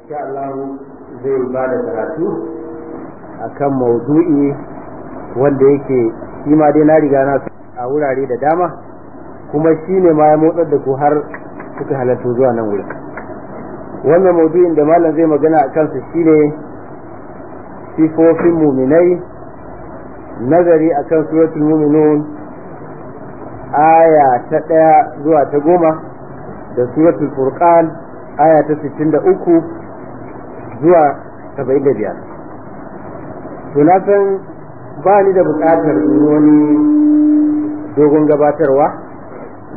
insha zai ba da karatu akan maudu'i wanda yake shi ma dai na riga na a wurare da dama kuma shi ne ma ya motsar da ku har suka halarta zuwa nan wurin wannan maudu'in da malam zai magana a kansa ne sifofin muminai nazari akan suratul muminun aya ta ɗaya zuwa ta goma da suratul furqan aya ta uku. zuwa saba'in da biyar to na san ba ni da buƙatar wani dogon gabatarwa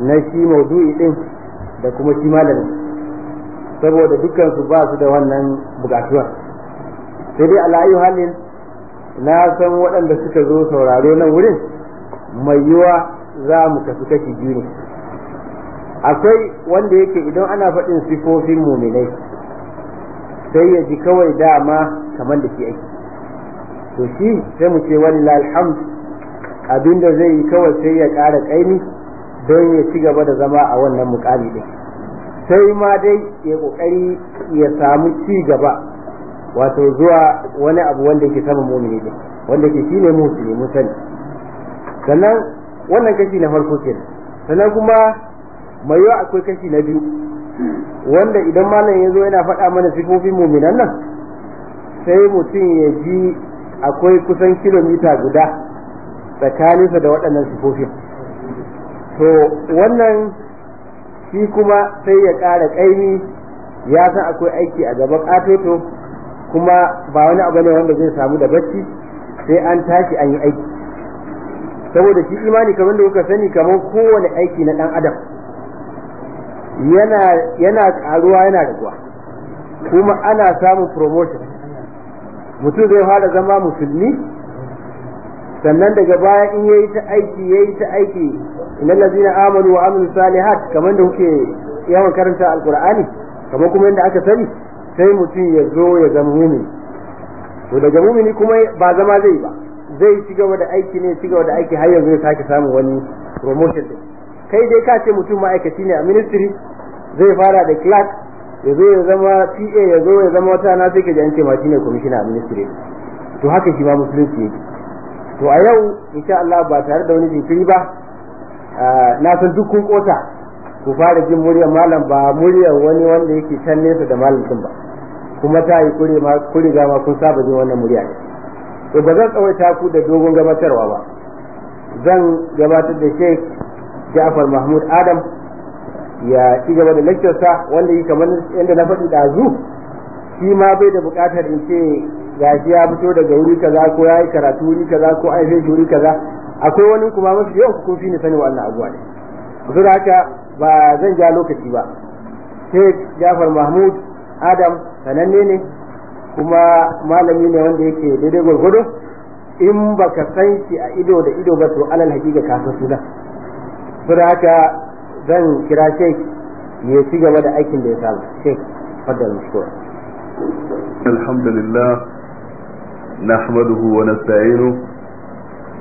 na shi maudu'i ɗin da kuma shi malami saboda dukansu ba su da wannan buƙatuwa sai dai ala'ayu halin na san waɗanda suka zo sauraro nan wurin mai yiwa za mu kasu kashi biyu ne akwai wanda yake idan ana faɗin sifofin muminai sai ya ji kawai dama kamar da ke aiki, to shi sai mu ce wallahi alhamd abinda zai yi kawai sai ya ƙara ƙaimi don ya ci gaba da zama a wannan mukami din sai ma dai ya kokari ya samu ci gaba wato zuwa wani abu wanda yake saman mumini din wanda ke shine musulmi mun sani sannan wannan kashi na farko kenan sannan kuma mai yawa akwai kashi na biyu wanda idan malam ya zo yana faɗa mana sifofin muminan nan sai mutum ya ji akwai kusan kilomita guda tsakaninsa da waɗannan sifofin to wannan shi kuma sai ya ƙara ƙaimi ya san akwai aiki a gaban ƙatoto kuma ba wani abu ne wanda zai samu da bacci sai an tashi an yi aiki saboda shi imani kamar da kuka sani kamar kowane aiki na ɗan adam yana yana karuwa yana raguwa kuma ana samun promotion mutum zai fara zama musulmi sannan daga baya in yayi ta aiki yayi ta aiki innal ladzina amanu wa amilus salihat kamar da kuke yawan karanta alqur'ani kamar kuma yadda aka sani sai mutum ya zo ya zama mumini to daga mumini kuma ba zama zai ba zai ci gaba da aiki ne ci gaba da aiki har yanzu ya sake samu wani promotion kai dai ka ce mutum ma'aikaci ne a ministry zai fara da clerk ya zo ya zama PA ya zo ya zama wata na sai ka ne ma commissioner a ministry to haka shi ma musulunci yake to a yau insha Allah ba tare da wani jinkiri ba na san duk kun kota ku fara jin muryar malam ba muryar wani wanda yake can nesa da malam din ba kuma ta yi kure ma kure ga ma kun saba jin wannan murya ne to ba zan tsawaita ku da dogon gabatarwa ba zan gabatar da shek. Ja'far Mahmud Adam ya ci gaba da sa wanda yi kamar yadda na faɗi ɗazu shi ma bai da buƙatar in ce shi ya fito daga wuri kaza ko ya yi karatu wuri kaza ko an yi wuri kaza akwai wani kuma mafi yau ku fi ni sani wannan abuwa ne su da haka ba zan ja lokaci ba Sheikh Ja'far Mahmud Adam sananne ne kuma malami ne wanda yake daidai gwargwado in baka san shi a ido da ido ba to alal hakika ka san sunan saboda haka zan kira shek ya ci gaba da aikin da ya samu shek fadda mashkura alhamdulillah nahmaduhu wa nasta'inuhu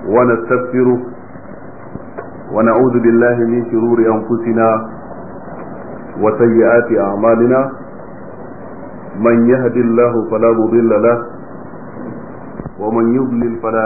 wa nastaghfiruh wa na'udhu billahi min shururi anfusina wa sayyiati a'malina man yahdihillahu fala mudilla lahu wa man yudlil fala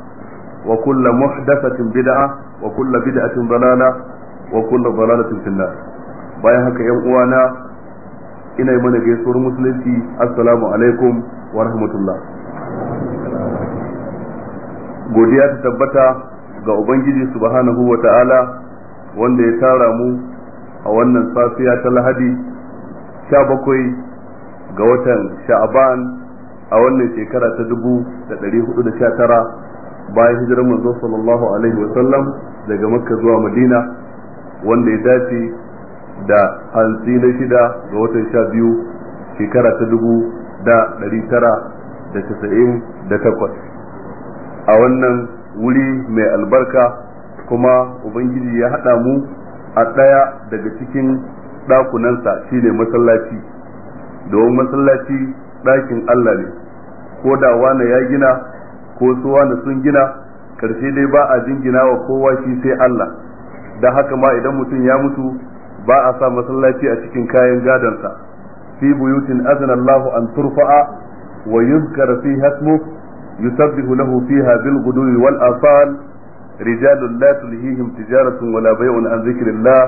وكل محدثة بدعة وكل بدعة ضلالة وكل ضلالة في النار bayan haka yan uwana ina yi mana gaisuwar musulunci assalamu alaikum wa godiya ta tabbata ga ubangiji subhanahu wa ta'ala wanda ya tara mu a wannan safiya ta lahadi sha bakwai ga watan sha'aban a wannan shekara ta dubu da ɗari hudu da sha tara bayan hijirar manzo sallallahu alaihi wa sallam daga makka zuwa madina wanda ya dace da hantsi na shida ga watan sha biyu shekara ta dubu da ɗari tara da casa'in da takwas a wannan wuri mai albarka kuma ubangiji ya haɗa mu a ɗaya daga cikin ɗakunansa shine masallaci domin masallaci ɗakin allah ne ko da wane ya gina ko wani sun gina karshe dai ba a jingina wa kowa shi sai Allah da haka ma idan mutum ya mutu ba a sa masallaci a cikin kayan gadonsa fi buyutin azna Allahu an turfa'a wa yuzkara fi hasmu yusabbihu lahu fiha bil ghudwi wal asal rijalun la tulhihim tijaratun wala bay'un an dhikrillah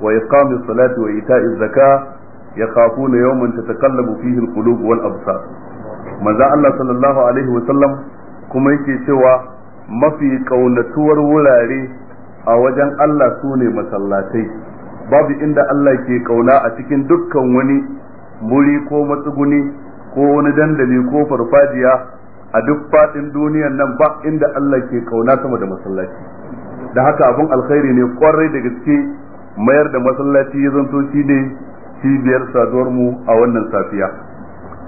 wa iqamis salati wa ita'iz zakah yakhafuna yawman tataqallabu fihi al qulub wal absar manzo Allah sallallahu alaihi wa sallam kuma yake cewa mafi kaunatuwar wurare a wajen Allah su ne masallatai babu inda Allah ke kauna a cikin dukkan wani muri ko matsuguni ko wani dandali ko farfajiya a duk faɗin duniyar nan ba inda Allah ke kauna sama da masallaci da haka abin alkhairi ne kwarai da gaske mayar da masallaci ya zanto shi ne cibiyar saduwar mu a wannan safiya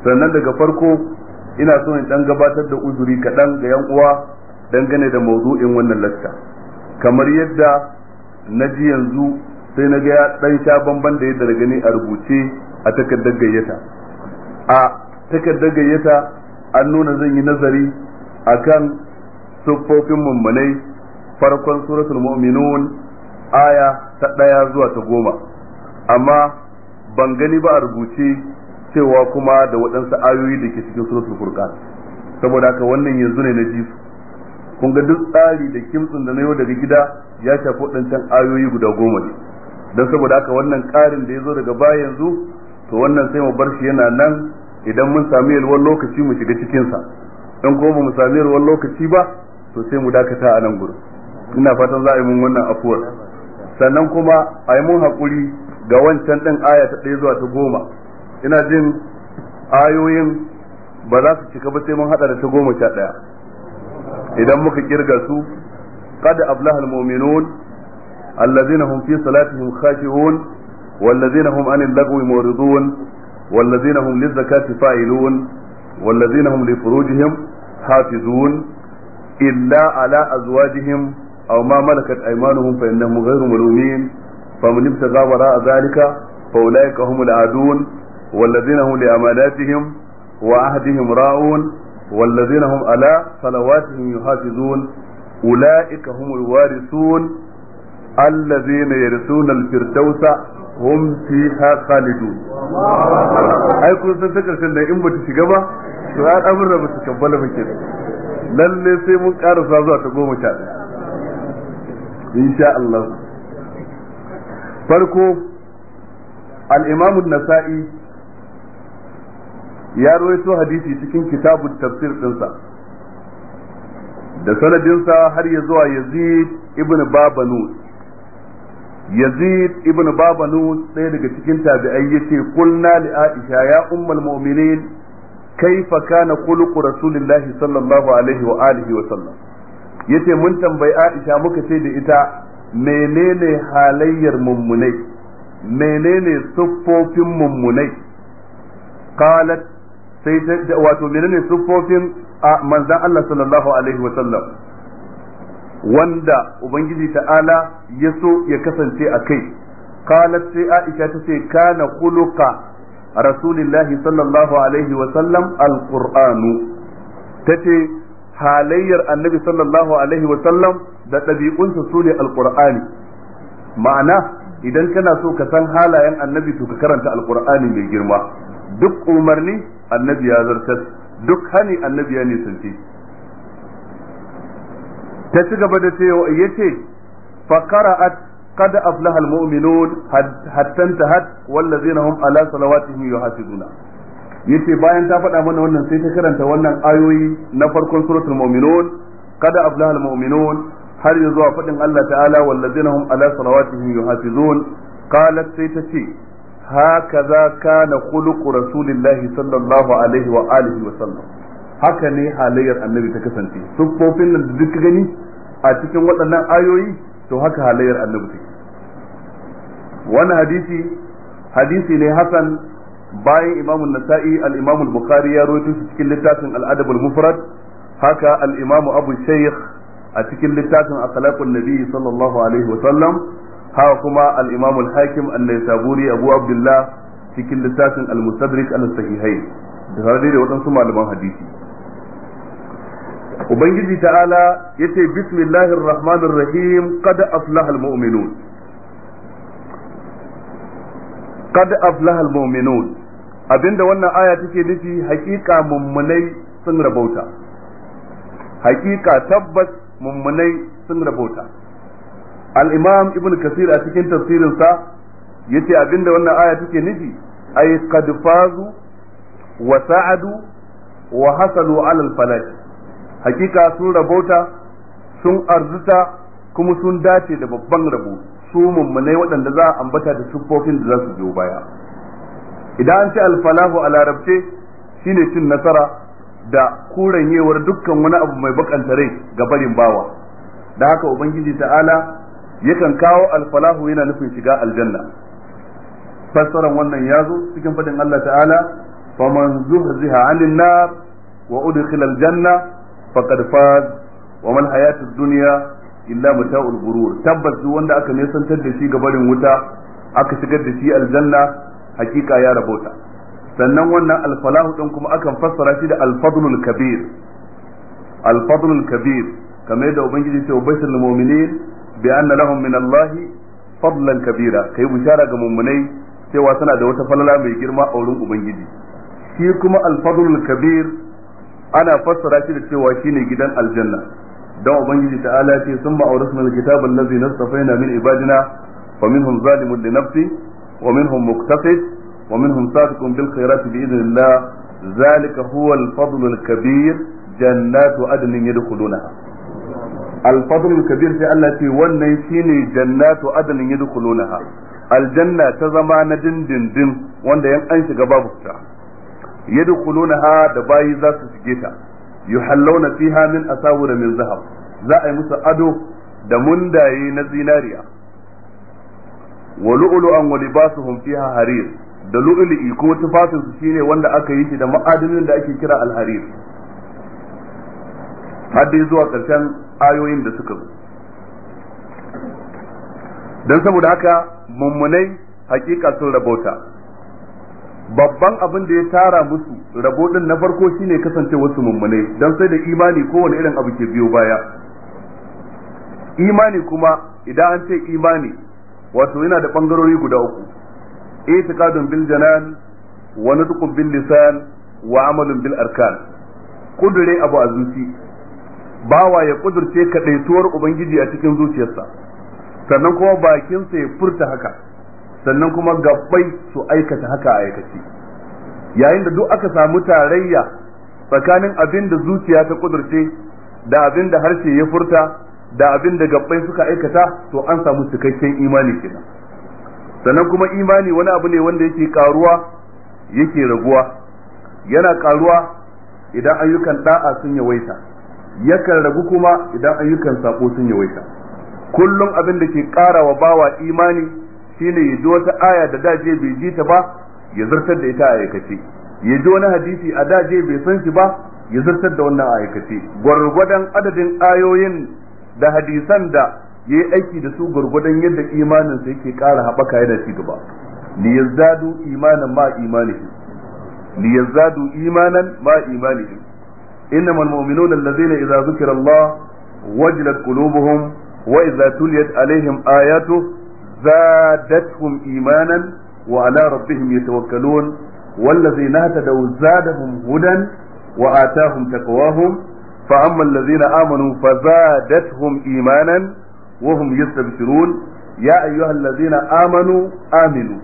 sannan daga farko ina so in dan gabatar da uzuri kaɗan ga yan uwa dangane da mawdu'in wannan lasta kamar yadda na ji yanzu sai na ga ɗan dan sha bamban da yadda gani a rubuce a takardar gayyata a takardar gayyata an nuna zan yi nazari a kan siffofin mummunai farkon suratul mu'minun aya ta ɗaya zuwa ta goma amma ban gani ba a rubuce cewa kuma da waɗansu ayoyi da ke cikin suratul furqan saboda haka wannan yanzu ne na ji kun ga duk tsari da kimtsin da na yau daga gida ya shafi waɗancan ayoyi guda goma ne don saboda haka wannan ƙarin da ya zo daga baya yanzu to wannan sai mu bar shi yana nan idan mun sami yalwar lokaci mu shiga cikinsa in kuma ba mu sami yalwar lokaci ba to sai mu dakata a nan gurin ina fatan za a yi mun wannan afuwar sannan kuma a yi mun haƙuri ga wancan ɗin aya ta ɗaya zuwa ta goma ina jin ayoyin ba za su cika ba sai mun hada da ta goma sha ɗaya idan muka kirga su qad aflaha almu'minun alladhina hum fi salatihim khashi'un walladhina hum anil lagwi muridun walladhina hum lizakati fa'ilun walladhina hum li furujihim hafizun illa ala azwajihim aw ma malakat aymanuhum fa innahum ghayru malumin faman ibtagha wara'a dhalika fa ulaika humul adun والذين هم لأماناتهم وعهدهم راعون والذين هم على صلواتهم يحافظون أولئك هم الوارثون الذين يرثون الفردوس هم فيها خالدون ai kun san ta da in bata shiga ba to har abin da bata kabbala ba ke lalle sai mun karasa zuwa ta goma farko al nasai ya rawaito hadisi cikin kitabun tafsir dinsa da sanadinsa har ya zuwa yazid ibn Babanu. yazid ibn babanus ɗaya daga cikin tabi'ai yace kulna li aisha ya ummul mu'minin kaifa kana khuluqu rasulillahi sallallahu alaihi wa alihi wa sallam yace mun tambayi aisha muka ce da ita menene halayyar mummunai menene siffofin mummunai qalat sai wato menene siffofin a manzan Allah sallallahu alaihi wa sallam wanda ubangiji ta'ala ya so ya kasance a kai qalat sai Aisha ta ce kana kuluka, rasulillahi sallallahu alaihi wa sallam alqur'anu tace halayyar annabi sallallahu alaihi wa sallam da ɗabi'unsa su ne alqur'ani ma'ana idan kana so ka san halayen annabi to ka karanta alqur'ani mai girma duk umarni annabi ya zartar duk hani annabi ya nisanci ta ci gaba da cewa ya ce fakara kada faqara'at qad aflaha almu'minun hatta tahat wallazina hum ala salawatihim yuhafizuna yace bayan ta faɗa mana wannan sai ta karanta wannan ayoyi na farkon suratul mu'minun qad aflaha almu'minun har ya zuwa faɗin Allah ta'ala wallazina hum ala salawatihim yuhafizun qalat sai ta ce hakaza kana khuluqu rasulillahi sallallahu alaihi wa alihi wa sallam haka ne halayyar annabi ta kasance siffofin nan da duk gani a cikin waɗannan ayoyi to haka halayyar annabi take wani hadisi hadisi ne hasan bayan imamu nasa'i al-imamu bukhari ya rawaito shi cikin littafin al-adab al-mufrad haka al-imamu abu shaykh a cikin littafin akhlaqun nabi sallallahu alaihi wa sallam haka kuma al-Imam al-Hakim an-Naisaburi Abu Abdullah cikin littafin al-Mustadrik al-Sahihai da tare da waɗansu malaman hadisi Ubangiji ta'ala yace bismillahir rahmanir rahim qad aflaha al-mu'minun qad aflaha al-mu'minun abinda wannan aya take nufi hakika mummunai sun rabauta hakika tabbas mummunai sun rabauta al-imam ibn kasir a cikin tafsirin sa yace abinda wannan aya take nufi ay qad fazu wa sa'adu wa hasalu ala al falaj hakika sun rabota sun arzuta kuma sun dace da babban rabo su mummunai waɗanda za a ambata da siffofin da za su biyo baya idan an ce falahu a larabce shine cin nasara da kuranyewar dukkan wani abu mai bakanta rai ga barin bawa da haka ubangiji ta'ala yakan kawo alfalahu yana nufin shiga aljanna fassaran wannan ya zo cikin faɗin Allah ta'ala faman zuhziha 'anil nar wa udkhila aljanna faqad faz wa man hayatud dunya illa mata'ul ghurur tabbas duk wanda aka nisantar da shi gabarin wuta aka shigar da shi aljanna hakika ya rabota sannan wannan alfalahu din kuma akan fassara shi da alfadlul kabir alfadlul kabir kamar yadda ubangiji ce wa bashirul mu'minin bi anna lahum fadlan kabira kai bishara ga mummunai cewa suna da wata falala mai girma a wurin ubangiji Si kuma al-fadlul kabir ana fassara shi da cewa shi ne gidan aljanna dan ubangiji ta'ala ce sun summa awrasna al-kitaba na nastafaina min ibadina faminhum zalimun li nafsi wa minhum muqtasid wa minhum sabiqun bil khairati bi idhnillah zalika huwa al-fadlul kabir jannatu adnin yadkhulunaha al kabir sai Allah ce wannan shine jannatu adnin yadkhulunaha aljanna ta zama na dindindin wanda yan an shiga babu fita yadkhulunaha da bayi za su shige ta yuhallawna fiha min asawira min zahab za a yi musu ado da mundaye na zinariya wa lu'lu'an wa libasuhum fiha harir da lu'lu'i ko tufafin su shine wanda aka yi shi da ma'adanin da ake kira al-harir zuwa karshen ayoyin da suka zo don saboda haka mummunai hakika sun rabota babban abin da ya tara musu rabo din na farko shine kasance wasu mummunai don sai da imani kowane irin abu ke biyo baya imani kuma idan an ce imani wato yana da bangarori guda uku itikadun bil janan wa nutqu bil lisan wa amalun bil arkan kudure abu a bawa ya kudurce kadaituwar ubangiji a cikin zuciyarsa sannan kuma bakinsa ya furta haka sannan kuma gabbai su aikata haka a aikace yayin da duk aka samu tarayya tsakanin abin da zuciya ta kudurce da abin da harshe ya furta da abin da gabbai suka aikata to an samu cikakken imani kenan sannan kuma imani wani abu ne wanda yake karuwa yake raguwa yana karuwa idan ayyukan da'a sun yawaita yakan ragu kuma idan ayyukan sako sun yawaita kullum abin da ke ƙara wa bawa imani shine ya ji wata aya da daje bai ji ta ba ya zartar da ita a aikace ya ji wani hadisi a daje bai san shi ba ya zartar da wannan aikace gwargwadon adadin ayoyin da hadisan da ya aiki da su gwargwadon yadda imaninsa yake ƙara haɓaka yana ci gaba liyazdadu imanan ma imanihi imanan ma imanihi إنما المؤمنون الذين إذا ذكر الله وجلت قلوبهم وإذا تليت عليهم آياته زادتهم إيمانا وعلى ربهم يتوكلون والذين اهتدوا زادهم هدى وآتاهم تقواهم فأما الذين آمنوا فزادتهم إيمانا وهم يستبشرون يا أيها الذين آمنوا آمنوا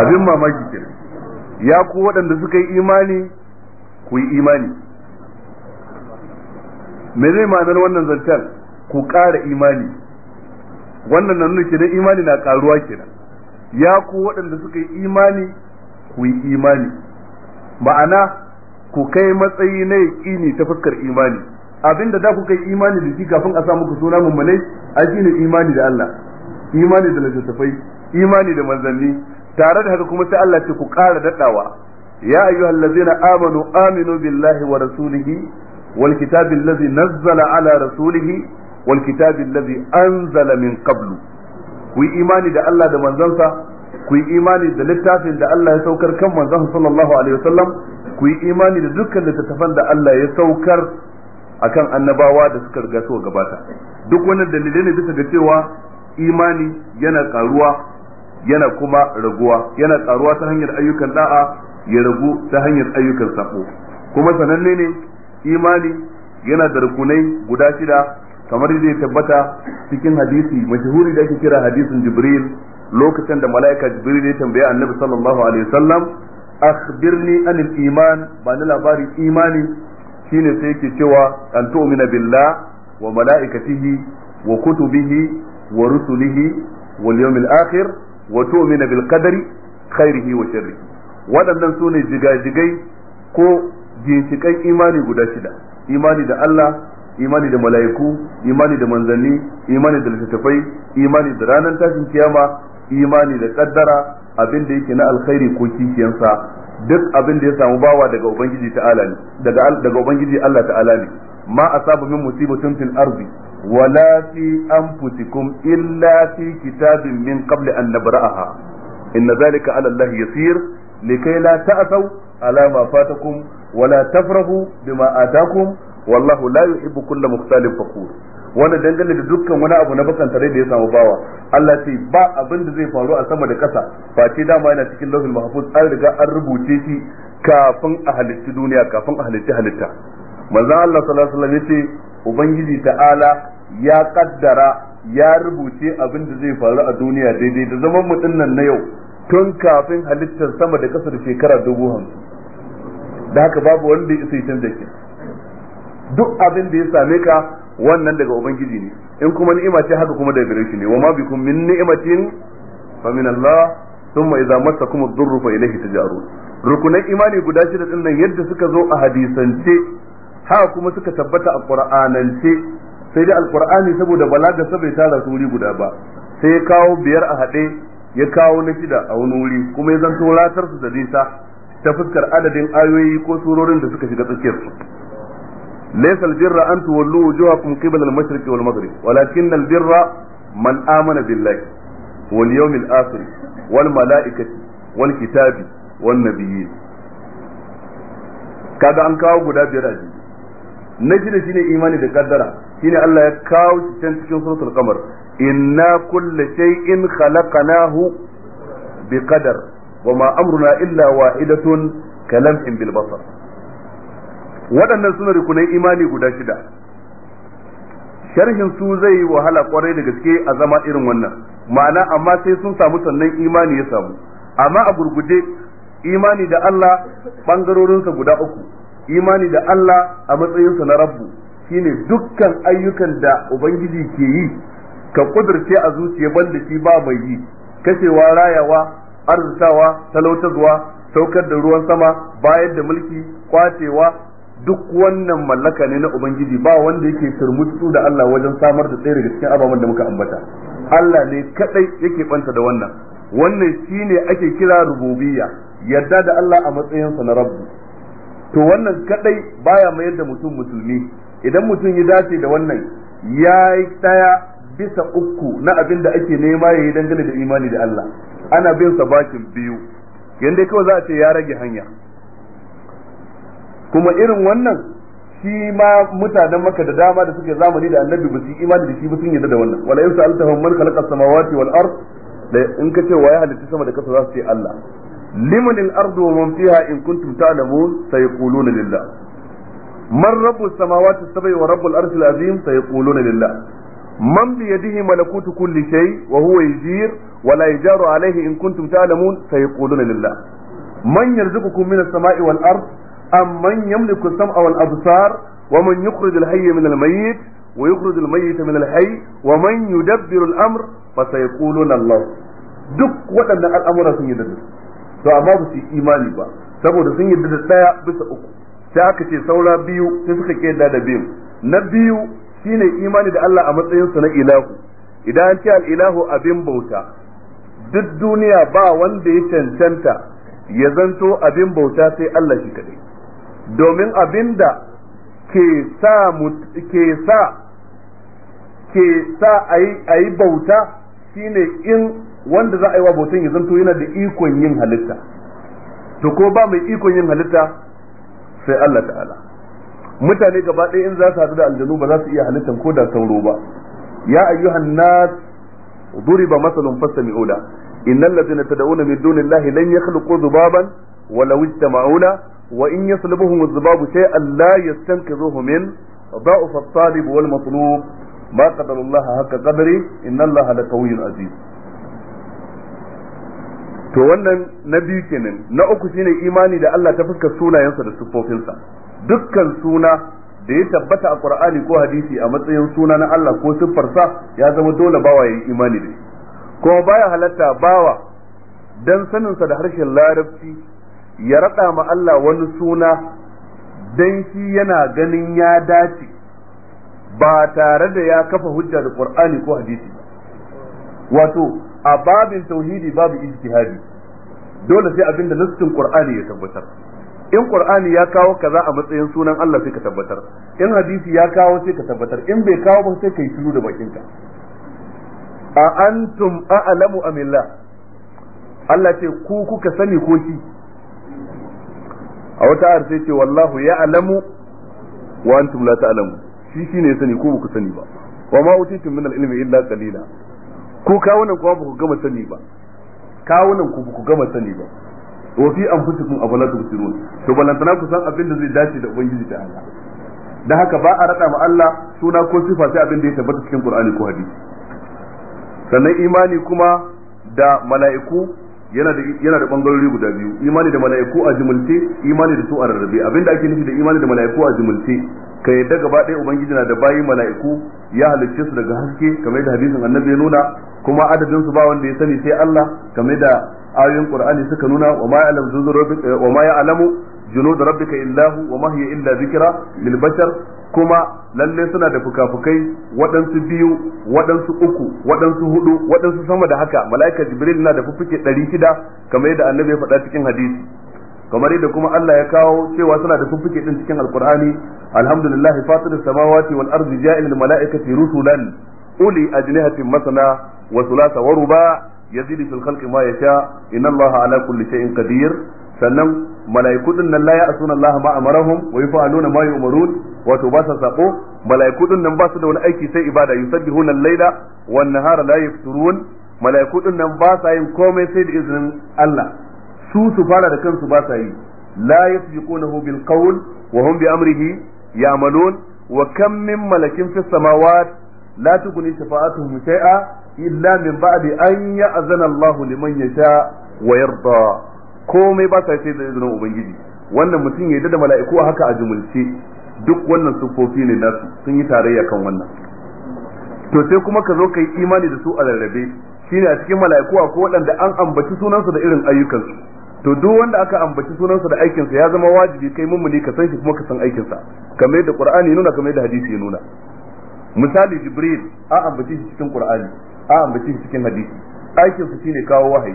abin mamaki kenan ya ku waɗanda suka yi imani ku yi imani me zai ma'anar wannan zancen ku ƙara imani wannan nan nuna kenan imani na ƙaruwa kenan ya ku waɗanda suka yi imani ku yi imani ma'ana ku kai matsayi na yaƙini ta fuskar imani abinda da ku kai imani da shi kafin a sa muku suna mummunai a ne imani da Allah imani da littattafai imani da manzanni tare da haka kuma sai Allah ce ku ƙara daɗawa يا أيها الذين آمنوا آمنوا بالله ورسوله والكتاب الذي نزل على رسوله والكتاب الذي أنزل من قبل كوي إيماني دا الله دا منزنسا كوي إيماني دا لتافن دا الله يسوكر كم منزنه صلى الله عليه وسلم كوي إيماني دا دكا لتتفن دا الله يسوكر akan annabawa da suka riga suka gabata duk wannan dalilai ne bisa ga cewa imani yana karuwa yana kuma raguwa yana karuwa ta hanyar ayyukan da'a ya ragu ta hanyar ayyukan sako kuma sananne ne imani yana da rukunai guda shida kamar ya tabbata cikin hadisi mashahuri da ake kira hadisin jibril lokacin da mala'ika jibril ya tambaya annabi sallallahu alaihi wasallam akhbirni anil iman ba ni labarin imani shine sai yake cewa an tu'mina billah wa mala'ikatihi wa kutubihi wa rusulihi wal yawmil akhir wa tu'mina bil qadari khairihi wa sharrihi waɗannan su ne jigajigai ko ginshiƙan imani guda shida imani da Allah imani da mala'iku imani da manzanni imani da littattafai imani da ranar tashin kiyama imani da kaddara abin da yake na alkhairi ko kishiyansa duk abin da ya samu bawa daga ubangiji ta'ala ne daga daga ubangiji Allah ta'ala ne ma asabu min musibatin fil ardi wala fi anfusikum illa fi kitabin min qabli an nabra'aha inna zalika ala allahi yasir likai لا تأثوا على ما فاتكم wala tafrahu بما آتاكم والله لا يحب كل مختال fakhur wanda dangane da dukkan wani abu na bakan tare da ya samu bawa Allah ce ba abin da zai faru a sama da kasa face dama yana cikin lauhin mahfuz an riga an rubuce shi kafin a halitta duniya kafin a halitta halitta manzon Allah sallallahu alaihi wasallam yace ubangiji ta'ala ya kaddara ya rubuce abin da zai faru a duniya daidai da zaman mutunnan na yau tun kafin halittar sama da kasar shekara dubu hamsin da haka babu wanda ya yi canza ki duk abin da ya same ka wannan daga ubangiji ne in kuma ni'ima ce haka kuma daga gare shi ne wa ma bikum min ni'matin fa min Allah thumma idza massakum ad-durru fa ilayhi tajarun rukunan imani guda shida din nan yadda suka zo a hadisance haka kuma suka tabbata a qur'anance sai dai alqur'ani saboda balaga sabai tara su wuri guda ba sai ya kawo biyar a haɗe ya kawo na shida a wani wuri kuma ya zanto ratar su da nisa ta fuskar adadin ayoyi ko surorin da suka shiga tsakiyar su laysa albirra an tuwallu wujuhakum qibla al-mashriqi wal maghrib walakin albirra man amana billahi wal yawmil akhir wal malaikati wal kitabi wan nabiyyi kaga an kawo guda biyar a na shida shine imani da kaddara shine Allah ya kawo shi can cikin suratul qamar inna kulla shay'in khalaqnahu biqadar wama amruna illa wahidatun kalamhin bil basar waɗannan suna rukunai imani guda shida sharhin su zai yi wahala kwarai da gaske a zama irin wannan ma'ana amma sai sun samu sannan imani ya samu amma a gurguje imani da Allah bangarorinsa guda uku imani da Allah a matsayinsa na rabbu shine dukkan ayyukan da ubangiji ke yi ka kudurce a zuciya banda shi ba mai yi kashewa rayawa arzikawa talautarwa saukar da ruwan sama bayar da mulki kwacewa duk wannan mallaka ne na ubangiji ba wanda yake turmutsu da Allah wajen samar da tsere daga cikin ababen da muka ambata Allah ne kadai yake banta da wannan wannan shine ake kira rububiyya yadda da Allah a matsayinsa na rabbu to wannan kadai baya mayar da mutum musulmi idan mutum ya dace da wannan yayi yi tsaya bisa uku na abin da ake nema ya yi dangane da imani da Allah ana bin sa bakin biyu Yadda kawai za a ce ya rage hanya kuma irin wannan shi ma mutanen maka da dama da suke zamani da annabi ba su yi imani da shi ba sun yadda da wannan wala in sa'altahum man khalaqa samawati wal ard da in ka ce waye halitta sama da kasa za su ce Allah liman al ardu wa man fiha in kuntum ta'lamun sayquluna lillah man rabbus samawati sab'i wa rabbul arshil azim sayquluna lillah man bi yadihi malakutu kulli wa huwa yajir wa la in kuntum ta'lamun sayaquluna lillah sama'i wal ard am man yamliku as-sam'a wal absar wa man yukhrij al-hayya min al-mayyit mayyita min al wa man amr fa duk waɗannan al'amura sun yi da to amma ba su yi imani ba saboda sun yi da daya bisa uku sai aka ce saura biyu sai suka keda da biyu na biyu shine imani da Allah a matsayin sa na ilahu idan an ce al ilahu abin bauta duk duniya ba wanda ya cancanta ya zanto abin bauta sai Allah shi kadai domin abin ke sa ke sa ke sa a yi bauta shine in wanda za a yi wa bautan ya zanto yana da ikon yin halitta to ko ba mai ikon yin halitta sai Allah ta'ala mutane gaba ɗaya in za su hadu da aljanu ba za su iya halittar ko da sauro ba ya ayyuhan nas duriba masalun fastami'u la innal ladzina tad'una min dunillahi lan yakhluqu dhubaban walau ijtama'una wa in yaslubuhum adh-dhubabu shay'an la yastanqidhuhu min ضعف الطالب والمطلوب ما قدر الله حق قدره إن الله لقوي Aziz. to wannan na biyu kenan na uku shine imani da Allah ta fuskar sunayensa da sufofinsa dukkan suna da ya tabbata a qur'ani ko hadisi a matsayin suna na Allah ko siffarsa ya zama dole bawa ya yi imani da shi kuma baya halatta bawa dan saninsa da harshen larabci ya rada ma Allah wani suna dan shi yana ganin ya dace ba tare da ya kafa hujja da qur'ani ko hadisi wato a babin tauhidi babu ijtihadi dole sai abinda nassin qur'ani ya tabbatar in qur'ani ya kawo kaza a matsayin sunan Allah sai ka tabbatar in hadisi ya kawo sai ka tabbatar in bai kawo ba sai kai shiru da bakinka a antum a'lamu amillah Allah ce ku kuka sani ko shi a wata arsa ce wallahu ya'lamu wa antum la ta'lamu shi shine ya sani ko ku sani ba wa ma utitum min al-ilmi illa qalila ku kawunan ku ba ku gama sani ba kawunan ku ba ku gama sani ba wa fi anfusikum afala tubsirun to balantana ku san abin da zai dace da ubangiji ta Allah da haka ba a rada ma Allah suna ko sifa sai abin da ya tabbata cikin Qur'ani ko hadisi sannan imani kuma da mala'iku yana da yana da bangarori guda biyu imani da mala'iku a jumulce imani da su a rarrabe abinda ake nufi da imani da mala'iku a jumulce ka yadda gaba ɗaya ubangiji na da bayi mala'iku ya halicce su daga haske kamar da hadisin annabi ya nuna kuma adadin su ba wanda ya sani sai Allah kamar da ayoyin qur'ani suka nuna wa ma ya'lamu junud rabbika wa ma ya'lamu junud rabbika illa hu wa ma hiya illa zikra lil bashar kuma lalle suna da fukafukai waɗansu biyu waɗansu uku waɗansu hudu waɗansu sama da haka mala'ika jibril na da fuffuke ɗari shida kamar yadda annabi ya faɗa cikin hadisi kamar yadda kuma Allah ya kawo cewa suna da fuffuke din cikin alqur'ani alhamdulillah fatir samawati wal ardi ja'il al mala'ikati rusulan uli ajnihatin masana wa thulatha wa ruba' yazidu fil khalqi ma yasha inna allaha ala kulli sha'in qadir sannan malaiku din nan la ya'suna allaha ma amarahum wa yaf'aluna ma yu'marun wato ba sa sako malaiku din nan basu da wani aiki sai ibada yusabbihuna al-laila wan nahara la yafturun malaiku din nan ba yin komai sai da izinin Allah su su fara da kansu basa yi la yasbiqunahu bil qawl wa hum bi amrihi ya'malun wa kam min malakin fis samawati la tughni shafa'atuhum shay'a illa min ba'di an ya'zana Allahu liman yasha wa yarda komai ba sai da izinin ubangiji wannan mutum ya da mala'iku haka a jumulce duk wannan sufofi ne nasu sun yi tarayya kan wannan to sai kuma ka zo ka yi imani da su a rarrabe shine a cikin mala'iku ko waɗanda an ambaci sunansu da irin ayyukansu to duk wanda aka ambaci sunansa da aikinsa ya zama wajibi kai mummuni ka san shi kuma ka san aikinsa kamar yadda qur'ani nuna kamar yadda hadisi ya nuna misali jibril an ambaci shi cikin qur'ani a ambaci cikin hadisi aikin su shine kawo wahayi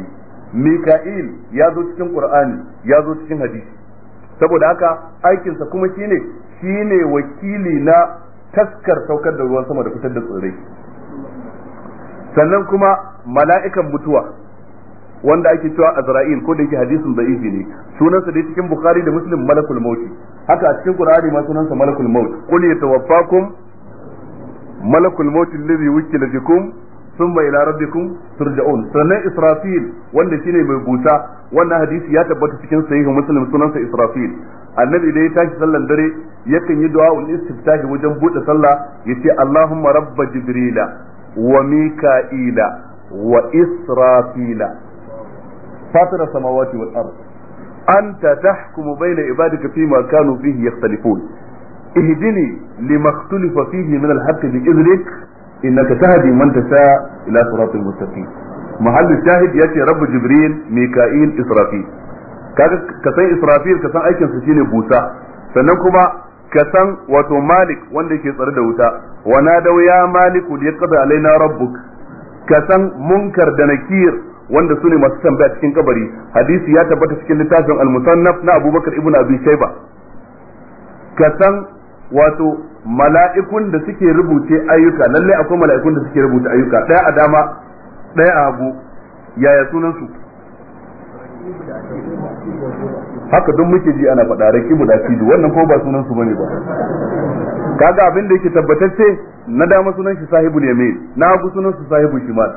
mika'il ya zo cikin qur'ani ya zo cikin hadisi saboda haka aikinsa kuma shine shine wakili na taskar saukar da ruwan sama da fitar da tsirrai sannan kuma mala'ikan mutuwa wanda ake cewa azra'il ko da yake hadisin izi ne sunansa dai cikin bukhari da muslim malakul mauti haka a cikin qur'ani ma sunansa malakul maut qul yatawaffakum malakul maut alladhi wukila bikum thumma ila rabbikum turja'un sannan israfil wanda shine mai buta wannan hadisi ya tabbata cikin sahihu muslim sunansa israfil annabi da ya tashi sallan dare yakan yi du'a ul istiftahi wajen bude sallah yace allahumma rabba jibrila wa mika'ila wa israfila fatira samawati wal ard anta tahkumu baina ibadika ma kanu fihi yakhtalifun ihdini lima ikhtalafa fihi min al-haqqi bi idhnik innaka tahdi man tasha ila siratal mustaqim mahallu shahid yace rabbu jibril mika'il israfil kaga ka san israfil ka san aikin sa shine busa sannan kuma ka san wato malik wanda yake tsare da wuta wa nadaw ya maliku alaina rabbuk ka san munkar da nakir wanda sune masu tambaya cikin kabari hadisi ya tabbata cikin littafin al-musannaf na abubakar ibnu abi shayba ka san wato mala'ikun da suke rubuce ayyuka lalle akwai mala'ikun da suke rubuta ayyuka ɗaya a dama ɗaya a hagu yaya sunan su haka don muke ji ana faɗa rakibu da fidu wannan ko ba sunan su bane ba kaga abin da yake tabbatacce na dama sunan shi sahibul yamin na hagu sunan su sahibul shimal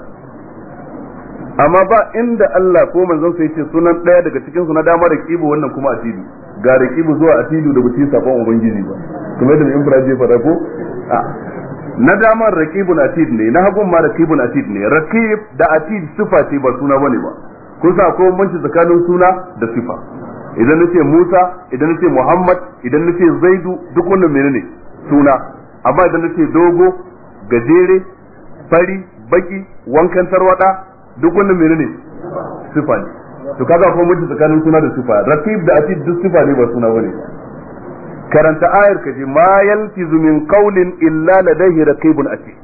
amma ba inda Allah ko manzon sai ce sunan ɗaya daga cikin su na dama da kibo wannan kuma asiri ga kibu zuwa asilu da basu sakon ubangiji ba kuma da in faraje fara ko na damar rakibun atid ne na hagun ma rakibun atid ne rakib da atid sifa ce ba suna bane ba ko sa mun ci tsakanin suna da sifa idan nace Musa idan nace Muhammad idan nace Zaidu duk wannan menene suna amma idan nace dogo gajere fari baki wankan tarwada duk wannan menene sifa ne to kaga akwai mutum tsakanin suna da sifa rakib da atid duk sifa ne ba suna bane karanta ayar ka ji ma yaltizu min qawlin illa ladayhi raqibun atid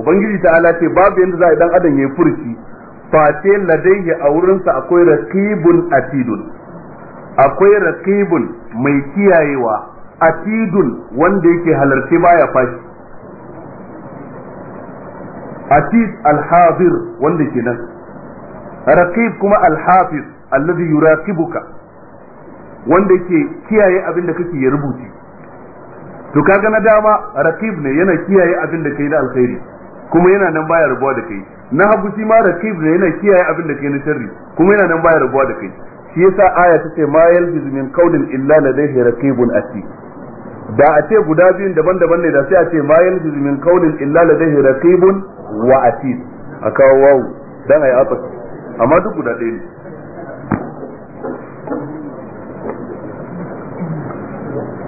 ubangiji ta'ala ce babu yanda za a dan adam yayi furci face ladayhi a wurin sa akwai raqibun atidun akwai raqibun mai kiyayewa atidun wanda yake halarci baya fashi atid alhazir wanda ke nan raqib kuma al-hafiz alladhi yuraqibuka wanda yake kiyaye abin da kake ya rubuce to kaga na dama raqib ne yana kiyaye abin da kai da alkhairi kuma yana nan baya rubuwa da kai na hagu shi ma raqib ne yana kiyaye abin da kai na sharri kuma yana nan baya rubuwa da kai shi yasa aya ce ma yalbizu min qawlin illa ladayhi raqibun atid da a ce guda biyun daban-daban ne da sai a ce ma yalbizu min qawlin illa ladayhi raqibun wa atid a kawo wawu dan ayi atsa amma duk guda ɗaya ne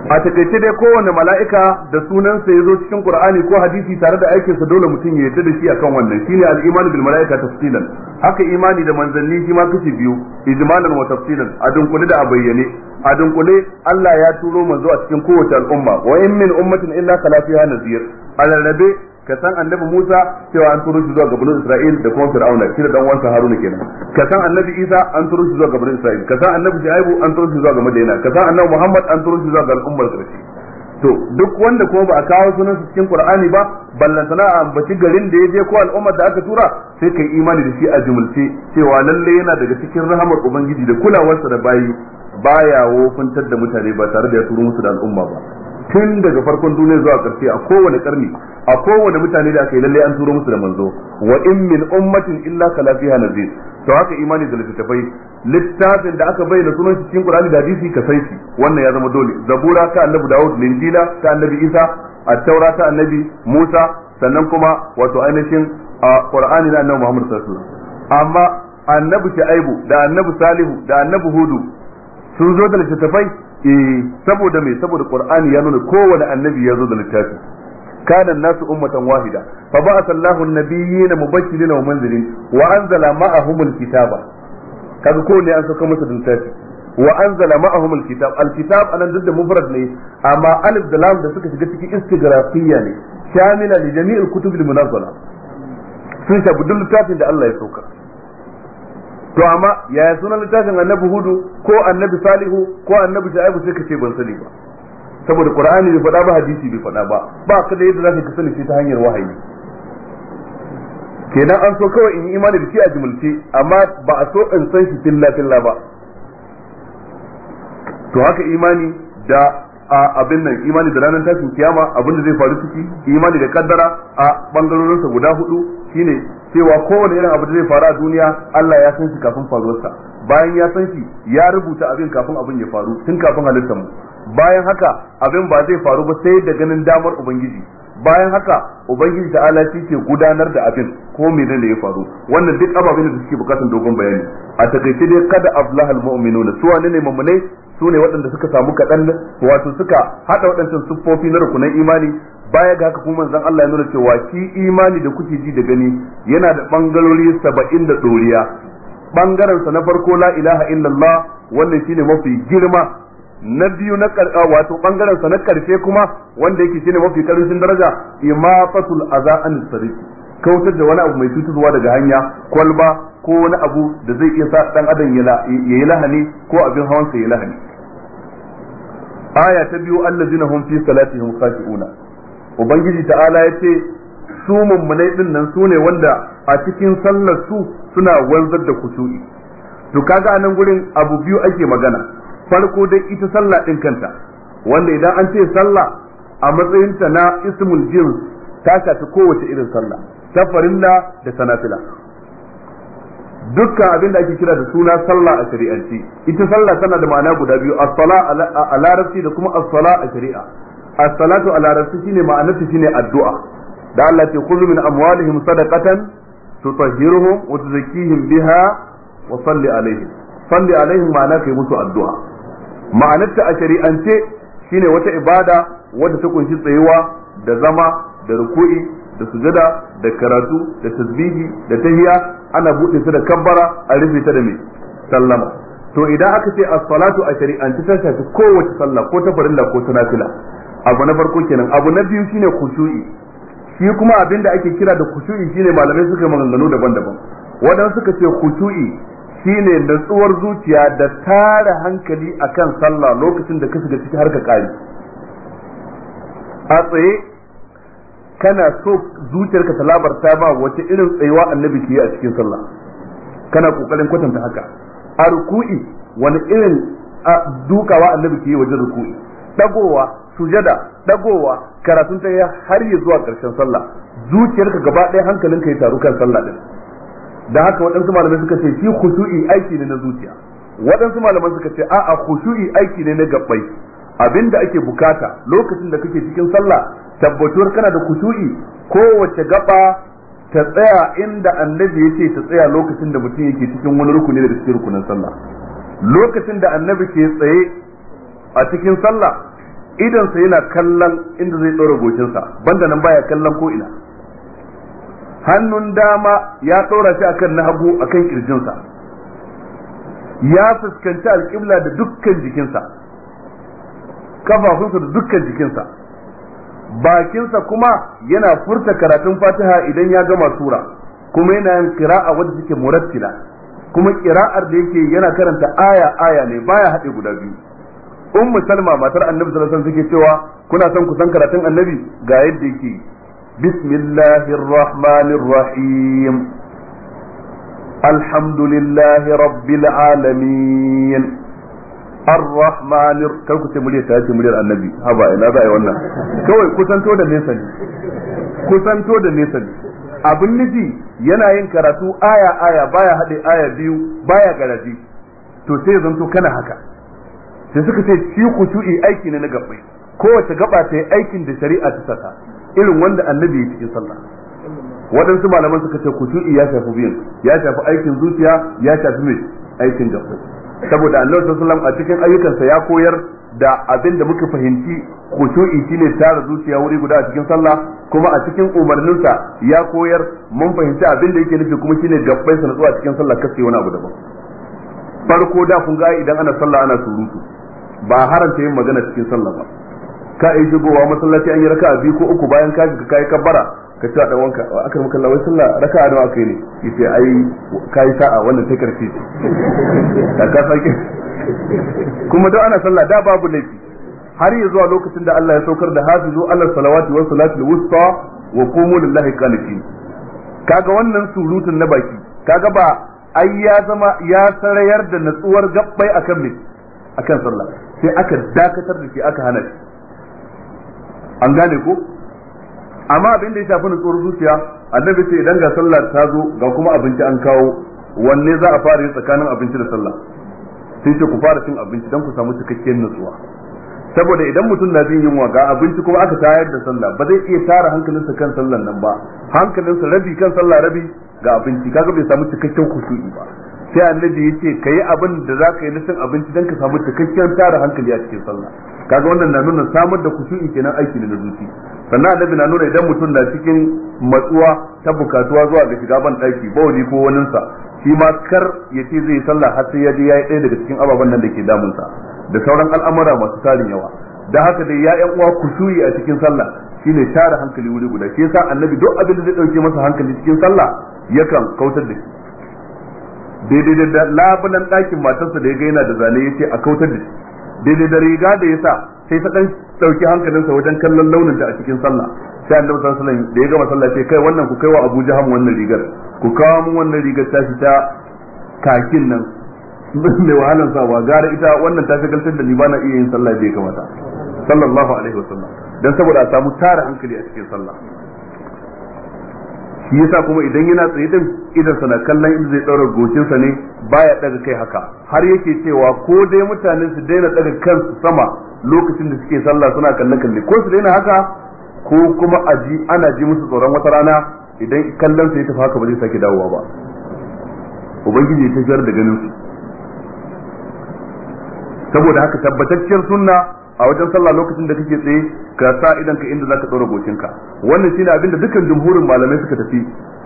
a takaice dai kowane mala'ika da sunansa ya zo cikin Ƙur'ani ko hadisi tare da aikinsa dole mutum ya yarda da shi akan wannan shine al-iman bil mala'ika tafsilan haka imani da manzanni shi ma kashi biyu ijmalan wa tafsilan a dunkule da a bayyane a dunkule Allah ya turo manzo a cikin kowace al'umma wa in min ummatin illa khala fiha ziyar, a rarrabe ka san annabi Musa cewa an turo shi zuwa gabanin Isra'il da kuma Fir'auna shi da dan Haruna kenan ka san annabi Isa an turo shi zuwa gabanin Isra'il ka san annabi Shu'aibu an turo shi zuwa ga Madina ka san annabi Muhammad an turo shi zuwa ga al'ummar ƙarshe to duk wanda kuma ba a kawo sunan su cikin Qur'ani ba ballantana a ambaci garin da ya je ko al'ummar da aka tura sai kai imani da shi a jumulce cewa lalle yana daga cikin rahamar ubangiji da kulawarsa da bayi baya wofuntar da mutane ba tare da ya turo musu da al'umma ba tun daga farkon duniya zuwa ƙarshe a kowane ƙarni a kowane mutane da aka yi lallai an turo musu da manzo wa in min ummatin illa kala fiha nazir to haka imani da littattafai littafin da aka bayyana sunan shi cikin Qur'ani da hadisi ka sai shi wannan ya zama dole zabura ta annabi Dawud linjila ta annabi Isa at-taura ta annabi Musa sannan kuma wato ainihin a Qur'ani na annabi Muhammad sallallahu alaihi wasallam amma annabi Shu'aibu da annabi Salihu da annabi Hudu sun zo da littattafai eh saboda me saboda qur'ani ya nuna kowane annabi ya zo da littafi kana nasu ummatan wahida fa ba'atha Allahu an-nabiyyina mubashirin wa munzirin wa anzala ma'ahum al-kitaba kaga ko ne an saka masa littafi wa anzala ma'ahum al-kitab al-kitab anan duk da mufrad ne amma alif da lam da suka shiga ciki istigrafiyya ne shamila li jami'il kutub munazzala sun tabu duk littafin da Allah ya sauka to amma yaya sunan littafin annabi hudu ko annabi salihu ko annabi shu'aibu sai ka ce ban sani ba saboda qur'ani bai faɗa ba hadisi bai faɗa ba ba ka da yadda zaka sani sai ta hanyar wahayi kenan an so kawai in yi imani da shi a jumulce amma ba a so in san shi filla filla ba to haka imani da a abin nan imani da ranar tashin kiyama abin da zai faru ciki imani da kaddara a bangarorinsa guda hudu shine cewa kowane irin abu da zai faru a duniya Allah ya san shi kafin faruwarsa bayan ya san shi ya rubuta abin kafin abin ya faru tun kafin halittar mu bayan haka abin ba zai faru ba sai da ganin damar ubangiji bayan haka ubangiji ta'ala shi ke gudanar da abin ko menene ya faru wannan duk ababen da suke bukatan dogon bayani a takaice dai kada aflahal mu'minuna su wane ne mamune su ne waɗanda suka samu kaɗan wato suka haɗa waɗancan siffofi na rukunan imani baya ga haka kuma manzon Allah ya nuna cewa ki imani da kuke ji da gani yana da bangarori saba'in da ɗoriya bangaren sa na farko la ilaha illallah wannan shine mafi girma na biyu na wato bangaren sa na karshe kuma wanda yake shine mafi karancin daraja imafatul aza an sariki kautar da wani abu mai tutuwa daga hanya kwalba ko wani abu da zai iya sa dan adam ya yi lahani ko abin hawan sa ya lahani aya ta biyu allazina hum fi salatihim khashi'una ubangiji ta'ala yace su mummunai din nan su ne wanda a cikin sallar su suna wanzar da kusuri to kaga anan gurin abu biyu ake magana farko dai ita sallah din kanta wanda idan an ce sallah a matsayinta na ismul jins ta shafi kowace irin sallah ta farilla da sanafila dukkan abin da ake kira da suna sallah a shari'anci ita sallah tana da ma'ana guda biyu as-sala a larabci da kuma as-sala a shari'a as-salatu a larabci shine ma'anarta shine addu'a da Allah ce kullu min amwalihim sadaqatan tutahhiruhum wa tuzakkihim biha wa salli alaihim salli alaihim ma'ana kai musu addu'a ma'anarta a shari'ance shine wata ibada wadda ta kunshi tsayuwa da zama da ruku'i da sujada da karatu da tasbihi da tahiya ana buɗe su da kabbara a rufe ta da mai sallama to idan aka ce as-salatu a shari'ance ta shafi kowace sallah ko ta farilla ko ta nafila abu na farko kenan abu na biyu shine khushu'i shi kuma abin da ake kira da khushu'i shine malamai suka maganganu daban-daban waɗansu suka ce khushu'i shine natsuwar zuciya da tara hankali akan sallah lokacin da ka shiga ciki harka ka a tsaye kana so zuciyarka ta labarta ba wace irin tsayuwa annabi ke yi a cikin sallah kana kokarin kwatanta haka a ruku'i wani irin dukawa annabi ke yi wajen ruku'i dagowa sujada dagowa karatun ta har ya zuwa karshen sallah zuciyarka gaba ɗaya hankalinka ya taru kan sallah din da haka waɗansu malamai suka ce shi khushu'i aiki ne na zuciya waɗansu malamai suka ce a'a khushu'i aiki ne na gabbai abinda ake bukata lokacin da kake cikin sallah tabbatuwar kana da khushu'i kowace gaba ta tsaya inda annabi yace ta tsaya lokacin da mutum yake cikin wani rukuni da cikin rukunin sallah lokacin da annabi ke tsaye a cikin sallah idansa yana kallon inda zai ɗora gocinsa banda nan baya kallon ko ina hannun dama ya ɗora shi akan na hagu akan kirjinsa ya fuskanci alƙibla da dukkan jikinsa kafafunsa da dukkan jikinsa bakinsa kuma yana furta karatun fatiha idan ya gama sura kuma yana yin kira'a wadda suke murattila kuma kira'ar da yake yana karanta aya aya ne baya haɗe guda biyu ummu salma matar annabi sallallahu alaihi wasallam take cewa kuna son ku san karatun annabi ga yadda yake بسم الله الرحمن الرحيم الحمد لله رب العالمين الرحمن كيف كنت مليا تاتي مليا النبي هبا ina za a yi kawai kusanto da nesa ne da nesa ne abin nufi yana yin karatu aya aya baya haɗe aya biyu baya garaji to sai ya zanto kana haka sai suka ce shi kushu'i aiki ne na gabbai kowace gaba ta yi aikin da shari'a ta saka irin wanda annabi ya cikin sallah waɗansu malaman suka ce kutubi ya shafi biyan ya shafi aikin zuciya ya shafi mai aikin gaba saboda annabi sallallahu a cikin ayyukansa ya koyar da abin da muka fahimci kutubi shine tara zuciya wuri guda a cikin sallah kuma a cikin umarninsa ya koyar mun fahimci abin da yake nufi kuma shine gabbai sa a cikin sallah kasi wani abu daban farko da kun ga idan ana sallah ana surutu ba haranta yin magana cikin sallah ba ka yi wa masallaci an yi raka'a biyu ko uku bayan ka shiga kai kabbara ka a dan wanka aka maka lawai sallah raka'a nawa kai ne yace ai kai sa'a wannan sai karfi ce da ka sake kuma don ana sallah da babu laifi har yanzu zuwa lokacin da Allah ya saukar da hafizu ala salawati wa salatul wusta wa qumu lillahi qanitin kaga wannan surutun na baki kaga ba ai ya zama ya sarayar da natsuwar gabbai akan me akan sallah sai aka dakatar da shi aka hana shi an gane ko amma abin da ya shafi nutsuwar zuciya annabi ce idan ga sallah ta zo ga kuma abinci an kawo wanne za a fara yi tsakanin abinci da sallah sai ce ku fara cin abinci don ku samu cikakken nutsuwa saboda idan mutum na jin yunwa ga abinci kuma aka tayar da sallah ba zai iya tara hankalinsa kan sallan nan ba hankalinsa rabi kan sallah rabi ga abinci kaga bai samu cikakken kusuri ba sai annabi ya ce ka yi abin da za ka yi na cin abinci don ka samu cikakken tara hankali a cikin sallah kaga wannan na nuna samar da kusuri kenan aiki na zuci sannan annabi na nuna idan mutum na cikin matsuwa ta bukatuwa zuwa ga shiga ban daki ba wani ko waninsa shi ma kar ya ce zai sallah har sai ya je yayi ɗaya daga cikin ababen nan da ke sa da sauran al'amura masu tarin yawa da haka dai ya yan uwa kusuri a cikin sallah shine tare hankali wuri guda shi yasa annabi duk abin da zai dauke masa hankali cikin sallah yakan kautar da shi daidai da labulan ɗakin matarsa da ya ga yana da zane yace a kautar da shi daidai da riga da yasa sai ta dan dauki hankalinsa wajen kallon launin da a cikin sallah sai Allah ta sallan da ya gama sallah sai kai wannan ku kai wa Abu Jaham wannan rigar ku kawo mun wannan rigar ta ta kakin nan mai wahalar sa ba gara ita wannan ta shagaltar da ni ba na iya yin sallah da ya kamata sallallahu alaihi wasallam dan saboda a samu tara hankali a cikin sallah shi yasa kuma idan yana tsaye din idan sana kallon inda zai daura goshin sa ne baya daga kai haka har yake cewa ko dai mutane su daina daga kansu sama lokacin da suke sallah suna kalle kalle ko su daina haka ko kuma aji ana ji musu tsoron wata rana idan kallon sa ya tafi haka ba zai sake dawowa ba ubangiji ya tafiyar da ganin su saboda haka tabbatacciyar sunna a wajen sallah lokacin da kake tsaye ka sa idan ka inda zaka dora gocinka wannan shine abin da dukkan jumhurin malamai suka tafi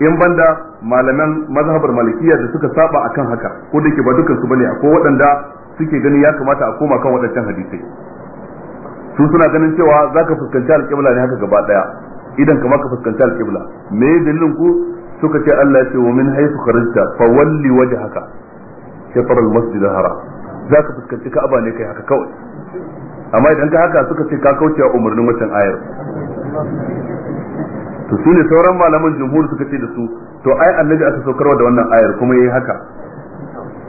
in banda malaman mazhabar malikiyya da suka saba akan haka ko da ke ba dukkan su bane akwai waɗanda suke gani ya kamata a koma kan waɗancan hadisai su suna ganin cewa zaka fuskanci alƙibla ne haka gaba daya idan kama ka fuskanci alƙibla me dalilin ku suka ce Allah ya ce wa min haythu kharajta fa walli wajhaka shatr al-masjid al-haram zaka fuskanci ka'aba ne kai haka kawai amma idan ka haka suka ce ka kauce wa umarnin wancan ayar to su ne sauran malaman jumhur suka ce da su to ai annabi aka saukarwa da wannan ayar kuma yayi haka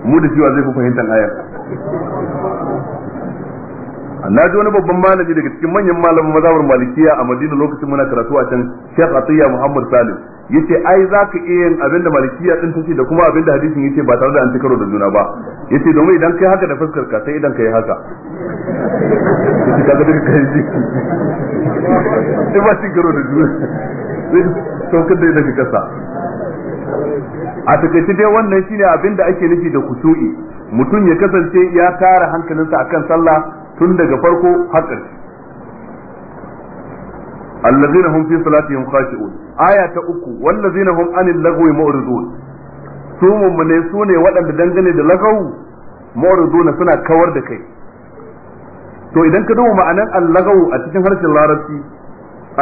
mu da cewa zai fi fahimtar ayar na ji wani babban malami daga cikin manyan malamin mazhabar malikiya a madina lokacin muna karatu a can shekh atiyya muhammad salim yace ai za ka iya yin abin da malikiya din tace da kuma abin da hadisin yace ba tare da an ci karo da juna ba yace domin idan kai haka da fuskar ka sai idan kai haka yace ka ga kai ji sai ba ci karo da juna sai kan da daga kasa a takaice dai wannan shine abin da ake nufi da kusu'i mutum ya kasance ya tara hankalinsa akan sallah tun daga farko har ƙarshe allazina hum fi salatihim khashi'un aya ta uku wallazina hum anil lagwi mu'ridun su mummune su ne waɗanda dangane da lagawu mu'riduna suna kawar da kai to idan ka duba ma'anar allagawu a cikin harshen larabci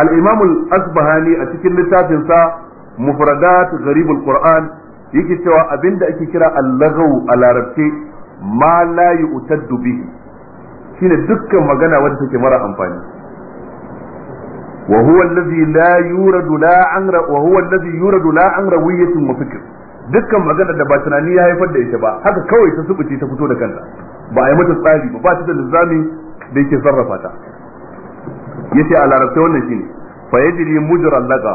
al-imam al-asbahani a cikin littafin sa mufradat gharibul qur'an yake cewa abinda ake kira allagawu a larabce ma la yu'taddu bihi shine dukkan magana wadda take mara amfani wa huwa allazi dukkan magana da ba tunani ya haifar da ita ba haka kawai ta subuce ta fito da kanta ba a yi mata tsari ba ta da nizami da yake sarrafa ta yace a larabta wannan shine fa yajri mujra allaga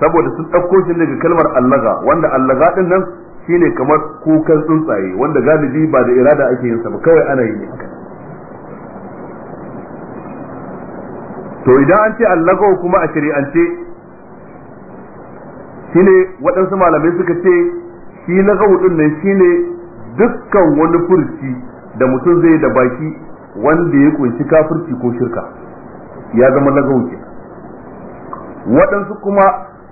saboda sun dauko shi daga kalmar allaga wanda allaga din nan shine kamar kukan tsuntsaye wanda galibi ba da irada ake yinsa sa ba kawai ana yi to idan an ce allago kuma a shari'ance shine waɗansu malamai suka ce shi na din nan shine dukkan wani furci da mutum zai da baki wanda ya kunshi kafirci ko shirka ya zama na ke waɗansu kuma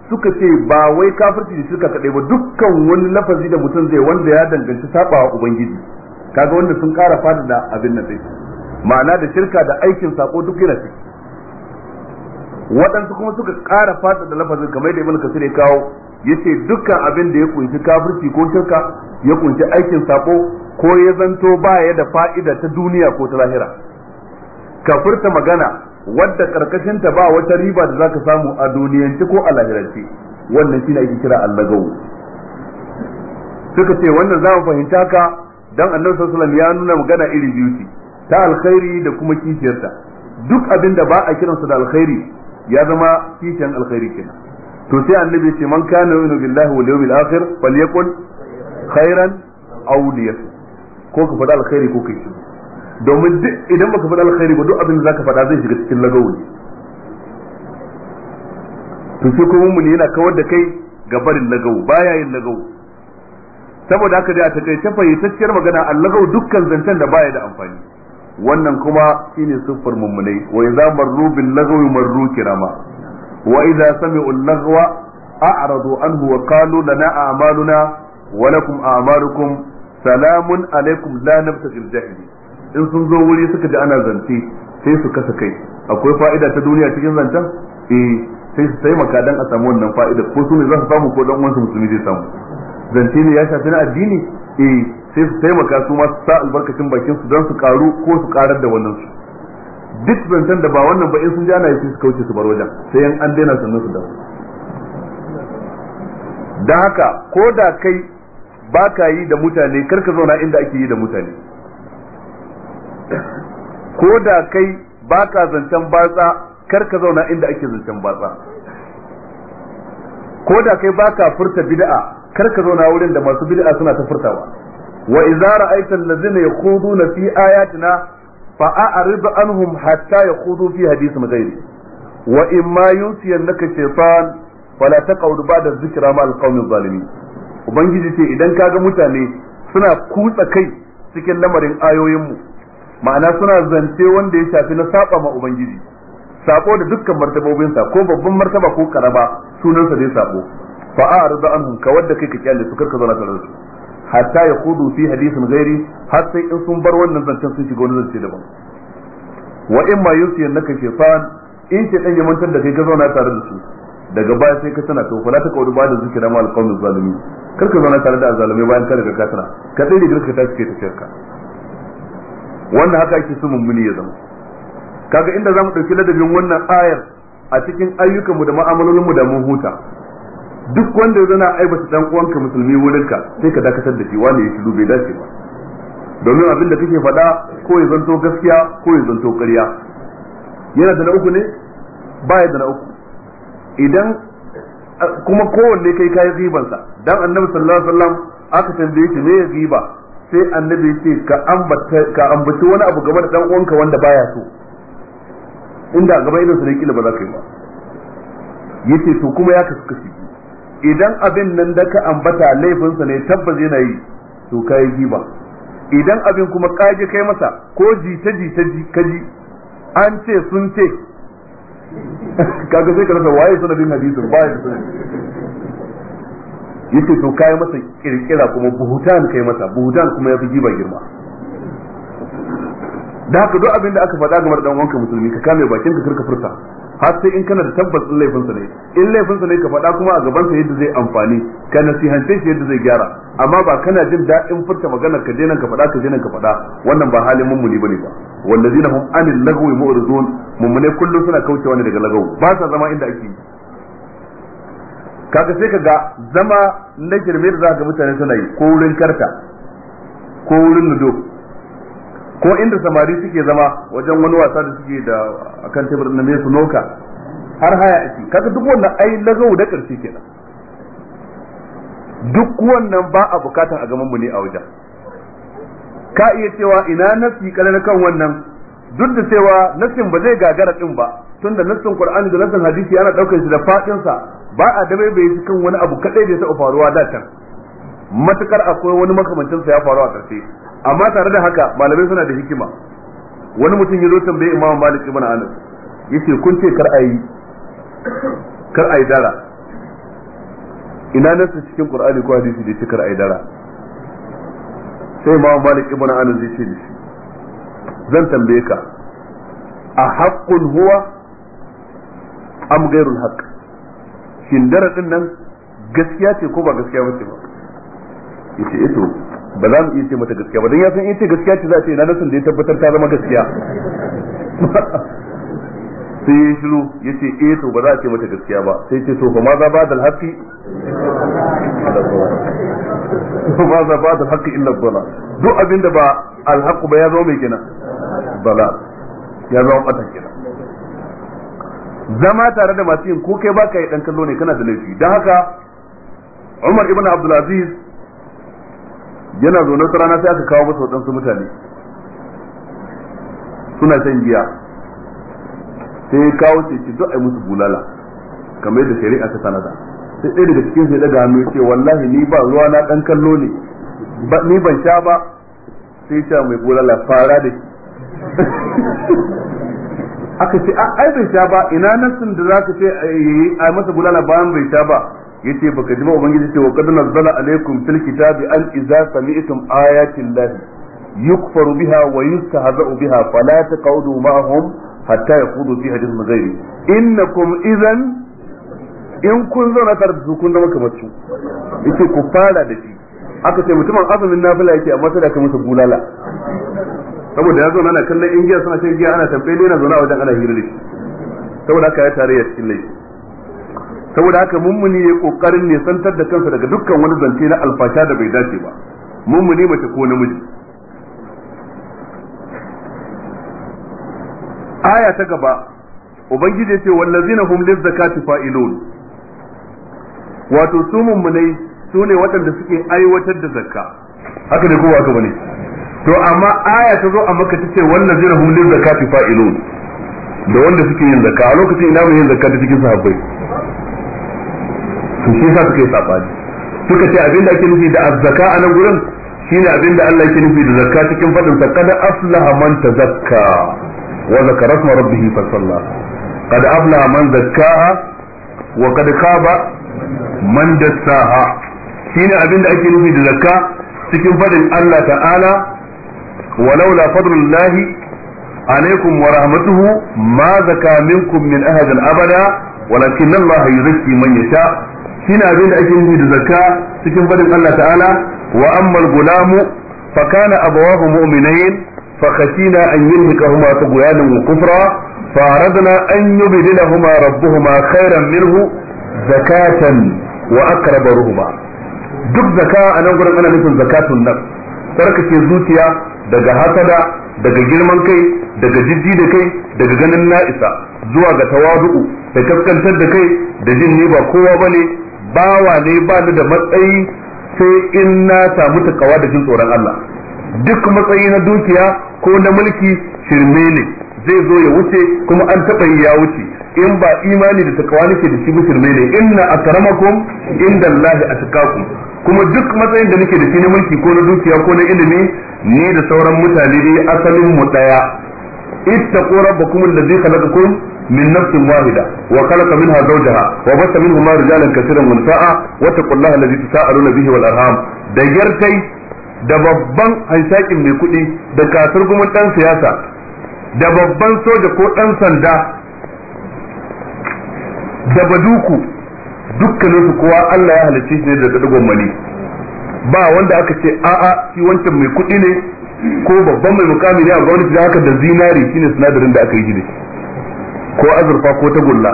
suka ce ba wai kafirci da shirka kadai ba dukkan wani lafazi da mutum zai wanda ya danganci sabawa ubangiji kaga wanda sun kara fada da abin nan sai ma'ana da shirka da aikin sako duk yana ciki waɗansu kuma suka ƙara fata da lafazin kamar da ibn kasir ya kawo yace dukkan abin da ya kunshi kafirci ko shirka ya kunshi aikin sako ko ya zanto baya da fa'ida ta duniya ko ta lahira kafirta magana wadda karkashin ba wata riba da zaka samu a duniyanci ko a lahiranci wannan shine ake kira allagawu suka ce wannan za mu fahimta ka dan annabi sallallahu alaihi ya nuna magana iri biyu ta alkhairi da kuma kishiyarta duk abin da ba a kiransa da alkhairi ya zama kishiyan alkhairi kenan to sai annabi ce man kana yu'minu billahi wal yawmil akhir falyakul khairan aw liyas ko ka faɗa alkhairi ko kai domin duk idan baka faɗa alkhairi ba duk abin da zaka faɗa zai shiga cikin lagawo to sai kuma mun yana kawar da kai ga barin lagawo baya yin lagawu saboda haka dai a takaice fayyatacciyar magana allagawo dukkan zancen da baya da amfani wannan kuma shine siffar mummunai wa idza marru bil lagwi marru kirama wa idza sami'u al lagwa a'radu anhu wa qalu lana a'maluna wa lakum a'malukum salamun alaikum la nabtaghil jahili in sun zo wuri suka ji ana zance sai su kasa kai akwai fa'ida ta duniya cikin zancen eh sai su taimaka dan a samu wannan fa'ida ko su ne za su samu ko dan uwansu musulmi zai samu zance ne ya shafi na addini eh sai su taimaka su ma su sa albarkacin bakin su don su karu ko su karar da wannan su duk zancen da ba wannan ba in sun jana yi su kauce su bar wajen sai yan an daina sannan su dawo da haka ko da kai ba ka yi da mutane karka zauna inda ake yi da mutane ko da kai ba ka zancen batsa karka zauna inda ake zancen batsa ko da kai ba ka furta bid'a karka zauna wurin da masu bid'a suna ta furtawa wa idza ra'aita allazina yakhuduna fi ayatina fa a'rid anhum hatta yakhudu fi hadithin ghairi wa imma yunsiyannaka shaytan fala taqud ba'da dhikra ma alqawmi zalimin ubangiji ce idan kaga mutane suna kutsa kai cikin lamarin ayoyinmu ma'ana suna zance wanda ya shafi na saba ma ubangiji sako da dukkan martabobinsa ko babban martaba ko karaba sunansa dai sako fa a'rid anhum ka wadda kai ka kyale su karka zauna tare da su hatta ya kudu fi hadisin gairi har sai in sun bar wannan zancen sun shiga wani zance daban wa in ma yusi annaka shaytan in ce dan yamantar da kai ka zauna tare da su daga baya sai ka tana to fala ta kawo ba da zikira ma alqawmi zalimi kar ka zauna tare da azalume bayan ka daga ka tana ka dai da girka ta suke ta ka wannan haka ake sumin mummuni ya zama kaga inda zamu dauki ladabin wannan ayar a cikin ayyukanmu da mu'amalolinmu da mun huta duk wanda ya zana aibata dan uwanka musulmi wurinka sai ka dakatar da shi wani ya shiru bai dace ba domin abin da kake faɗa ko ya zanto gaskiya ko ya zanto ƙarya yana da na uku ne ba ya da na uku idan kuma kowanne kai kayi ribansa dan annabi sallallahu alaihi wasallam aka tambaye shi me ya riba sai annabi ya ce ka ambaci wani abu game da dan uwanka wanda baya so inda gaba irin su ne kila ba za ka yi ba yace to kuma ya kasu kashi idan abin nan da ka ambata laifinsa ne tabbas yana yi to kai giba idan abin kuma kaji kai masa ko jita jita kaji an ce sun ce kaga sai ka rasa waye sanadin hadisi ba ya sanadin yace to kai masa kirkira kuma buhutan kai masa buhutan kuma ya fi giba girma da haka duk abin da aka faɗa ga da wanka musulmi ka kame bakin ka karka furta har sai in kana da tabbas din laifin sa ne in laifin sa ne ka faɗa kuma a gaban sa yadda zai amfani ka nasihance shi yadda zai gyara amma ba kana jin daɗin furta maganar ka je nan ka faɗa ka je nan ka faɗa wannan ba halin mummuni bane ba wallazina hum anil lagwi mu'ridun mummune kullum suna kaucewa ne daga lagaw ba sa zama inda ake kaga sai kaga zama na girme da za ga mutane suna yi ko wurin karta ko wurin nudo ko inda samari suke zama wajen wani wasa da suke da akan tebur na mai sunoka har haya ake kaga duk wannan ai lagau da karshe kenan duk wannan ba a bukatan a gaban mu ne a wajen ka iya cewa ina nafi kalar kan wannan duk da cewa nafin ba zai gagara din ba tun da nasin qur'ani da nasin hadisi ana daukar shi da fadin sa ba a dabe bai cikin wani abu kadai da ya taɓa faruwa da can matukar akwai wani makamancin sa ya faru a karshe amma tare da haka malamai suna da hikima wani mutum ya zo tambaye Imam Malik ibn Anas yace kun ce kar ayi kar ayi dara ina nasu cikin Qur'ani ko hadisi da yace kar ayi dara sai Imam Malik ibn Anas yace da shi zan tambaye ka a haqqun huwa am ghairul haqq shin dara din nan gaskiya ce ko ba gaskiya bace ba yace ito eh ba za mu iya ce mata gaskiya ba dan ya san in ce gaskiya ce za a ce na nasin da ya tabbatar ta zama gaskiya sai ya shiru ya ce eh to ba za a ce mata gaskiya ba sai ce to ma za ba da alhaqi ma za ba da alhaqi illa bala duk abin da ba alhaku ba ya zama mai gina bala ya zama mata gina zama tare da masu yin ko kai ka yi dan kallo ne kana da laifi dan haka Umar ibn Abdul Aziz yana zo wata na sai aka kawo masa waɗansu mutane suna shan giya sai ya kawo ce ci duk ai musu bulala kamar yadda shari'a ta sanada sai ɗaya daga cikin sai daga hannu ce wallahi ni ba ruwa na ɗan kallo ne ni ban sha ba sai ta mai bulala fara da aka ce ai bai sha ba ina sun da za ka ce a masa bulala bayan bai sha ba yace baka ji ba ubangiji ce wa qad nazzala alaikum fil kitabi an idza sami'tum ayatin lahi yukfaru biha wa yustahza'u biha fala taqudu ma'ahum hatta yaqudu fi hadithin ghairi innakum idan in kun zauna tare da su kun zama kamar su yace ku fara da shi aka ce mutumin azumin nafila yake amma sai da ka masa bulala saboda ya zauna na kallon ingiya suna shan giya ana tambaye ne na zauna a wajen ana hira saboda haka ya tare ya cikin laifi saboda haka mummuni ya kokarin ne santar da kansa daga dukkan wani zance na alfasha da bai dace ba mummuni mace ko namiji aya ta gaba ubangiji ya ce wallazina hum lizzakati fa'ilun wato su mummunai su ne waɗanda suke aiwatar da zakka haka ne kowa gaba ne to amma aya ta zo a maka ta ce wallazina hum lizzakati fa'ilun da wanda suke yin zakka a lokacin ina mai yin zakka da cikin sahabbai to shi yasa suka yi sabani suka ce abinda ake nufi da azzaka a nan gurin shine abinda Allah yake nufi da zakka cikin fadin sa kada aflaha man tazakka wa zakara isma rabbih fa salla kad aflaha man zakkaha wa kad khaba man dassaha shine abinda ake nufi da zakka cikin fadin Allah ta'ala ولولا فضل الله عليكم ورحمته ما زكى منكم من أحد أبدا ولكن الله يزكي من يشاء shine abin da ake nufi da zakka cikin fadin Allah ta'ala wa ammal gulamu fa kana abawahu mu'minain fa khashina an yulhikahuma tughyanan wa kufra fa aradna an yubdilahuma rabbuhuma khairan minhu zakatan wa aqraba ruhuma duk zakka anan gurin ana nufin zakatun nan tsarkake zuciya daga hasada daga girman kai daga jijji da kai daga ganin na'isa zuwa ga tawadu'u da kaskantar da kai da jin ni ba kowa bane bawa ne ba ni da matsayi sai in na samu takawa da jin tsoron Allah duk matsayi na dukiya ko na mulki shirme ne zai zo ya wuce kuma an taɓa yi ya wuce in ba imani da takawa nake da shi ba shirme ne inna akramakum indallahi atqakum kuma duk matsayin da nake da shi na mulki ko na dukiya ko na ilimi ni da sauran mutane dai asalin mu daya اتقوا ربكم الذي خلقكم من نفس واحده وخلق منها زوجها وبث منهما رجالا كثيرا ونساء واتقوا الله الذي تساءلون به والأرham da yarkai da babban hansakin mai kuɗi da kasar kuma ɗan siyasa da babban soja ko ɗan sanda da baduku dukkanin su kowa Allah ya halicci ne daga ba wanda aka ce a'a shi wancan mai kuɗi ne ko babban mai mukami ne a gwamnati da haka da zinari shine sinadarin da aka yi gine ko azurfa ko tagulla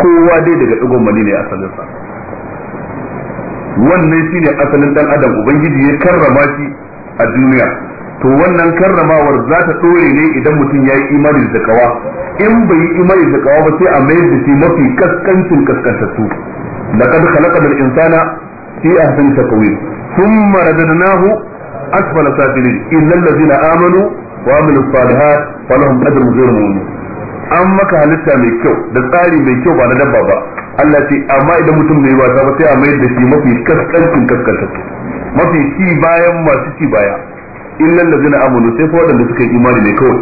kowa dai daga digon mani ne asalin sa wannan shine asalin dan adam ubangiji ya karrama shi a duniya to wannan karramawar za ta dore ne idan mutum ya yi imani da zakawa in bai yi imani da kawa ba sai a mayar da shi mafi kaskancin kaskantattu laqad khalaqal insana fi ahsani taqwim thumma radadnahu asfala safilin إلا الذين amanu wa الصالحات فلهم an maka halitta mai kyau da tsari mai kyau ba na dabba ba Allah ce amma idan mutum bai wasa ba sai a da shi mafi kaskancin kaskantattu mafi ci bayan masu ci baya illal ladzina amanu sai fa wadanda suka yi imani ne kawai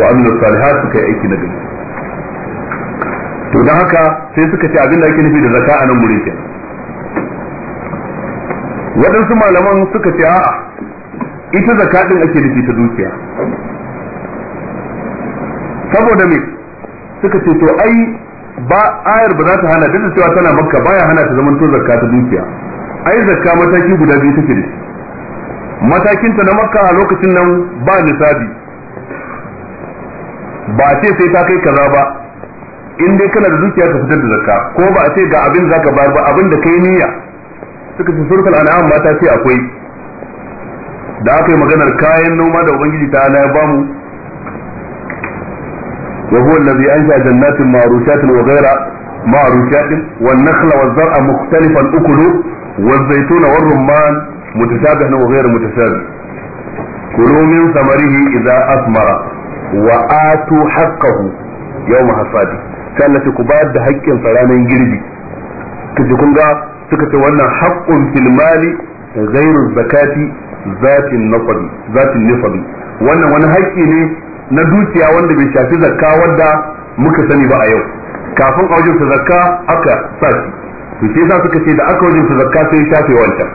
wa salihat suka yi aiki na gari sai suka ce da zaka anan malaman suka ce a'a ita zakka din ake nufi ta zuciya saboda me suka ce to ai ba ayar ba za ta hana duk da cewa tana makka baya hana ta zaman to zakka ta dukiya ai zakka mataki guda biyu take da matakin ta na makka a lokacin nan ba nisabi ba a ce sai ta kai kaza ba in dai kana da dukiya ka fitar da zakka ko ba a ce ga abin zaka bayar ba abin da kai niyya suka ce surkul an'am mata ta ce akwai da aka yi maganar kayan noma da ubangiji ta ala ya bamu wa huwa allazi ansha jannatin ma'rushatin wa ghayra ma'rushatin wan nakhla waz zar'a mukhtalifan ukulu waz zaytuna war rumman mutashabihan wa ghayra mutashabih kulu min samarihi idza asmara wa atu haqqahu yawma hasadi sai ku da haƙƙin sa girbi kaje kun ga suka ce wannan haqqun fil mali غير zakati ذات النفل ذات النفل wannan wani haƙƙi ne na dukiya wanda bai shafi zakka wanda muka sani ba a yau kafin a wajen zakka aka sa shi to suka ce da aka wajen zakka sai shafe wancan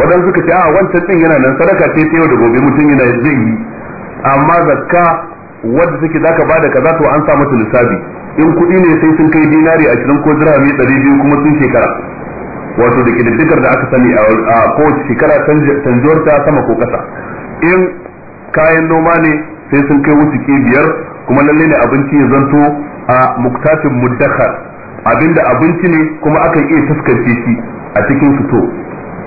wadan suka ce a wancan din yana nan sadaka ce da gobe mutum yana yi zakka wadda take zaka bada kaza to an sa mata lissafi in kuɗi ne sai sun kai dinari ashirin ko dirhami 200 biyu kuma sun shekara wato da kididdigar da aka sani a kowace shekara canjuwar ta sama ko kasa in kayan noma ne sai sun kai wuce biyar kuma lalle ne abinci ya zanto a muktatin muddakar abinda abinci ne kuma aka iya taskance shi a cikin fito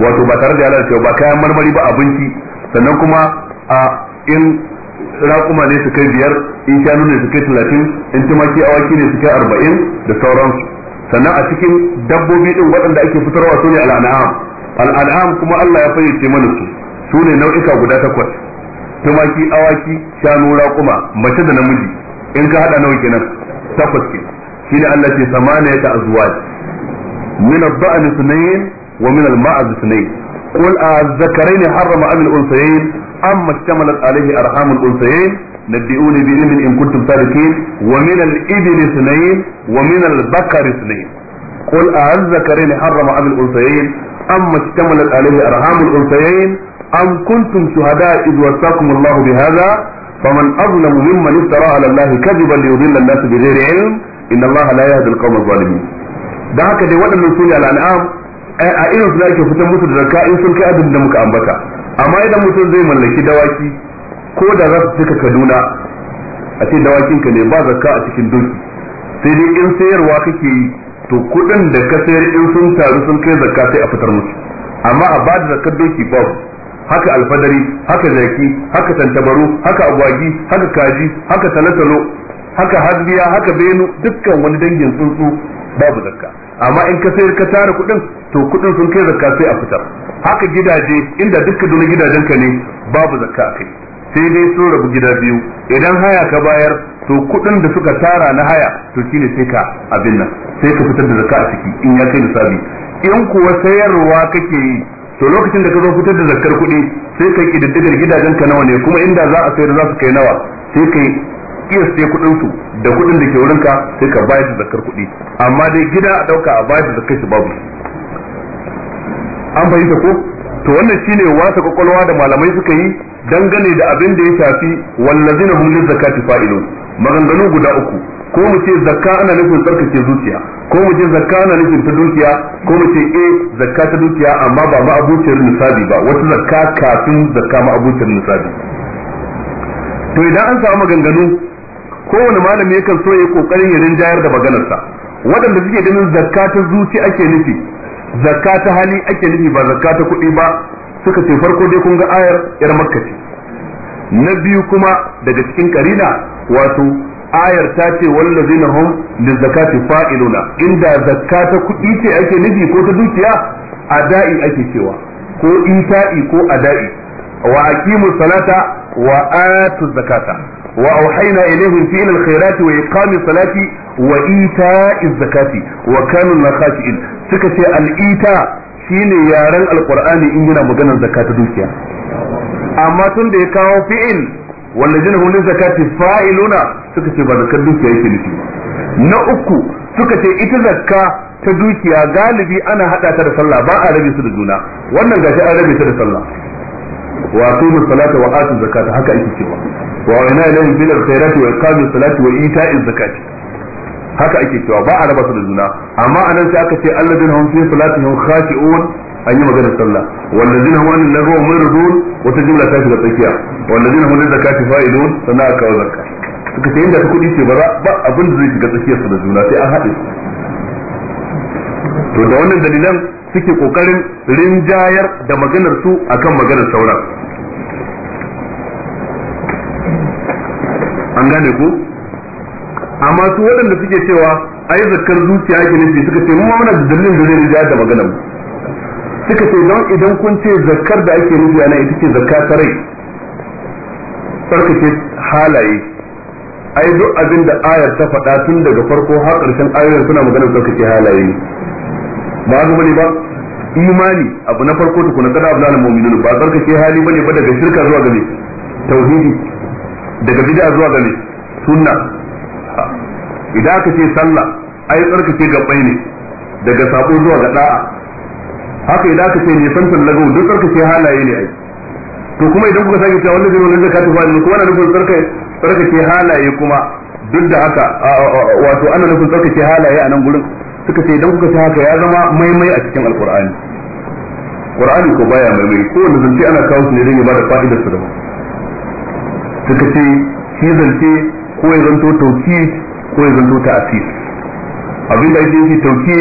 wato ba tare da ya lalace ba kayan marmari ba abinci sannan kuma a in raƙuma ne su kai biyar in shanu ne su kai talatin in tumaki awaki ne su kai arba'in da sauransu sannan a cikin dabbobi din waɗanda ake fitarwa su ne al'an'am al'an'am kuma Allah ya fayyace mana su su ne nau'ika guda takwas tumaki awaki shanu raƙuma mace da namiji in ka haɗa nawa kenan takwas ke shine Allah ce ya ta azwaj min ad-da'n ithnayn wa min al-ma'az ithnayn qul a-dhakarayn harrama amin al amma ishtamalat alayhi arham al-unthayayn نبئوني بعلم إن كنتم صادقين ومن الإبل اثنين ومن البقر اثنين قل أعزكرين حرم أم الأنثيين أما اشتملت عليه أرحام الأنثيين أم كنتم شهداء إذ وصاكم الله بهذا فمن أظلم ممن افترى على الله كذبا ليضل الناس بغير علم إن الله لا يهدي القوم الظالمين da haka dai waɗannan su ne al'an'am a irin su da ake fitan musu da zakka in sun kai adadin da muka ambata amma idan mutum zai mallaki dawaki ko da za su cika kaduna a ce dawakin ka ne ba zakka a cikin doki sai dai in sayarwa kake yi to kuɗin da ka sayar in sun taru sun kai zakka sai a fitar musu amma a ba da zakkar doki babu haka alfadari haka zaki haka tantabaru haka agwagi haka kaji haka talatalo haka hadiya haka benu dukkan wani dangin tsuntsu babu zakka amma in ka sayar ka tara kuɗin to kuɗin sun kai zakka sai a fitar haka gidaje inda dukkan duniya gidajen ka ne babu zakka a kai sai dai sun rabu gida biyu idan haya ka bayar to kuɗin da suka tara na haya to shine sai ka abin nan sai ka fitar da zakka a ciki in ya kai nisabi in kuwa sayarwa kake yi to lokacin da ka zo fitar da zakkar kuɗi sai ka kididdigar gidajen ka nawa ne kuma inda za a sayar za su kai nawa sai ka iya sai kudin su da kuɗin da ke wurin ka sai ka bayar da zakkar kuɗi amma dai gida a dauka a bayar da zakkar shi babu an fahimta ko to wannan shine wasa kwakwalwa da malamai suka yi dangane da abin da ya shafi wallazina hum zakati fa'ilun maganganu guda uku ko mu ce zakka ana nufin tsarkake zuciya ko mu ce zakka ana nufin ta dukiya ko mu ce eh zakka ta dukiya amma ba ma'abuciyar nisabi ba wata zakka kafin zakka ma'abuciyar nisabi to idan an samu maganganu kowane malami yakan so ya kokarin ya rinjayar da maganarsa waɗanda suke ganin zakka ta zuci ake nufi zakka ta hali ake nufi ba zakata ta kuɗi ba suka ce farko dai kun ga ayar yar makka ce na biyu kuma daga cikin karina wato ayar ta ce wallazina hum lizakati fa'iluna inda zakka ta kuɗi ce ake nufi ko ta dukiya ada'i ake cewa ko ita'i ko ada'i wa aqimu salata wa atu zakata wa auhayna ilayhim fi al-khairati wa iqami salati wa ita zakati wa kanu na khashi'in suka ce al'ita shine yaren alqur'ani in yana maganar zakata dukiya amma tun da ya kawo fi'il wallazina hum zakati fa'iluna suka ce ba zakar dukiya yake nufi na uku suka ce ita zakka ta dukiya galibi ana hada ta da sallah ba a rabe su da juna wannan gashi an rabe ta da sallah wa haka ake cewa zakati haka ake cewa ba a raba su da juna amma a nan sai aka ce alladin hum fi salatihim khashi'un an yi maganar sallah wallazin hum anil lagwi muridun wata jumla ta shiga tsakiya wallazin hum lil zakati fa'ilun sana aka kawo zakka suka ce inda ta kudi ce ba ba abin da zai shiga tsakiyar su da juna sai an haɗe to da wannan dalilan suke kokarin rinjayar da maganar su akan maganar sauran an gane ku amma su waɗanda suke cewa ai zakar zuciya ake nufi suka ce mun muna da dalilin da zai rija da magana mu suka ce don idan kun ce zakar da ake nufi ana ita ce zakka ta rai Sarkace halaye ai duk abin da ayar ta faɗa tun daga farko har ƙarshen ayoyin suna maganar sarkace halaye ne ba ga bane ba imani abu na farko tukuna kada abu lalama mu'minun ba sarkace hali bane ba daga shirka zuwa ga tauhidi daga bid'a zuwa ga sunna idan aka ce sallah ai tsarkake gabbai ne daga sako zuwa ga da'a haka idan aka ce ne santan lagau duk tsarkake halaye ne ai to kuma idan kuka sake cewa wannan zai wannan zakatu ba ne kuma ana nufin tsarkake tsarkake halaye kuma duk da haka wato ana nufin tsarkake halaye a nan gurin suka ce idan kuka ce haka ya zama maimai a cikin alkur'ani qur'ani ko baya maimai kowanne zance ana kawo su ne don ya bada fa'idar su da suka ce shi zance ko ya zanto tauki ko ya zanto ta asir abin da ake nufi tauki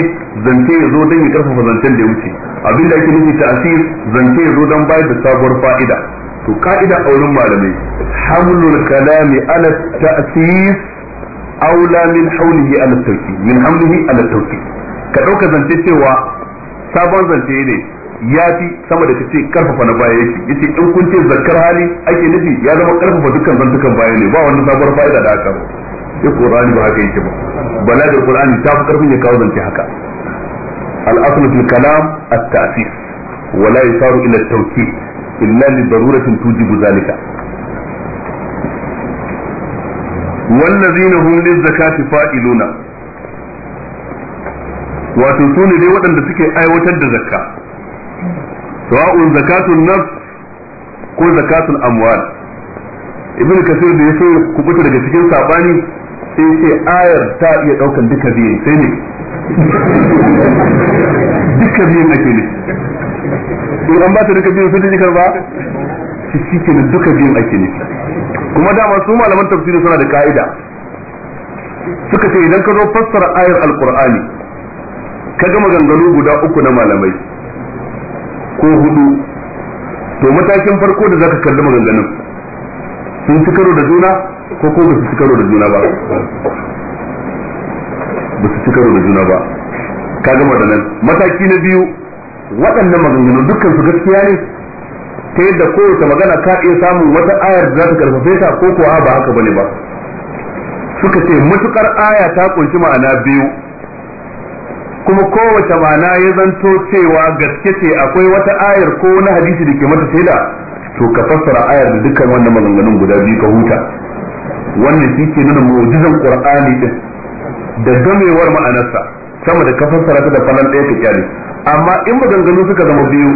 zance ya zo don ya karfafa zancen da ya wuce abin da ake nufi ta asir zance ya zo don bayar da sabuwar fa'ida to ka'ida a malamai hamlul kalami ala ta'sis aula min haulihi ala tauki min hamlihi ala tauki ka dauka zance cewa sabon zance ne ya fi sama da kace karfafa na baya yake yace in kun ce zakkar hali ake nufi ya zama karfafa dukkan zantukan baya ne ba wani sabuwar fa'ida da aka shi qur'ani ba haka yake ba da qur'ani ta fi karfin ya kawo zance haka al-asl fil kalam at-ta'sis wa la yusaru ila at-tawkid illa li daruratin tujibu zalika wallazina hum lizakati fa'iluna wato sune dai waɗanda suke aiwatar da zakka sawa'un zakatun nafs ko zakatul amwal ibn kasir da ya so kubuta daga cikin sabani sai ce ayar ta iya daukan duka biyu sai ne duka biyu na ke ne in an ba ta duka biyu sai ta ba shi shi ke duka na ke ne kuma dama su malaman tafsiri suna da ka'ida suka ce idan ka zo fassara ayar alkur'ani ka gama maganganu guda uku na malamai ko hudu to matakin farko da zaka kalli maganganun sun fi karo da juna ko ko basu cikaro da juna ba basu cikaro da juna ba ka gama da nan mataki na biyu waɗannan maganganu dukkan su gaskiya ne ta yadda kowace magana ka iya samun wata ayar da za ta karfafe ta ko kuwa ba haka bane ba suka ce matukar aya ta kunshi ma'ana biyu kuma kowace ma'ana ya zanto cewa gaske ce akwai wata ayar ko na hadisi da ke mata shaida to ka fassara ayar da dukkan wannan maganganun guda biyu ka huta wannan shi ke nuna mu'jizan qur'ani din da gamewar ma'anarsa sama da kafassara ta da falan ɗaya ta kyale amma in maganganu suka zama biyu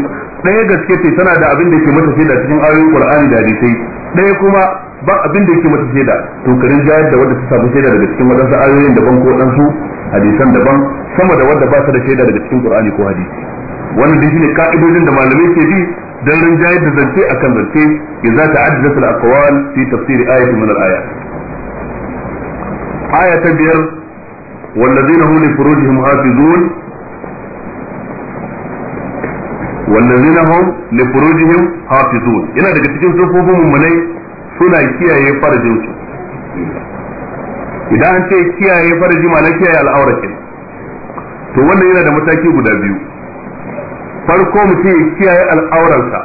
ɗaya gaske ce tana da abin da ke mata shaida cikin ayoyin qur'ani da hadisai ɗaya kuma ba abin da ke mata shaida to karin jayar da wanda ta samu shaida daga cikin wadansu ayoyin daban ko ɗansu hadisan daban sama da wanda ba ta da shaida daga cikin qur'ani ko hadisi wannan dai shine ka'idodin da malamai ke bi dan rinjayar da zance a kan zance idza ta'addadat al-aqwal fi tafsir ayatin min al-ayat aya ta biyar والذين هم لفروجهم حافظون والذين هم hafi حافظون yana daga cikin sufofin mummunai suna kiyaye farajin su idan an ce kiyaye faraji ma na kiyaye al'aurakin, to wannan yana da mataki guda biyu farko mutum ya kiyaye al'auransa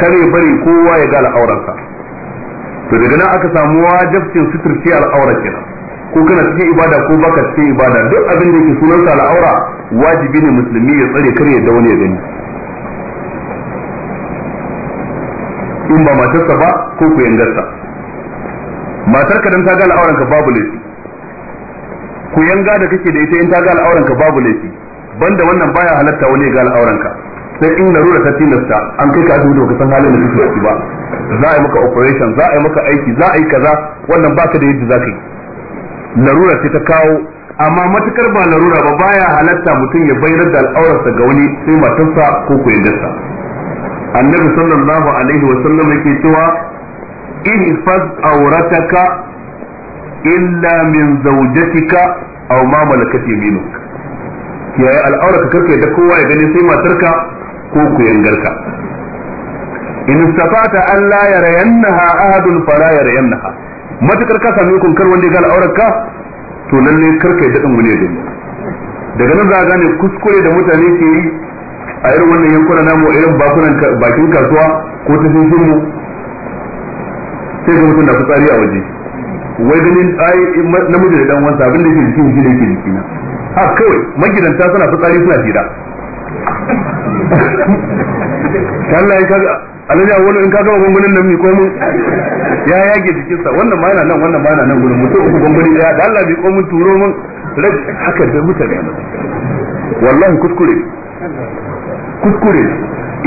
kare bari kowa ya ga al'auransa to daga nan aka samu wajibcin suturce al'aura kenan ko kana cikin ibada ko baka cikin ibada duk abin da yake sunanta al'aura wajibi ne musulmi ya tsare kar ya da wani ya gani in ba matarsa ba ko ku yangarsa matar ka dan ta ga al'auranka ka babu laifi ku yanga da kake da ita in ta ga al'auranka ka babu laifi banda wannan baya halatta wani ga al'auranka sai in larura ta tilasta an kai ka asibiti baka san halin da kake ciki ba za a yi maka operation za a yi maka aiki za a yi kaza wannan baka da yadda zaka yi larura ce ta kawo amma matukar ba larura ba baya halatta mutum ya bayar da al'aurarsa ga wani sai matarsa ko yaddarsa annabi sallallahu alaihi wa sallam yake cewa ihfaz aurataka illa min zawjatika aw ma malakat yaminuka kiyaye al'aura ka karke da kowa ya gani sai matarka ko ku yangarka in safata an la yarayannaha ahadun fala yarayannaha matakar ka sami kun kar wanda ya ga al'aurar ka to lalle karke da din wani ya daga nan za a gane kuskure da mutane ke yi a irin wannan yankuna namu irin bakunan bakin kasuwa ko ta mu sai ga mutum na fitsari a waje wai ganin ai namiji da dan wansa abin da yake jikin shi ke yake jikina ha kawai magidanta suna fitsari suna fira Allah ya kaga alaji ya wani in ka gama gwangwanin nan mai komun ya yage jikinsa wannan ma yana nan wannan ma yana nan gudun mutum uku gwangwani ya da Allah mai komun turo mun rai haka da mutane wallahi kuskure kuskure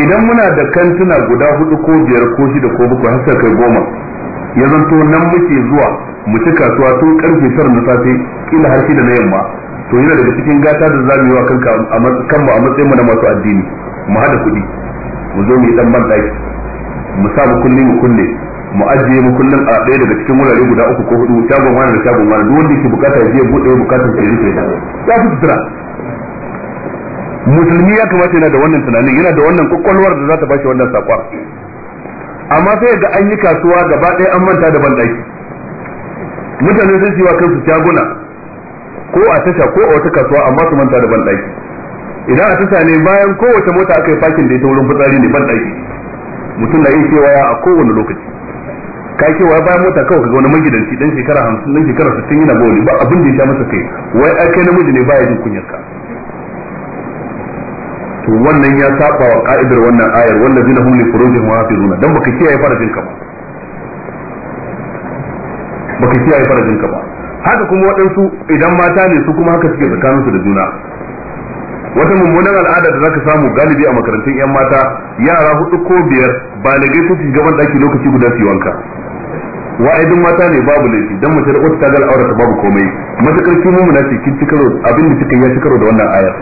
idan muna da kantuna guda hudu ko biyar ko shida ko bakwai har kai goma ya zanto nan muke zuwa mu ci kasuwa tun karfe tara na safe kila har shida na yamma to yana daga cikin gata da zamu yi wa kanka kanmu a matsayin mu na masu addini mu hada kuɗi mu zo mu yi dan banɗaki mu sa mu kulli mu kulle mu ajiye mu kullun a ɗaya daga cikin wurare guda uku ko hudu shagon wani da shagon wani duk wanda yake bukata ya je buɗe ya bukata ya rufe ya fi sutura musulmi ya kamata yana da wannan tunanin yana da wannan kwakwalwar da za ta bashi wannan sakon amma sai ga an yi kasuwa gaba ɗaya an manta da banɗaki mutane sun wa kansu shaguna ko a tasha ko a wata kasuwa amma su manta da banɗaki idan a tasha ne bayan kowace mota aka yi fakin da ita wurin fitsari ne banɗaki mutum na yin kewaya a kowane lokaci ka kewaya bayan mota kawai kaga wani magidanci dan shekara hamsin dan shekara sittin yana ne ba abin da ya sha masa kai wai a kai namiji ne baya jin kunyar ka to wannan ya saba wa ka'idar wannan ayar wallazina hum li furujihim hafizuna dan baka kiyaye farajin ka ba baka kiyaye farajin ka ba haka kuma waɗansu idan mata ne su kuma haka suke tsakaninsu da juna wata mummunan al'ada da zaka samu galibi a makarantun yan mata yara hudu ko biyar ba balagai su shiga ban lokaci guda su wanka wa'idin mata ne babu laifi dan mace da wata tagar aurata babu komai matakar kin mumuna ce kin cikaro abin da kika ya cikaro da wannan ayar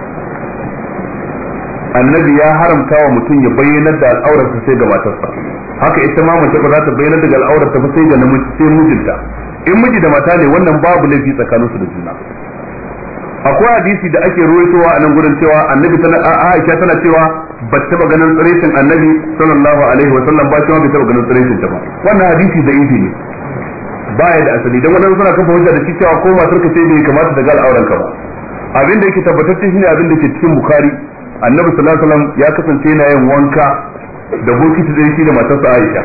annabi ya haramta wa mutum ya bayyana da al'aurarsa sai ga matarsa haka ita ma mace ba za ta bayyana da al'aurarsa ba sai ga namiji sai mijinta in miji da mata ne wannan babu laifi tsakanin su da juna akwai hadisi da ake ruwaitowa a nan gurin cewa annabi tana Aisha tana cewa ba ta taba ganin tsirishin annabi sallallahu alaihi wa sallam ba cewa bai taba ganin tsirishin ta ba wannan hadisi da ifi ne baya da asali dan wannan suna kafa hujja da shi cewa ko matar ka sai bai kamata ta ga al'auran ka ba abin da yake tabbatacce shine abin da ke cikin bukhari annabi sallallahu alaihi wa sallam ya kasance yana yin wanka da bokiti da yake da matarsa Aisha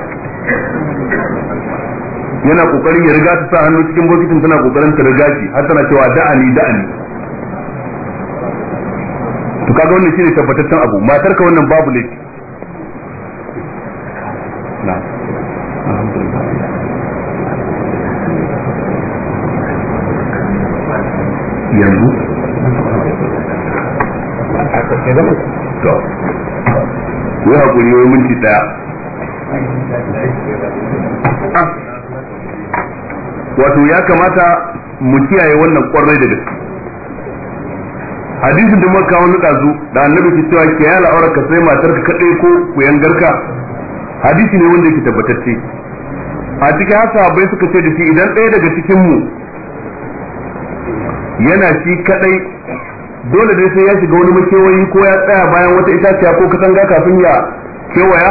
yana kokarin ya riga ta sa hannu cikin bokitin tana kokarin ta riga shi har tana cewa da'ani da'ani to kaga wannan shine tabbataccen abu matar ka wannan babu laifi yanzu to wai minti wato ya kamata mu kiyaye wannan kwarai da gaske hadisin da muka kawo dazu da annabi ke cewa kiyaye al'aurar ka sai matar ka kaɗai ko ku garka hadisi ne wanda yake tabbatacce a cikin haka bai suka ce da shi idan ɗaya daga cikin mu yana shi kaɗai dole dai sai ya shiga wani makewayi ko ya tsaya bayan wata itaciya ko katanga kafin ya kewaya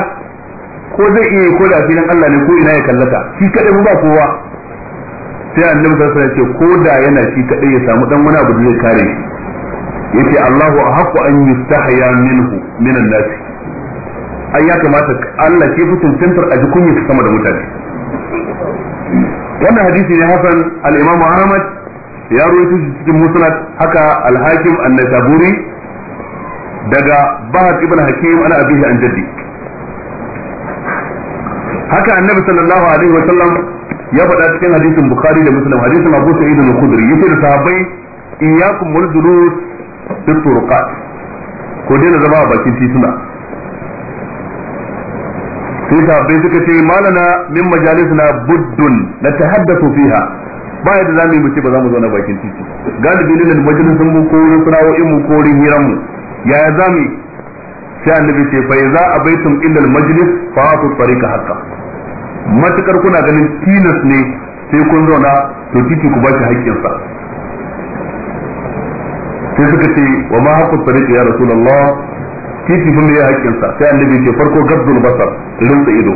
ko zai iya ko da filin Allah ne ko ina ya kallata shi kaɗai ba kowa sai annabi sallallahu alaihi ce ko da yana shi kadai ya samu dan wani abu da zai kare shi yace Allahu ahqqu an yustahya minhu min an-nas ai ya kamata Allah ke fitin tantar a jikun yi sama da mutane wannan hadisi ne Hassan al-Imam Ahmad ya rawaito shi cikin musnad haka al-Hakim an-Nasaburi daga Bahad ibn Hakim ana abihi an jaddi haka annabi sallallahu alaihi wa sallam ya faɗa cikin hadisin bukhari da muslim hadisin abu sa'id al-khudri yace da sahabbai iyyakum wal julus fi turqat ko dai zama a bakin tituna sai sahabbai suka ce malana min majalisina buddun na tahaddathu fiha ba yadda zamu yi mace ba za mu zauna bakin titi galibi ne da sun mu ko wurin sana'o'in mu ko wurin hiran mu yaya zamu sai annabi ce fa iza abaitum illa al majlis fa atu tariqa haqqan matukar kuna ganin tilas ne sai kun zauna to titi ku ba shi haƙƙinsa sai suka ce wa ma haƙƙu tsariƙi ya rasulallah titi kuma ya haƙƙinsa sai annabi ce farko gabdul basar rinsa ido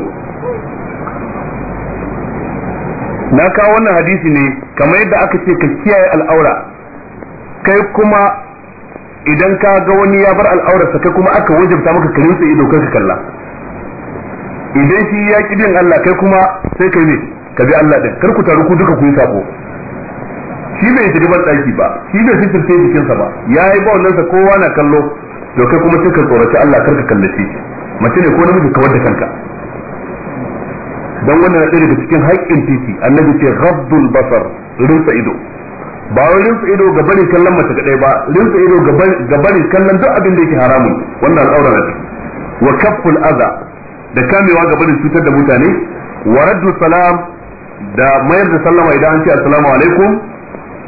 na kawo wannan hadisi ne kamar yadda aka ce ka kiyaye al'aura kai kuma idan ka ga wani ya bar al'aurarsa kai kuma aka wajabta maka ka rinsa ido kai ka kalla idan shi ya ki bin Allah kai kuma sai kai ne ka bi Allah din kar ku taru ku duka ku yi sako shi bai shiga ban daki ba shi bai sitirce sa ba yayi ba wannan sa kowa na kallo to kai kuma sai ka tsoraci Allah kar ka kallace mace ne ko namiji ka wadda kanka dan wannan ɗaya daga cikin haƙƙin titi annabi ce ghaddul basar rinsa ido ba wai rinsa ido ga bari kallon mace kadai ba rinsa ido ga bari kallon duk abin da yake haramun wannan tsaurara ne wa kaful adha da kamewa gaba da cutar da mutane wa raddu salam da mayar da sallama idan an ce assalamu alaikum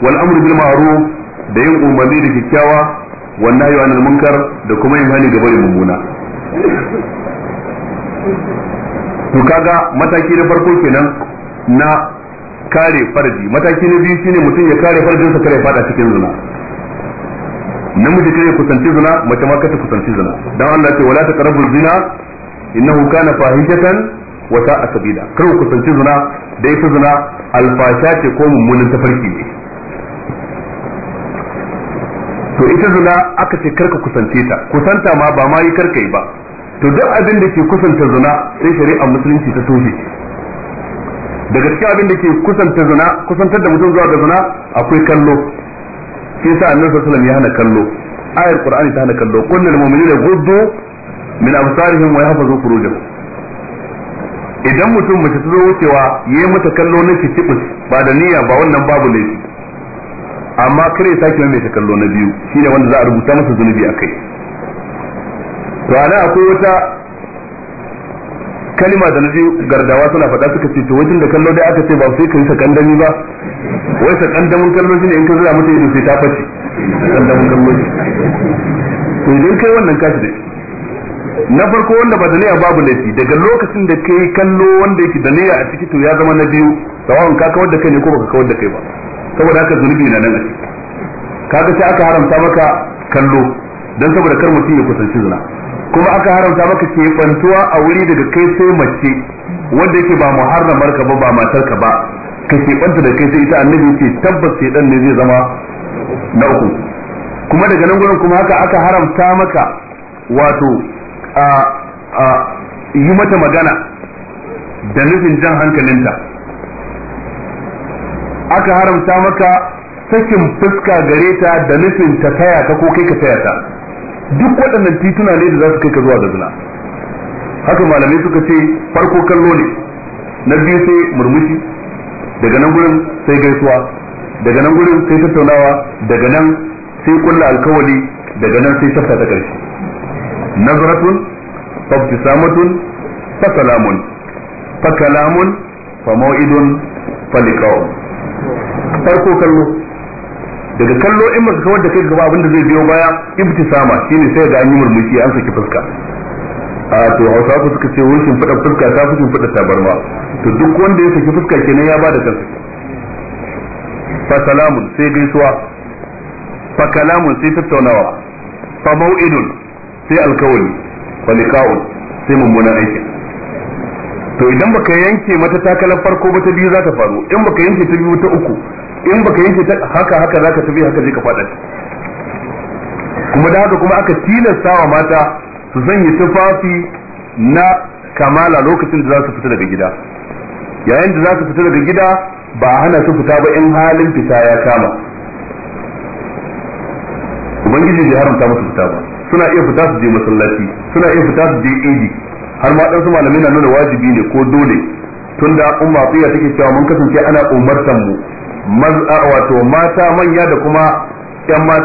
wal amru bil ma'ruf da yin umarni da kyakkyawa wan nahyi anil munkar da kuma yin hani gaba da mummuna to kaga mataki na farko kenan na kare farji mataki na biyu shine mutum ya kare farjinsa kare fada cikin zina namiji kare kusanci zina mace ma kata kusanci zina dan Allah ce wala taqrabu zina innahu kana fahishatan wa sa'a sabila kar ku kusanci zina da ita zina alfasha ce ko mummunan tafarki ne to ita zina aka ce karka kusance ta kusanta ma ba ma yi karka yi ba to duk abin da ke kusanta zina sai shari'a musulunci ta toshe daga cikin abin da ke kusanta zina kusantar da mutum zuwa ga zina akwai kallo shi sa annabi sallallahu alaihi wasallam ya hana kallo ayar qur'ani ta hana kallo kullu lil mu'minina yaghuddu min absarihim wa yahfazu furujahum idan mutum mace ta zo wucewa yayi mata kallo na kitibus ba da niyya ba wannan babu laifi amma kare ya sake mai ta kallo na biyu shine wanda za a rubuta masa zunubi akai to ana akwai wata kalima da naji gardawa suna faɗa suka ce to wajen da kallo dai aka ce ba sai ka yi sakandami ba wai sakandamin kallo shine in ka zura mata ido sai ta face sakandamin kallo to idan kai wannan kashi da na farko wanda ba da niyya babu laifi daga lokacin da kai kallo wanda yake da niyya a ciki to ya zama na biyu sawan ka kawar da kai ne ko baka kawar da kai ba saboda haka zunubi na nan a ciki kaga sai aka haramta maka kallo dan saboda kar mutum ya kusanci zina kuma aka haramta maka ke bantuwa a wuri daga kai sai mace wanda yake ba muharramar ka ba ba matar ka ba ka ke banta da kai sai ita annabi ce tabbas sai dan ne zai zama na uku kuma daga nan gurin kuma haka aka haramta maka wato yi mata magana da nufin jan hankalinta aka haramta maka sakin fuska gare ta da nufin ta taya ka ko kai ka taya ta duk waɗannan tituna ne da za su kai ka zuwa ga zina haka malamai suka ce farko kallo ne na biyu sai murmushi daga nan gurin sai gaisuwa daga nan gurin sai tattaunawa daga nan sai kulla alkawali daga nan sai tafta ta ƙarshe نظرة فابتسامة فكلام فكلام فموعد فلقاء farko kallo daga kallo in maka kawar da kai gaba abinda zai biyo baya ibtisama shine sai ga an yi murmushi an saki fuska a to hausa ku suka ce wurin fada fuska ta fi fada tabarma to duk wanda ya saki fuska kenan ya bada kansa fa salamun sai gaisuwa fa kalamun sai tattaunawa fa mau'idun sai alkawari kwalikawun sai mummunan aikin to idan baka yanke mata takalar farko ba ta biyu za ta faru in baka yanke ta biyu ta uku in baka yanke ta haka haka za ka tafi haka zai ka faɗa kuma da haka kuma aka tilasta wa mata su zanyi tufafi na kamala lokacin da za su fita daga gida yayin da za su fita daga gida ba a hana su fita ba in halin fita ya kama ubangiji bai haramta musu fita ba suna iya fita su je masallaci suna iya fita su je idi har ma dan su malamai na nuna wajibi ne ko dole tun da umma tsiya take cewa mun kasance ana umartan mu maza wato mata manya da kuma yan mata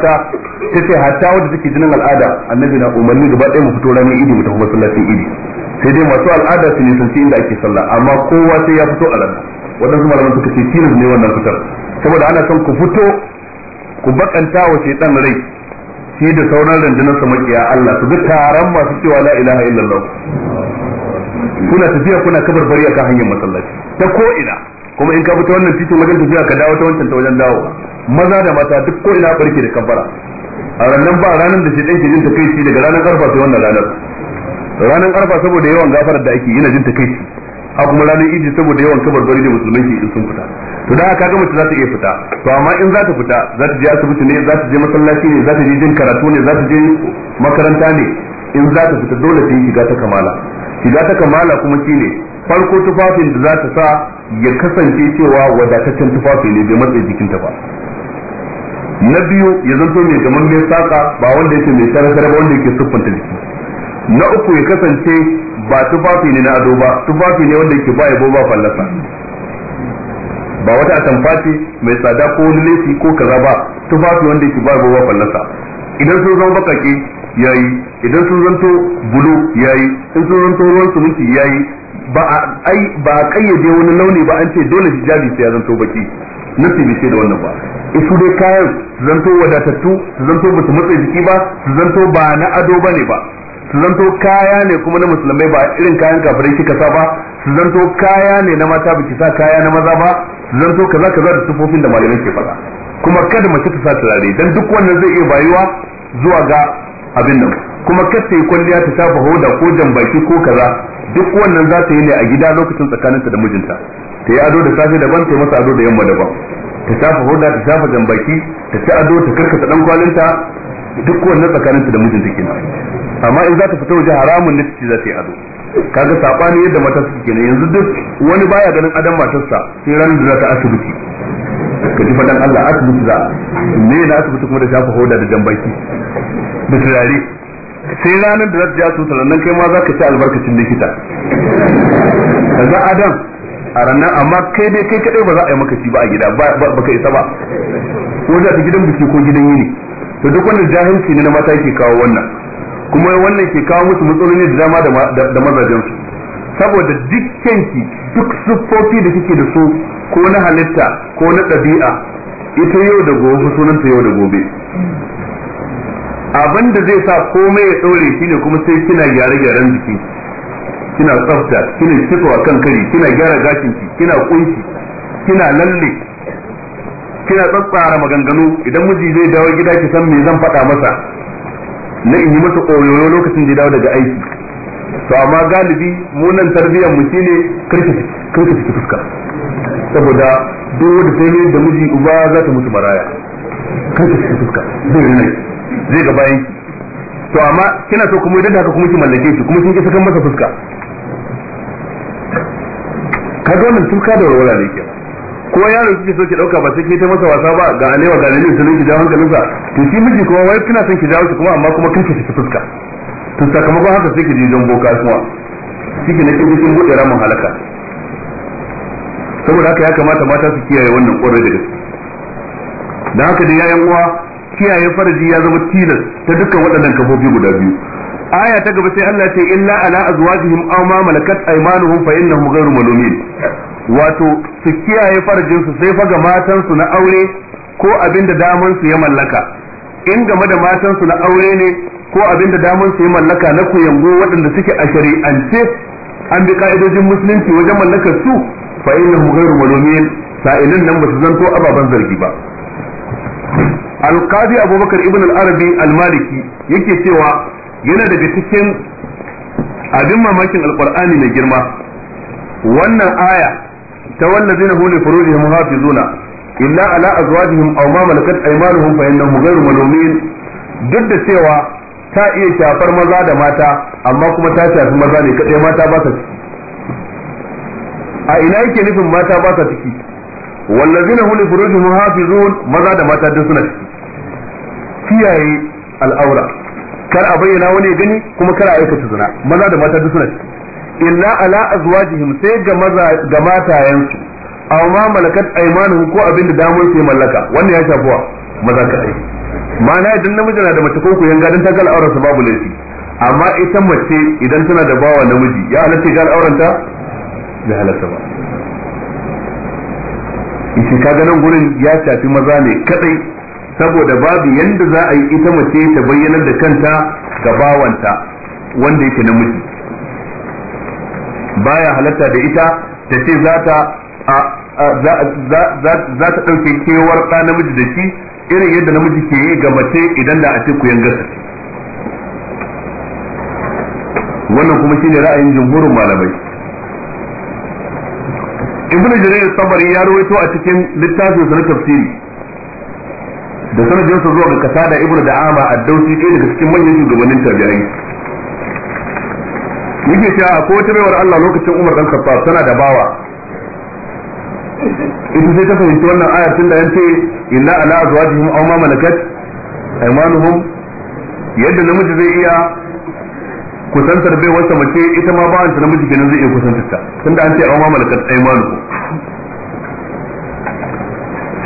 ta ce hatta wanda take jinin al'ada annabi na umarni gaba ɗaya mu fito ranar idi mu tafi masallacin idi sai dai masu al'ada su ne nisanci inda ake sallah amma kowa sai ya fito a ranar waɗansu malaman suka ce tilas ne wannan fitar saboda ana son ku fito ku bakanta wa shaitan rai shi da sauran rundunar sa makiya Allah su ga taron masu cewa la ilaha illallah kuna tafiya kuna kabar bari akan hanyar masallaci ta ko ina kuma in ka fita wannan titi magan tafiya ka dawo ta wancan ta wajen dawo maza da mata duk ko ina barke da kabbara a rannan ba ranar da shi ɗan jin ta kai shi daga ranar karfa sai wannan ranar ranar karfa saboda yawan gafarar da ake yana jin ta kai shi a kuma ranar idi saboda yawan kabar bari da musulmai ke in sun fita to da ga mace za ta iya fita to amma in za ta fita za ta je asibiti ne za ta je masallaci ne za ta je jin karatu ne za ta je makaranta ne in za ta fita dole ta yi shiga ta kamala shiga ta kamala kuma shine farko tufafin da za ta sa ya kasance cewa wadataccen tufafi ne bai matsayi jikinta ba na biyu ya zanto mai gaman mai saka ba wanda yake mai tsare-tsare ba wanda yake siffanta jiki na uku ya kasance ba tufafi ne na ado ba tufafi ne wanda yake ba yabo ba fallasa ba wata atamfa ce mai tsada ko wani laifi ko kaza ba su wanda yake ba gowa fallasa idan sun zama bakake yayi idan sun zanto bulu yayi in sun zanto ruwan suminti yayi ba a ai ba a kayyade wani launi ba an ce dole hijabi sai ya zanto baki nasi bai ce da wannan ba isu dai kayan su zanto wadatattu su zanto ba su matsa jiki ba su zanto ba na ado bane ba su zanto kaya ne kuma na musulmai ba irin kayan kafirai kika sa ba su zanto kaya ne na mata biki sa kaya na maza ba su zanto kaza kaza da tufofin da malamai ke faɗa kuma kada mace ta sa turare dan duk wannan zai iya bayuwa zuwa ga abin nan kuma kada ta yi kwalliya ta shafa hoda ko jambaki ko kaza duk wannan za ta yi ne a gida lokacin tsakaninta da mijinta ta yi ado da safe daban ta yi masa ado da yamma daban ta shafa hoda ta shafa jambaki ta ci ado ta karkata dan kwalinta duk wannan tsakaninta da mijinta kenan amma in za ta fita waje haramun ne ce za ta yi ado kaga sabani yadda mata suke kenan yanzu duk wani baya ganin adam matarsa sai ran da za ta asibiti ka ji fadan Allah asibiti za me na asibiti kuma da shafa hoda da jambaki da turare sai ranar da za ta ji asibiti sannan kai ma za ka ci albarkacin likita kaga adam a ranar amma kai dai kai kadai ba za a yi maka shi ba a gida ba ka isa ba ko za ta gidan biki ko gidan yini to duk wannan jahilci ne na mata yake kawo wannan kuma wannan ke kawo musu matsaloli da dama da mazajen su saboda dukkanki duk siffofi da kike da su ko na halitta ko na ɗabi'a ita yau da gobe sunanta yau da gobe abin da zai sa komai ya shi ne kuma sai kina gyare-gyaren jiki kina tsafta kina cikowa kan kari kina gyara gashinki kina kunshi kina lalle kina tsatsara maganganu idan miji zai dawo gida ki san me zan faɗa masa na in yi masa oyoyo lokacin da dawo daga aiki to amma galibi munan tarbiyyar mu shine karka ciki fuska saboda duk wanda sai ne da miji uba za ta mutu maraya karka ciki fuska zai ne zai ga bayan to amma kina so kuma idan haka kuma ki mallake shi kuma kin ki sakan masa fuska kaga wannan tuka da wala ne kenan ko yaron kike so ki dauka ba sai kin ta masa wasa ba ga alewa ga alewa sunan ki jawo hankalinsa to shi miji kuma wai kina son ki jawo shi kuma amma kuma kin ki fuska to sakamakon haka sai ki je don boka kuma shi ne kin kin bude ramin halaka saboda haka ya kamata mata su kiyaye wannan kwarai da gaske dan haka da yayan uwa kiyaye farji ya zama tilas ta dukkan waɗannan kafofi guda biyu aya ta gaba sai Allah ce illa ala azwajihim aw ma malakat aymanuhum fa innahum ghayru malumin wato su kiyaye farajinsu sai faga ga matansu na aure ko abin da damansu ya mallaka in game da matansu na aure ne ko abin da damansu ya mallaka na kuyango waɗanda suke a shari'ance an bi ka'idojin musulunci wajen mallakar su fa innahu ghayru malumin nan ba su zanto ababen zargi ba alqadi abubakar ibn al-arabi al-maliki yake cewa yana daga cikin abin mamakin alqur'ani mai girma wannan aya tawallazina hum li furujihim hafizuna illa ala azwajihim aw ma malakat aymanuhum fa innahum ghayru malumin duk da cewa ta iya shafar maza da mata amma kuma ta shafi maza ne kadai mata ba ciki a ina yake nufin mata ba ta ciki wallazina hum li furujihim hafizun maza da mata duk ciki kiyaye al'aura kar a bayyana wani gani kuma kar a maza da mata ciki illa ala azwajihim sai ga maza ga matayensu aw ma malakat aymanuhum ko abin da damar su mallaka wannan ya shafuwa maza kadai ma'ana idan namiji na da mace ko ku yanga dan ta gal sa babu laifi amma ita mace idan tana da bawa namiji ya halatta gal auren ta ya halatta ba shi kaga nan gurin ya shafi maza ne kadai saboda babu yanda za a yi ita mace ta bayyanar da kanta ga bawanta wanda yake namiji baya halatta da ita ta ce za ta za ɗauke kewar ɗa namiji da shi irin yadda namiji ke yi ga mace idan da a ce ku su wannan kuma shine ra'ayin jumhurin malamai ibnu jarir sabari ya rawaito a cikin littafin sa na tafsiri da sanadinsa zuwa ga kasada da da'ama a dawsi ɗaya daga cikin manyan shugabannin tabi'ai yake cewa ko wata baiwar Allah lokacin Umar dan Khattab tana da bawa idan sai ta fahimci wannan ayar tun da yan ce illa ala azwajihim aw ma malakat aymanuhum yadda namiji zai iya kusantar bai wata mace ita ma bawan ta namiji kenan zai iya kusantar ta tunda an ce aw ma malakat aymanuhum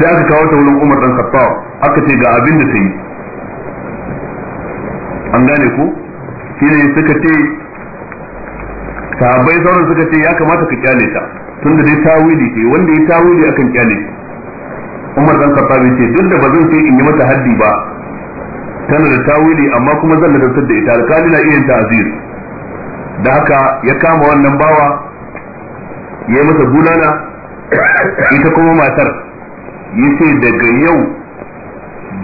sai aka kawo ta wurin Umar dan Khattab aka ce ga abin da ta yi an gane ko shine suka ce sahabbai sauran suka ce ya kamata ka kyale ta tunda dai tawili ce wanda ya tawili akan kyale Umar dan Khattabi ce duk da bazan sai in yi mata haddi ba tana da tawili amma kuma zan ladantar da ita alkali na iya ta'zir da haka ya kama wannan bawa ya yi masa bulala ita kuma matar yace daga yau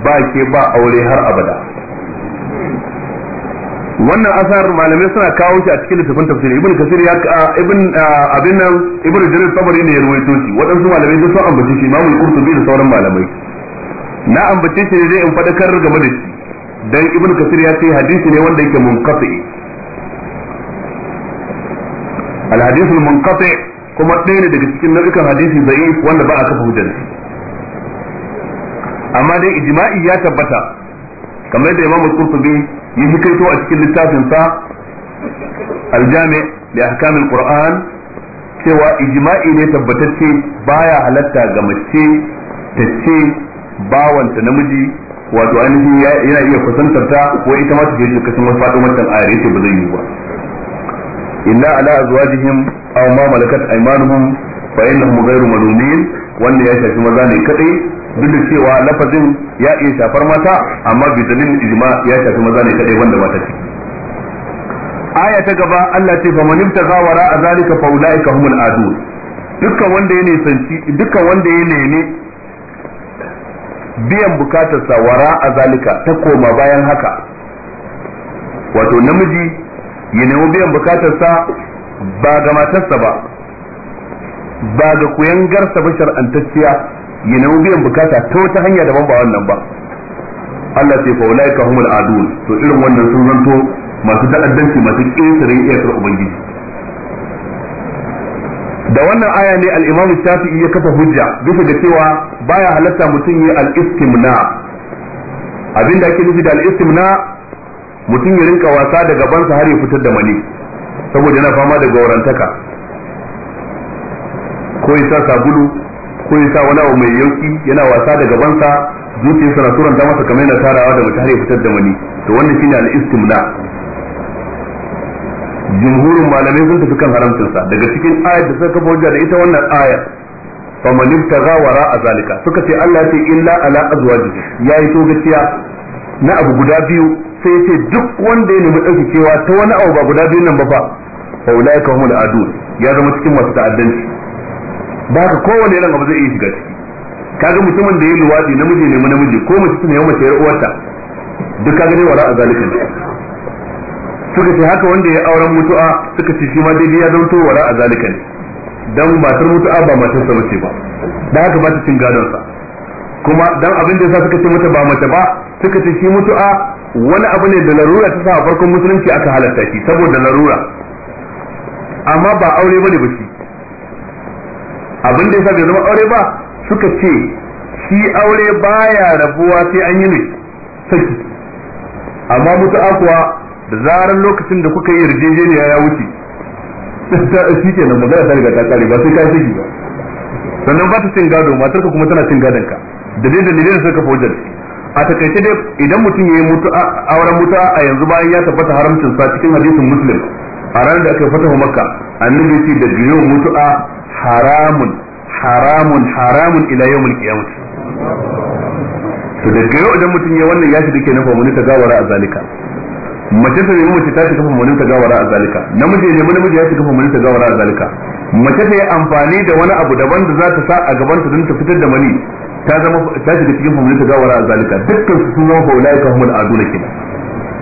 ba ke ba aure har abada wannan asar malamai suna kawo shi a cikin littafin tafsiri ibn kasir ya ibn abin ibn jarir tabari ne ya ruwaito shi waɗansu malamai sun so ambace shi imamu qurtubi da sauran malamai na ambace shi ne dai in fadakar game da shi dan ibn kasir ya ce hadisi ne wanda yake munqati al hadith al munqati kuma ɗaya ne daga cikin nau'ikan hadisi zai wanda ba a kafa hujjar amma dai ijma'i ya tabbata kamar da imamu qurtubi ya zikaito a cikin littafin sa aljami li ahkamil qur'an cewa ijma'i ne tabbatacce baya halatta ga mace ta bawanta namiji wato ainihin yana iya kusantar ta ko ita ma ta je lokacin wasu fadon wancan ayar yace ba zai yi ba illa ala azwajihim aw ma malakat aymanuhum fa innahum ghayru malumin wanda ya shafi maza ne kadai duk da cewa lafazin ya iya shafar mata amma bidalin ijma ya shafi maza ne kadai wanda mata ce aya ta gaba Allah ce fa man ibtaga wara azalika fa ulaika humul adu dukkan wanda ya sanci dukkan wanda ya nemi biyan bukatarsa wara azalika ta koma bayan haka wato namiji ya nemi biyan bukatarsa ba ga matarsa ba ba ga garsa ba shar'antacciya ya nemi biyan bukata ta wata hanya daban ba wannan ba Allah sai fa ulaika humul adun to irin wannan sun zanto masu ta'addanci masu iya iyakar ubangiji da wannan aya ne al-Imam Shafi'i ya kafa hujja bisa da cewa baya halatta mutum yi al-istimna abinda ake nufi da al-istimna mutum ya rinka wasa da gabansa har ya fitar da mani saboda yana fama da gaurantaka ko ya sa sabulu ko ya sa wani abu mai yauki yana wasa da gabansa zuciyarsa na turanta masa kamar yana tarawa da mace ya fitar da mani to wannan shine al-istimna jumhurin malamai sun tafi kan haramcinsa daga cikin ayat da suka kafa da ita wannan ayat faman ibtaga wara a zalika suka ce Allah ce illa ala azwaji yayi to gaciya na abu guda biyu sai ce duk wanda ya nemi dauki cewa ta wani abu ba guda biyu nan ba fa fa ulaika humul adun ya zama cikin masu ta'addanci ba ka kowane irin abu zai iya shiga ciki kaga mutumin da ya luwadi namiji ne namiji ko mace ne ya mace yar uwarta duk kaga ne wala a zalika ne suka ce haka wanda ya auren mutu'a suka ce shi ma daidai ya zanto wala a zalika ne dan matar mutu'a ba matar sa bace ba da haka ba ta cin gadon sa kuma dan abin da yasa suka ce mata ba mace ba suka ce shi mutu'a wani abu ne da larura ta sa farkon musulunci aka halatta shi saboda larura amma ba aure bane ba shi abin da yasa bai zama aure ba suka ce shi aure baya rabuwa sai an yi ne saki amma mutu akuwa da zarar lokacin da kuka yi yarjejeniya ya wuce shi nan magana ta riga ta kare ba sai ka saki ba sannan ba ta cin gado matarka kuma tana cin gadon ka da dai dalilin da suka wajen a takaice dai idan mutum ya yi auren mutu'a a yanzu bayan ya tabbata haramcin sa cikin hadisin muslim a ranar da aka fata makka annabi ce da biyo mutu'a haramun haramun haramun ila ya mutu to da yau idan mutum ya wannan ya shi dake nufa mun ta gawara a zalika mace ta nemi mace ta shi kafa munin ta gawara a zalika namiji ya nemi namiji ya shi kafa munin ta gawara a zalika mace ta yi amfani da wani abu daban da za ta sa a gaban ta don ta fitar da mani ta zama ta shiga cikin famunin ta gawara a zalika dukkan su sun zama faulai ka humul aduna kenan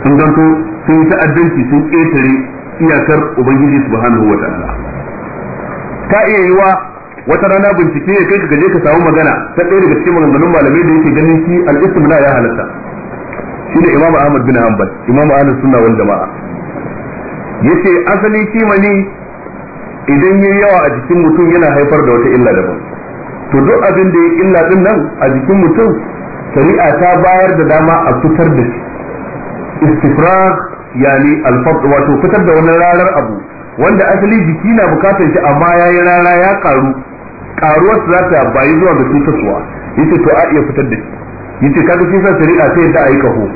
sun ganto sun yi ta'addanci sun ƙetare iyakar ubangiji subhanahu wa ta'ala Ka iya wa wata rana bincike ya kai ka gaje ka samu magana ta ɗaya daga cikin maganganun malamai da yake ganin shi al-istimna ya halatta shi ne imam ahmad bin hanbal imam ahmad suna wani jama'a ce asali kimani idan yi yawa a jikin mutum yana haifar da wata illa daban to duk abin da ya illa din nan a jikin mutum shari'a ta bayar da dama a fitar da shi istifra yani al wato fitar da wani rarar abu wanda asali jiki na bukatar shi amma ya yi rana ya karu karuwar su za ta bayi zuwa da cutarwa yace to a iya fitar da shi yace kaga shi san shari'a sai yadda yi kaho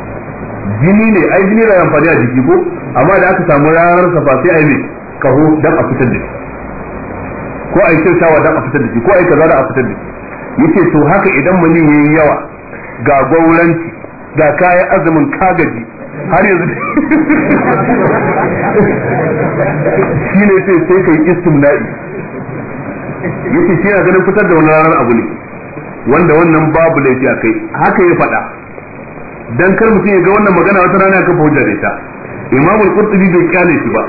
jini ne ai jini da amfani a jiki ko amma da aka samu rarar sa ba sai ai me kaho dan a fitar da shi ko ai kyautawa dan a fitar da shi ko ai kaza da a fitar da shi yace to haka idan mani yayi yawa ga gwauranci ga kayan azumin kagaji har yanzu shi ne sai sai kai Na'i yake shi na ganin fitar da wani ranar abu ne wanda wannan babu laifi a kai haka ya faɗa dan kar mutum ya ga wannan magana wata rana ya kafa hujja da ita imamul qurtubi bai kyale shi ba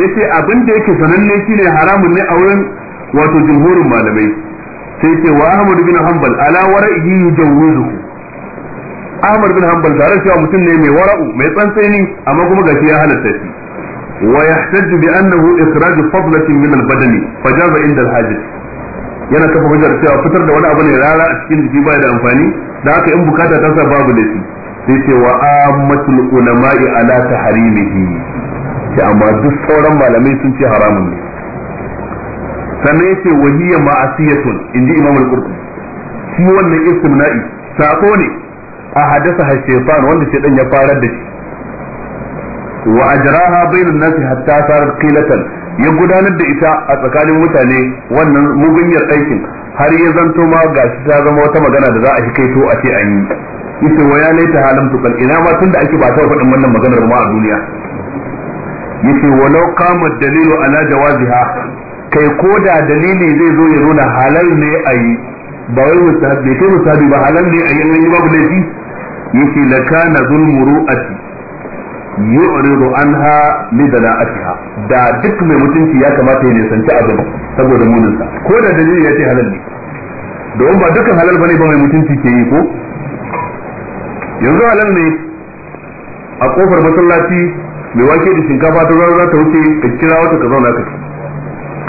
yace abin da yake sananne shine haramun ne a wurin wato jumhurin malamai sai ce wa ahmad bin hanbal ala wara'ihi yujawwizuhu Ahmad bin Hanbal da cewa mutum ne mai wara'u mai tsantseni amma kuma gashi ya halatta shi wa yahtaju bi annahu ikhraju fadlatin min al-badan fa jaza inda al-hajj yana kafa hujjar cewa fitar da wani abu ne rara a cikin jiki baya da amfani da haka in bukata ta sa babu da shi sai ce wa ammatul ulama'i ala taharimihi ce amma duk sauran malamai sun ce haramun ne sannan yace wahiya ma'asiyatun inji imam al-qurtubi shi wannan na'i sako ne a hadasa ha shaytan wanda shaytan ya farar da shi wa ajraha bainan nasi hatta farar qilatan ya gudanar da ita a tsakanin mutane wannan mugunyar aikin har ya zanto ma gashi ta zama wata magana da za a to a ce an yi yace wa ya laita halam tukal ina ma tunda ake ba ta faɗin wannan maganar ma a duniya yace walau qama dalilu ala jawaziha kai ko da dalili zai zo ya nuna halal ne a yi ba wai musahabi ba halal ne a yi yi babu laifi yake la kana zul muru'ati yu'ridu anha li dala'atiha da duk mai mutunci ya kamata ya nisanci abin saboda munin sa ko da dalili yace halal ne don ba dukan halal bane ba mai mutunci ke yi ko yanzu halal ne a kofar masallaci mai wake da shinkafa ta zara ta wuce ka kira wata ka zauna ka ci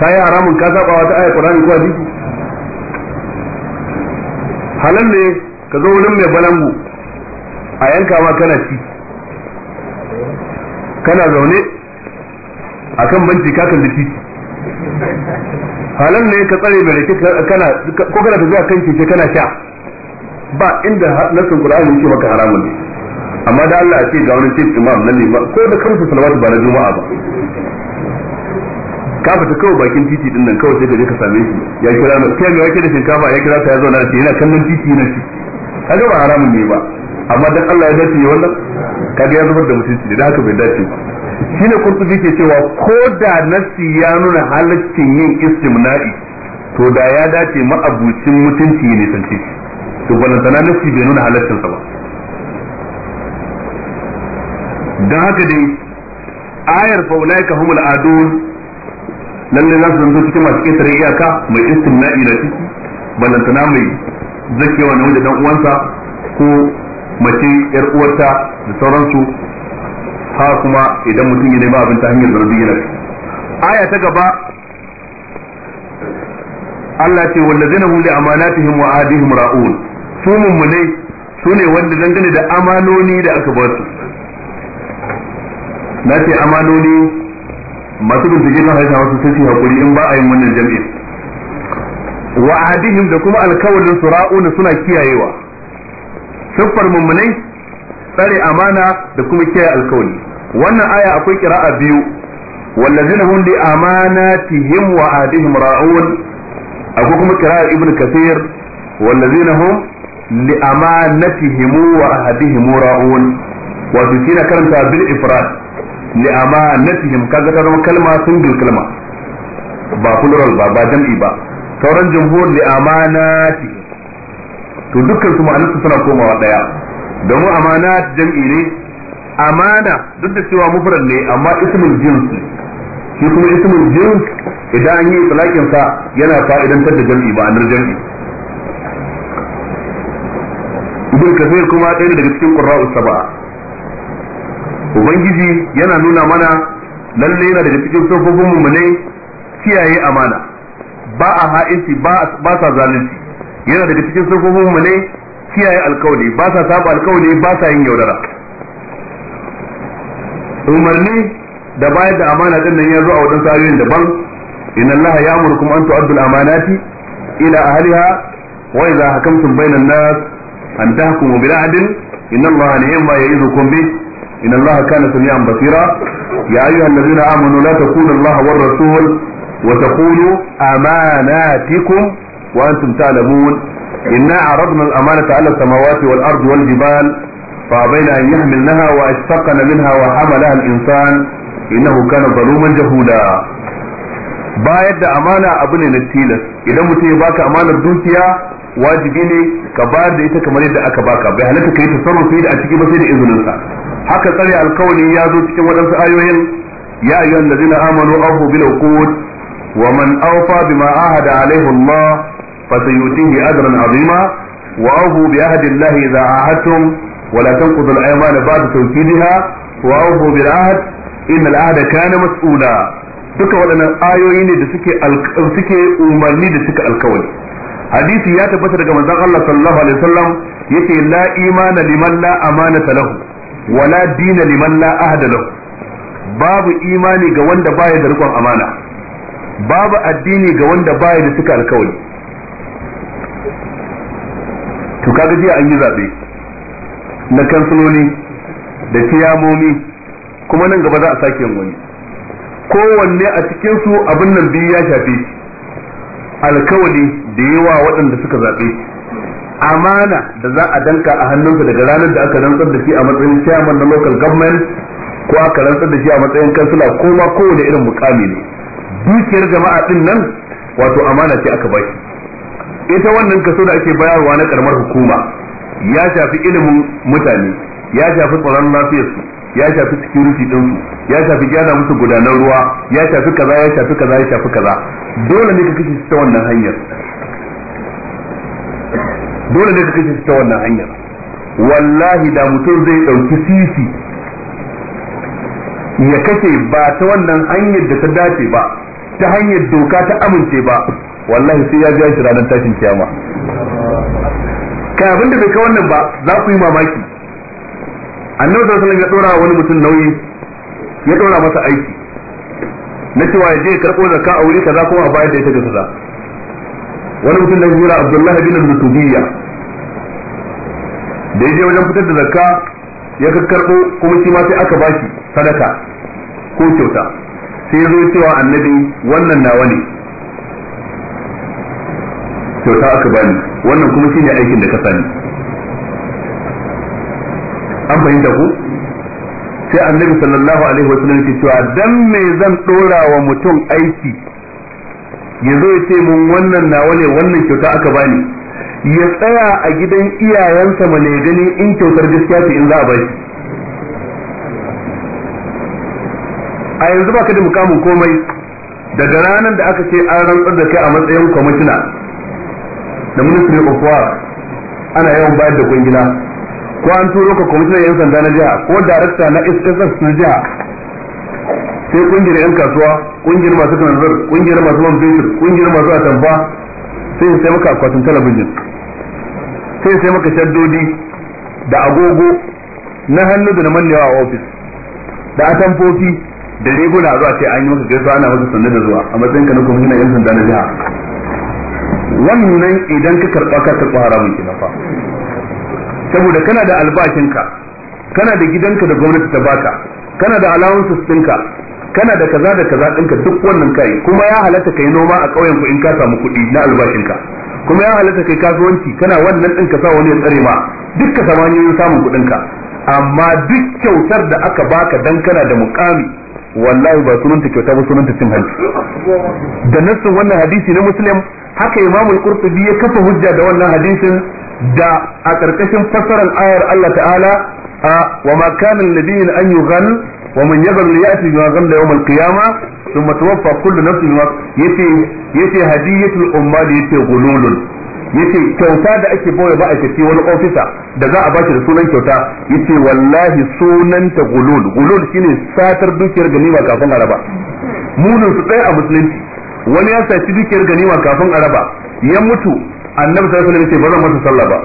kayan haramun ka saba wata ayat qur'ani ko hadisi halal ne ka zo wurin mai balangu a yanka ma kana ci kana zaune a kan banci ka kalli titi halar ne ka tsare mai rake kana ko kana tafiya kan keke kana sha ba inda nasin qur'ani yake maka haramun ne amma da Allah ya ce ga wani cikin imam na ba ko da kansa salawatu ba na juma'a ba ka fita kawai bakin titi din nan kawai sai ka je ka same shi ya kira mai kai mai wake da shinkafa ya kira ta ya zauna shi yana kallon titi na shi kaga ba haramun ne ba amma dan Allah ya dace wannan kaga ya zubar da mutunci da haka bai dace ba shine kurtubi ke cewa ko da nasi ya nuna halaccin yin istimna'i to da ya dace ma'abucin mutunci ne sanci to balantana nasi bai nuna sa ba don haka dai ayar faulaika humul adun lalle za su zanto cikin masu ƙetare iyaka mai istimna'i na ciki ballantana mai zakewa na wajen dan uwansa ko mace yar uwarta da sauransu ha kuma idan mutum ya nema abin ta hanyar zarbi yana aya ta gaba Allah ce wallazina hum li amanatihim wa ahdihim ra'un su mummune su ne wanda dangane da amanoni da aka ba su na ce amanoni masu bincike na harshen wasu sun hakuri in ba a yin wannan jam'in wa ahdihim da kuma alkawalin su ra'una suna kiyayewa siffar mummunai tsare amana da kuma kiyaye alkawari wannan aya akwai kira'a biyu wallazina hum li amanatihim wa ahdihim ra'un akwai kuma kira'a ibnu kathir wallazina hum li amanatihim wa ahdihim ra'un wasu shi na karanta bil ifrad li amanatihim kaza ta zama kalma single kalma ba plural ba ba jam'i ba sauran jumhur li amanatihim to dukkan su ma'anarsu suna komawa daya domin amana jam'i ne amana duk da cewa mufrad ne amma ismin jins shi kuma ismin jins idan an yi itlaqin sa yana fa'idantar da jam'i ba anar jam'i ibn kafir kuma ɗaya daga cikin qurra'u sab'a ubangiji yana nuna mana lalle yana daga cikin sofofin mu ne kiyaye amana ba a ha'inci ba sa zalunci yana daga cikin sufofin mu ne kiyaye alkawali ba sa saba alkawali ba sa yin yaudara umarni da bayar da amana din nan ya zo a wajen ayoyin daban inna Allah ya amurkum an tu'addu al-amanati ila ahliha wa idha hakamtum bayna an-nas an tahkumu bil adl inna Allah ni'ma ya'idukum bi inna Allah kana samian basira ya ayyuhalladhina amanu la takunu Allah war rasul wa takunu amanatikum وأنتم تعلمون إنا عرضنا الأمانة على السماوات والأرض والجبال فأبين أن يحملنها وأشفقن منها وحملها الإنسان إنه كان ظلوما جهولا bayar da amana abu ne na tilas idan mutum ya baka amanar dukiya wajibi ne ka bayar da ita kamar yadda aka baka bai halatta kai tasarrufi da a ciki ba sai da izinin sa haka tsare alkawari ya zo cikin waɗansu ayoyin ya ayyuhan ladina amanu awfu bil uqud wa man awfa bima ahada alaihi Allah فسيؤتيه أجرا عظيما وأوفوا بعهد الله إذا عاهدتم ولا تنقضوا الأيمان بعد توكيدها وأوفوا بالعهد إن العهد كان مسؤولا duka waɗannan ayoyi ne da suke umarni da suka alkawari hadisi ya tabbata daga manzon Allah sallallahu alaihi wasallam yake la imana liman la amanata lahu wala dina liman la ahda lahu babu imani ga wanda baya da rikon amana babu addini ga wanda baya da suka alkawari to kaga jiya an yi zaɓe na kansiloli da kiyamomi kuma nan gaba za a sake yin wani kowanne a cikin su abin nan biyu ya shafe alkawali da yawa waɗanda suka zaɓe amana da za a danka a hannunsa daga ranar da aka rantsar da shi a matsayin chairman na local government ko aka rantsar da shi a matsayin kansila ko ma kowane irin mukami ne dukiyar jama'a din nan wato amana ce aka bai ita wannan kaso da ake bayarwa na karamar hukuma ya shafi ilimin mutane ya shafi tsaron lafiyarsu ya shafi security din su ya shafi gyara musu gudanar ruwa ya shafi kaza ya shafi kaza ya shafi kaza dole ne ka kashe ta wannan hanyar dole ne ka kace ta wannan hanyar wallahi da mutum zai dauki sisi ya kashe ba ta wannan hanyar da ta dace ba ta hanyar doka ta amince ba wallahi sai ya biya shi ranar tashin kiyama kai abinda bai kai wannan ba za ku yi mamaki annabi sallallahu alaihi wasallam ya dora wani mutum nauyi ya dora masa aiki na cewa ya je karɓo zakka a wuri kaza kuma a bayar da ita ga kaza wani mutum da jira Abdullahi bin al-Mutubiyya da ya je wajen fitar da zakka ya karɓo kuma shi ma sai aka bashi sadaka ko kyauta sai ya zo cewa annabi wannan nawa ne kyauta aka bani wannan kuma shine aikin da ka sani an fahimta ku sai annabi sallallahu alaihi wasallam ke cewa dan me zan dora wa mutum aiki ya zo ya ce mun wannan nawa ne wannan kyauta aka bani ya tsaya a gidan iyayensa ne gani in kyautar gaskiya ce in za a bashi a yanzu baka da mukamin komai daga ranar da aka ce an rantsar da kai a matsayin kwamishina da ministry of war ana yawan bayar da kwangila ko an turo ka kwamishinan yan sanda na jiha ko darakta na SSS na jiha sai kungiyar yan kasuwa kungiyar masu kanzar kungiyar masu man fetur kungiyar masu atamfa sai sai maka akwatin talabijin sai sai maka shaddodi da agogo na hannu da na mannewa a ofis da atamfofi da riguna zuwa sai an yi maka gaisuwa ana maka sanda da zuwa a matsayin ka na kwamishinan yan sanda na jiha wannan idan ka karba ka karba haramun ki fa saboda kana da albashinka kana da gidanka da gwamnati ta baka kana da allowances ɗinka kana da kaza da kaza ɗinka duk wannan kai kuma ya halatta kai noma a ƙauyen ku in ka samu kuɗi na albashinka kuma ya halatta kai kasuwanci kana wannan ɗinka ka sa wani ya tsare ma duk ka samu samun kuɗinka amma duk kyautar da aka baka dan kana da muƙami wallahi ba sunanta kyauta ba sunanta cin hanci da nassin wannan hadisi na muslim haka Imam al-Qurtubi ya kafa hujja da wannan hadisin da a karkashin fassarar ayar Allah ta'ala a wa ma kana an an yughal wa man yaghal ya'ti bima ghalla yawm al-qiyamah thumma tuwaffa kullu nafsin ma yace yace hadiyatul umma da yace gululun yace kyauta da ake bawa ba a tafi wani ofisa da za a bashi da sunan kyauta yace wallahi sunanta gulul gulul shine satar dukiyar ganima kafin araba munin su tsaya a musulunci wani ya saci dukiyar ganima kafin a raba ya mutu annabi sallallahu alaihi wasallam ya ce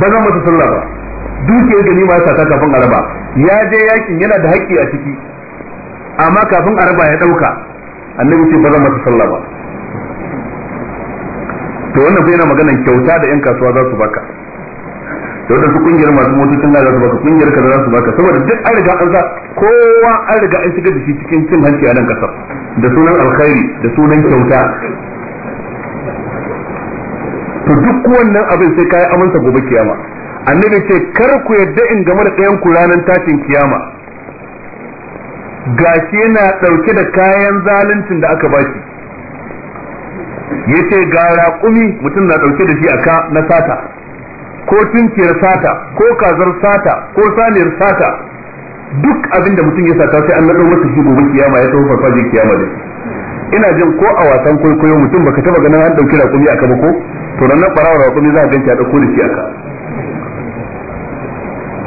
ba zan masa sallah ba ba zan masa sallah ba dukiyar ganima ya sata kafin a raba ya je yakin yana da haƙƙi a ciki amma kafin a raba ya ɗauka annabi ce ba zan masa sallah ba to wannan bai yana maganan kyauta da yan kasuwa za su baka da wadansu kungiyar masu motocin na za su baka kungiyar ka za su baka saboda duk an riga an sa kowa an riga an shiga da shi cikin cin hanci a nan kasar da sunan alkhairi da sunan kyauta to duk wannan abin sai kai amansa gobe kiyama annabi ce kar ku yadda in game da ɗayan ku ranar tashin kiyama gashi yana ɗauke da kayan zaluncin da aka baki yace ga raƙumi mutum na ɗauke da shi a ka na sata ko tunkiyar sata ko kazar sata ko saniyar sata duk abin da mutum ya sata sai an nado masa shi gobe kiyama ya tsohon farfajin kiyama da ina jin ko a wasan kwaikwayo mutum baka taba ganin an dauki rakumi aka ba ko to nan nan farawa rakumi za a ganta da kodi shi aka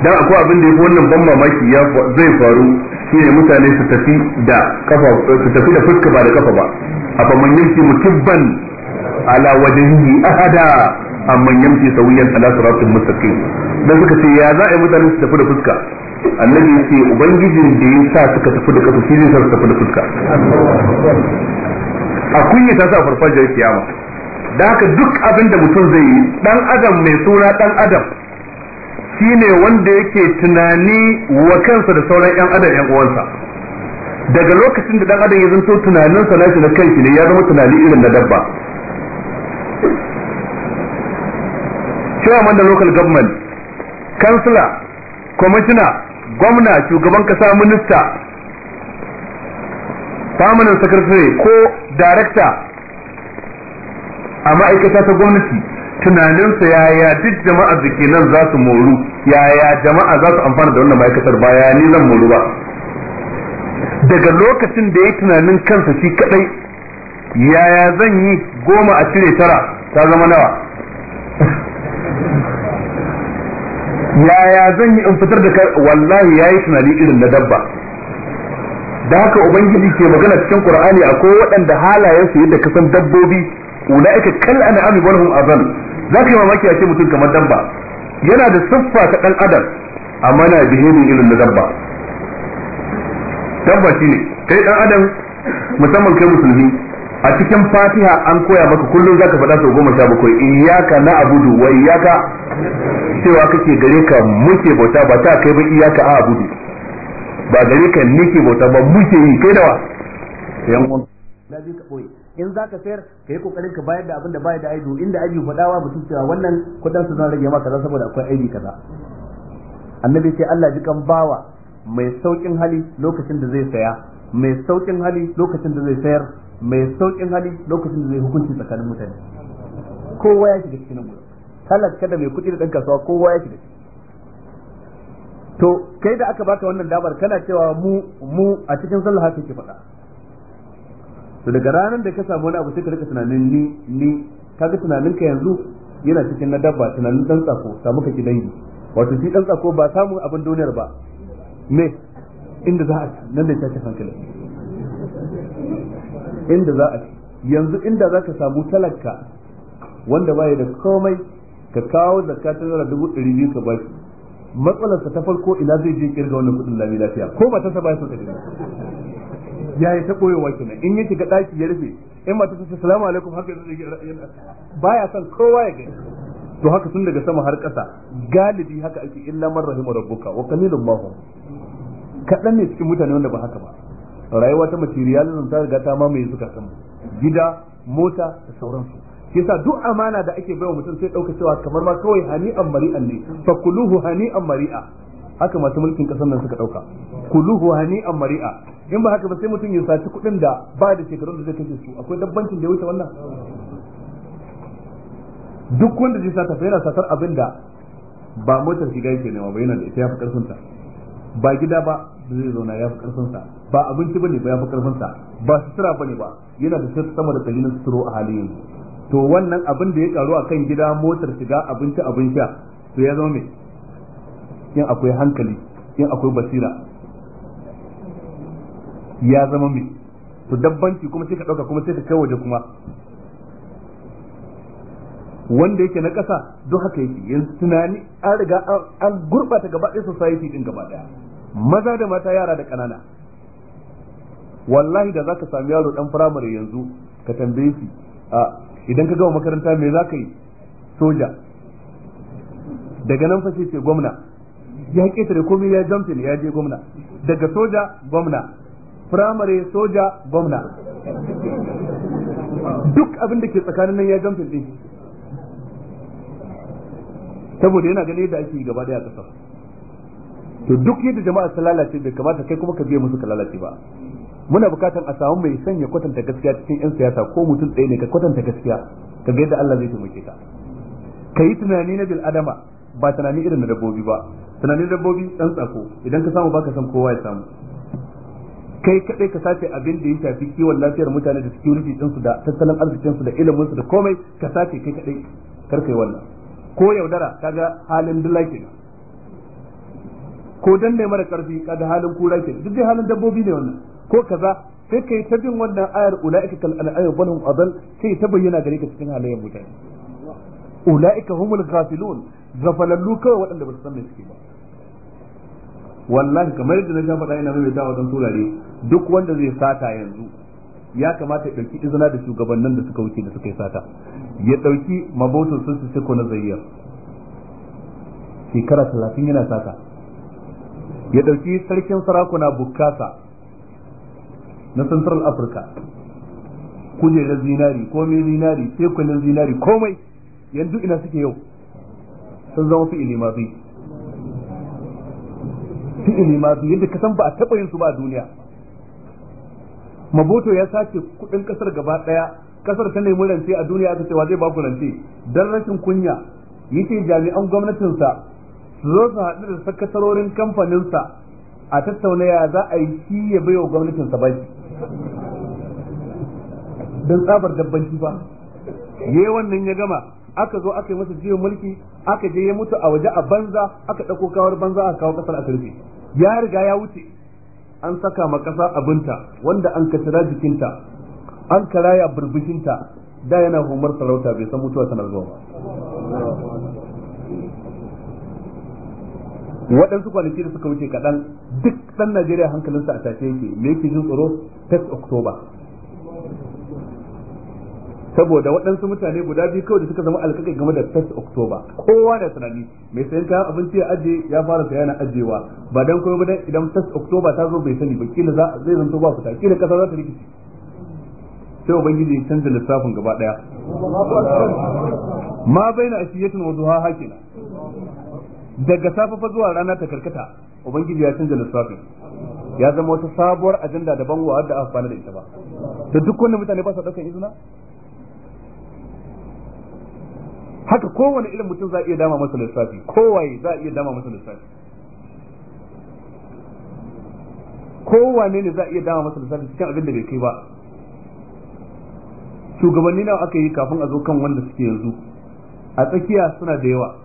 dan akwai abin da yake wannan ban mamaki ya zai faru ne mutane su tafi da kafa su tafi da fuska ba da kafa ba a faman yanki mutubban ala wajhihi ahada amman yamshi sawiyan ala siratin mustaqim dan suka ce ya za a yi mutane su tafi da fuska annabi yace ubangijin da ya sa suka tafi da kafa shi zai su tafi da fuska a kunya ta sa farfajiyar kiyama da haka duk abin da mutum zai yi dan adam mai suna dan adam shine wanda yake tunani wa kansa da sauran yan adam yan uwansa daga lokacin da dan adam ya zanto tunaninsa nashi na kanshi ne ya zama tunani irin na dabba chairman da local government kansila kwamishina gwamna shugaban kasa minista permanent secretary ko director a ma'aikata ta gwamnati tunaninsa yaya duk jama'a da ke nan za su moru yaya jama'a za su amfana da wannan ma'aikatar baya ni zan moru ba daga lokacin da ya tunanin kansa shi kadai yaya zan yi goma a cire tara ta zama nawa yaya zan yi in fitar da kai wallahi yayi tunani irin na dabba da haka ubangiji ke magana cikin qur'ani akwai waɗanda halayen su yadda kasan dabbobi ulaika kal an'am walhum azan zaka yi mamaki a ce mutum kamar dabba yana da siffa ta dan adam amma na irin na dabba dabba shine kai dan adam musamman kai musulmi a cikin fatiha an koya maka kullum zaka faɗa sau goma sha bakwai iyaka na abudu wa iyaka cewa kake gare ka muke bauta ba ta kai ba iyaka a abudu ba gare ka nike bauta ba muke yi kai da wa yan za ka bi ka yi in zaka kokarin ka bayar da abin da bayar da aibu inda aji faɗawa mutum cewa wannan kudin su zan rage maka kaza saboda akwai aibi kaza annabi sai Allah ji kan bawa mai saukin hali lokacin da zai saya mai saukin hali lokacin da zai sayar mai saukin hali lokacin da zai hukunci tsakanin mutane kowa ya shiga cikin gudu talaka da mai kuɗi da ɗan kasuwa kowa ya shiga to kai da aka baka wannan damar kana cewa mu mu a cikin sallah haka ke faɗa to daga ranar da ka samu wani abu sai ka rika tunanin ni ni kaga tunanin ka yanzu yana cikin na dabba tunanin dan tsako samu ka ki dangi wato shi dan tsako ba samu abin duniyar ba me inda za a nan da ta hankali inda za a ci yanzu inda za ka samu talaka wanda baya da komai ka kawo zakka ta zara dubu ɗari biyu ka ba shi matsalarsa ta farko ina zai je kirga wannan kuɗin lami lafiya ko ba ta sa baya sauka da ya yi ta koyowa kenan in yake ga ɗaki ya rufe in ba ta ce salamu alaikum haka yanzu baya son kowa ya gani to haka tun daga sama har ƙasa galibi haka ake illa man rahimu rabbuka wa qalilun ma hum kaɗan ne cikin mutane wanda ba haka ba rayuwa ta materialism ta riga ta mamaye zukatan gida mota da sauransu kisa duk amana da ake baiwa mutum sai dauka cewa kamar ma kawai hani'an mari'an ne fa kuluhu hani'an mari'a haka masu mulkin kasar nan suka dauka kuluhu hani'an mari'a in ba haka ba sai mutum ya saci kuɗin da ba da shekarun da zai kace su akwai dabbancin da ya wuce wannan duk wanda zai sata yana satar abin da ba motar shiga yake nema ba yana da ita ya fi karfin ta ba gida ba da zai zauna ya fi karfin sa ba abinci bane ba ya fi karfin sa ba sutura bane ba yana da shi sama da kalilin suturo a halin yanzu to wannan abin da ya karu a kan gida motar shiga abinci abin sha to ya zama mai in akwai hankali in akwai basira ya zama mai to dabbanci kuma sai ka dauka kuma sai ka kai waje kuma wanda yake na ƙasa duk haka yake yanzu tunani an riga an gurɓata gaba ɗaya society din gaba ɗaya maza da mata yara da ƙanana wallahi da zaka sami yaro dan firamare yanzu ka tambaye shi a idan ka gama makaranta me zaka yi soja daga nan fa sai ce gwamna ya ƙetare komai ya jamfin ya je gwamna daga soja gwamna firamare soja gwamna duk abin da ke tsakanin nan ya jamfin din saboda yana ganin yadda ake gaba daya ƙasar. to duk yadda jama'a ta lalace bai kamata kai kuma ka biya musu ka lalace ba muna bukatan a samu mai sanya kwatanta gaskiya cikin yan siyasa ko mutum ɗaya ne ka kwatanta gaskiya ka ga yadda Allah zai taimake ka ka yi tunani na bil adama ba tunani irin na dabbobi ba tunanin dabbobi dan tsako idan ka samu baka san kowa ya samu kai kadai ka sace abin da ya shafi kiwon lafiyar mutane da security din su da tattalin arzikin su da ilimin su da komai ka sace kai kadai kar wannan ko yaudara ka ga halin dulaki ko dan danne mara karfi kada halin kura ke duk dai halin dabbobi ne wannan ko kaza sai kai ta bin wannan ayar ulaika kal al'ayr balhum adal sai ta bayyana gare ka cikin halayen mutane ulaika humul ghafilun zafalallu kawai waɗanda ba su san me suke ba wallahi kamar yadda na ga faɗa ina mai dawa don turare duk wanda zai sata yanzu ya kamata ya ɗauki izina da shugabannin da suka wuce da suka yi sata ya ɗauki mabotin sun su na zayyar shekara talatin yana sata ya ɗauki sarkin sarakuna bukasa na central africa kujerar zinari komai zinari tekunan zinari komai yanzu ina suke yau sun zama fi'ili mazi fi'ili mazi yadda ka san ba a taɓa yin su ba a duniya maboto ya sace kudin kasar gaba daya kasar ta nemi rance a duniya ta cewa zai ba ku rance dan rashin kunya yake jami'an gwamnatinsa su zo su haɗu da sakatarorin kamfaninsa a tattauna za a yi shi ya bai wa gwamnatinsa banki don tsabar dabbanci ba yayi wannan ya gama aka zo aka yi masa jiyo mulki aka je ya mutu a waje a banza aka ɗauko kawar banza a kawo ƙasar a karfe ya riga ya wuce an saka ma ƙasa abinta wanda an kasira jikinta an karaya burbushinta da yana homar sarauta bai san mutuwa sanar zuwa ba waɗansu kwanaki da suka wuce kaɗan duk ɗan Najeriya hankalinsa a tashe yake me yake jin tsoro 10 October saboda waɗansu mutane guda biyu kawai da suka zama alƙaƙai game da 1 October kowa da tunani mai sayan kayan abinci ya ajiye ya fara saya na ajiyewa ba dan kuma ba idan 1 October ta zo bai sani ba kila za zai zanto ba fita kila ƙasa za ta rikici sai ubangiji ya canza lissafin gaba daya ma baina ashiyatin wa duha hakina daga safafa zuwa rana ta karkata ubangiji ya canza lissafin ya zama wata sabuwar ajanda daban wa da aka kwana da ita ba to duk wanda mutane ba su daukan izina haka kowane irin mutum za a iya dama masa lissafi kowaye za a iya dama masa lissafi kowane ne za a iya dama masa lissafi cikin abin da bai kai ba shugabanni nawa aka yi kafin a zo kan wanda suke yanzu a tsakiya suna da yawa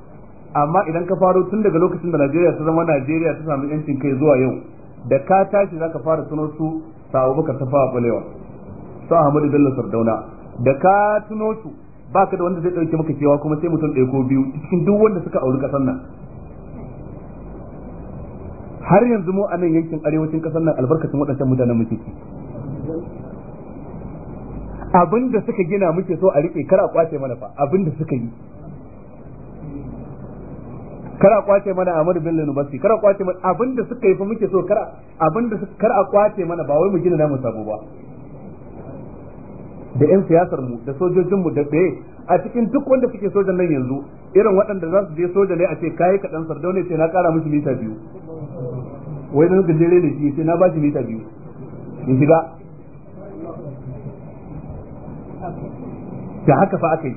amma idan ka faro tun daga lokacin da Najeriya ta zama Najeriya ta samu yancin kai zuwa yau da ka tashi zaka fara tuno su baka Bakar Tafawa Balewa Ahmadu Bello Sardauna da ka tuno su baka da wanda zai dauke maka cewa kuma sai mutum ɗaya ko biyu cikin duk wanda suka auri kasar nan har yanzu mu a nan yankin arewacin kasar nan albarkacin waɗancan mutanen muke ci abin da suka gina muke so a rike kar a kwace mana fa abin da suka yi kar a kwace mana Ahmad Bello basi kar a kwace mana abinda suka yi fa muke so kar abinda kar a kwace mana ba wai mu gina namu sabo ba da yan siyasar mu da sojojin mu da tsaye a cikin duk wanda suke sojan nan yanzu irin waɗanda za su je soja ne a ce ka kaɗan sardau ne sai na ƙara musu mita biyu wai nan gajere ne shi sai na ba shi mita biyu in shiga da haka fa aka yi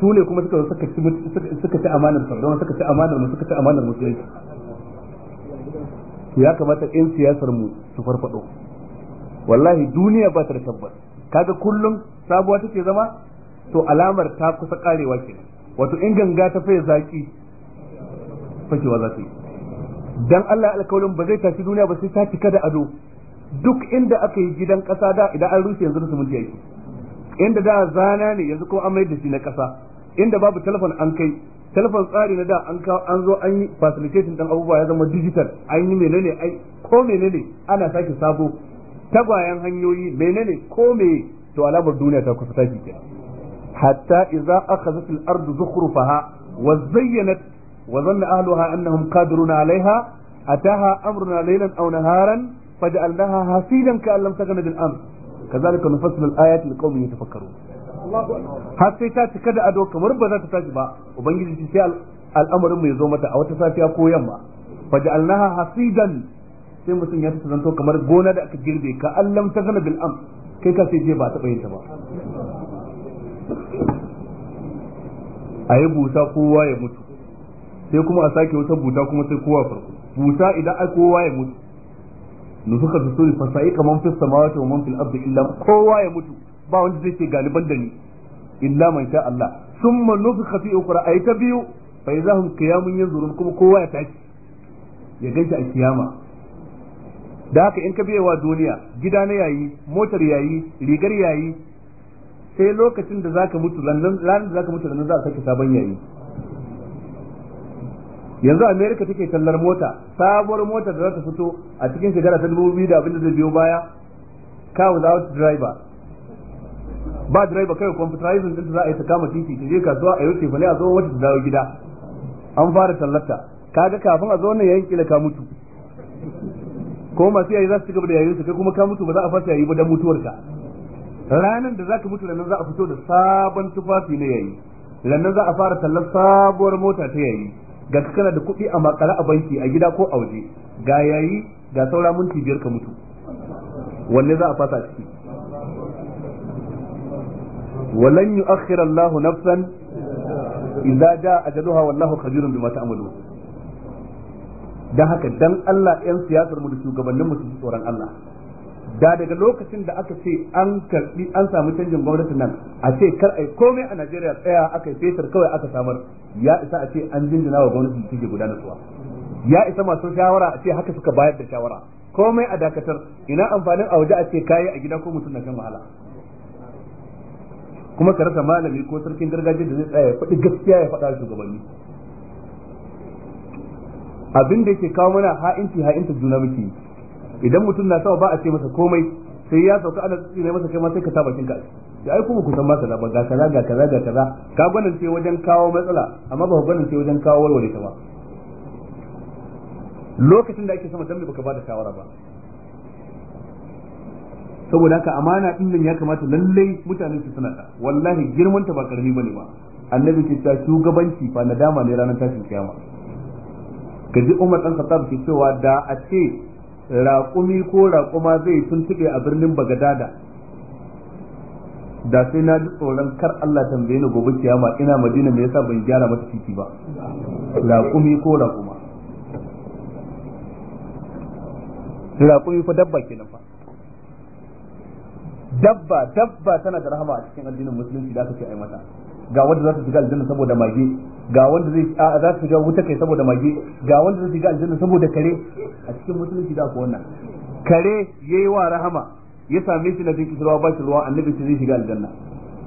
su ne kuma suka suka ci suka ci amanar don suka ci amanar mu suka ci amanar musulunci ya kamata in siyasar mu su farfado wallahi duniya ba ta da tabbas kaga kullum sabuwa take zama to alamar ta kusa karewa ke. wato in ganga ta faye zaki fakewa za ta yi dan Allah alkawalin ba zai tafi duniya ba sai ta cika da ado duk inda aka yi gidan kasa da idan an rushe yanzu da sumunci yake inda da zana ne yanzu kuma amai da shi na kasa inda babu telefon an kai telefon tsari na da an an zo an yi facilitation dan abubuwa ya zama digital an yi menene ai ko menene ana sake sabo tagwayen hanyoyi menene ko me to alamar duniya ta kusa tashi kenan hatta idza akhadhat al-ardu zukhrufaha wa zayyanat wa dhanna ahliha annahum qadiruna 'alayha ataha amruna laylan aw naharan faj'alnaha hasidan ka'an lam taghna bil amr kadhalika nufassilu al-ayati liqaumin yatafakkarun har sai ta cika da ado kamar ba za ta tashi ba ubangiji sai al'amarin mu ya zo mata a wata safiya ko yamma faj'alnaha hasidan sai mutum ya ta zanto kamar gona da aka girbe ka allam ta zana bil am kai ka sai je ba ta bayyanta ta ba a yi busa kowa ya mutu sai kuma a sake wata buta kuma sai kowa farko busa idan ai kowa ya mutu nufuka fi suri fasa'i kamar fi samawati wa man fil ardi illa kowa ya mutu ba wanda zai ce galiban da ni illa man sha Allah summa nufikha fi ukhra ay ta biyu fa idahum qiyamun yanzurun kuma kowa ya tashi ya ganta a kiyama da haka in ka biye wa duniya gida na yayi motar yayi rigar yayi sai lokacin da zaka mutu lallan ranar da zaka mutu lannan za a sake sabon yayi yanzu america take tallar mota sabuwar motar da za ta fito a cikin shekara ta dubu da abin zai biyo baya kawo without driver ba direba kai computerizing din za a yi ta kama titi ta je kasuwa a yau wuce bane a zo wata dawo gida an fara tallata kaga kafin a zo wannan yayin kila ka mutu ko masu yayi za su cigaba da yayin su kai kuma ka mutu ba za a fasa yayi ba dan mutuwarka ranan da zaka mutu nan za a fito da sabon tufafi na yayi nan za a fara tallar sabuwar mota ta yayi ga kana da kuɗi a makara a banki a gida ko a waje ga yayi ga saura minti biyar ka mutu wanne za a fasa ciki ولن يؤخر Allahu nafsan idza جاء ajaluha wallahu khabirun بما تعملون dan haka dan Allah yan siyasar mu da shugabannin mu su tsoron Allah da daga lokacin da aka ce an karbi an samu canjin gwamnati nan a ce kar ai komai a Najeriya tsaya aka yi fetar kawai aka samar ya isa a ce an jinjina wa gwamnati su da gudanar gudanarwa ya isa masu shawara a ce haka suka bayar da shawara komai a dakatar ina amfanin a waje a ce kayi a gida ko mutum na kan wahala kuma ka rasa malami ko sarkin gargajiya da zai tsaya ya faɗi gaskiya ya faɗa shugabanni abin da yake kawo mana ha'inci ha'inta juna muke idan mutum na sawa ba a ce masa komai sai ya sauka ana tsitsi ne masa kai ma sai ka saba kinka ya ai kuma ku masa ma ga kaza ga kaza ga kaza ka gwanin ce wajen kawo matsala amma ba ku gwanin ce wajen kawo warware ta ba lokacin da ake sama dan bai baka bada shawara ba saboda haka amana din nan ya kamata lallai mutane su suna wallahi girman ta ba karami bane ba annabi ke cewa shugabanci fa nadama ne ranar tashin kiyama kaji Umar dan Khattab ke cewa da a ce raƙumi ko raƙuma zai tuntube a birnin Bagadada da sai na ji tsoron kar Allah tambaye ni gobe kiyama ina Madina me yasa ban gyara mata titi ba raƙumi ko raƙuma raƙumi fa dabba kenan fa dabba dabba tana da rahama a cikin addinin musulunci da aka ce ai mata ga wanda za su shiga aljanna saboda mage ga wanda zai a za su shiga wuta kai saboda mage ga wanda zai shiga aljanna saboda kare a cikin musulunci da ku wannan kare yayi wa rahama ya same shi na jin kisrawa ba shi ruwa annabi shi zai shiga aljanna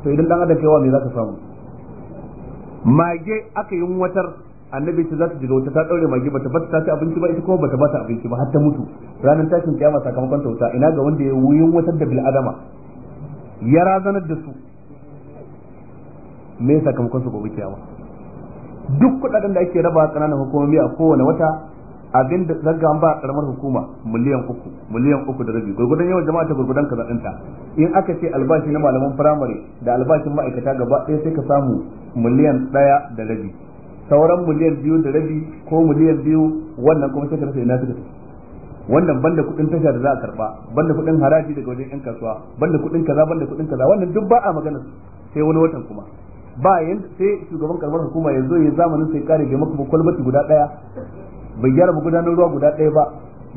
to idan dan adam kaiwa me za ka samu mage aka yi watar annabi ce za ta ji wuta ta daure magi bata bata ta ci abinci ba ita kuma bata bata abinci ba har ta mutu ranar tashin kiyama sakamakon ta wuta ina ga wanda ya wuyin wata da bil adama ya razanar da su me sakamakon su gobe kiyama duk kudaden da ake raba kananan hukumomi a kowane wata abin da zaga an ba karamar hukuma miliyan uku miliyan uku da rabi gurgudan yawan jama'a ta gurgudan kaza ta in aka ce albashi na malaman firamare da albashin ma'aikata gaba ɗaya sai ka samu miliyan ɗaya da rabi sauran miliyan biyu da rabi ko miliyan biyu wannan kuma sai ka rasa ina suka tafi wannan banda kuɗin tasha da za a karba banda kuɗin haraji daga wajen yan kasuwa banda kuɗin kaza banda kuɗin kaza wannan duk ba a magana sai wani watan kuma ba yanda sai shugaban karamar hukuma ya zo ya zamanin sai kare bai maka kwalbati guda daya bai gyara gudanar ruwa guda daya ba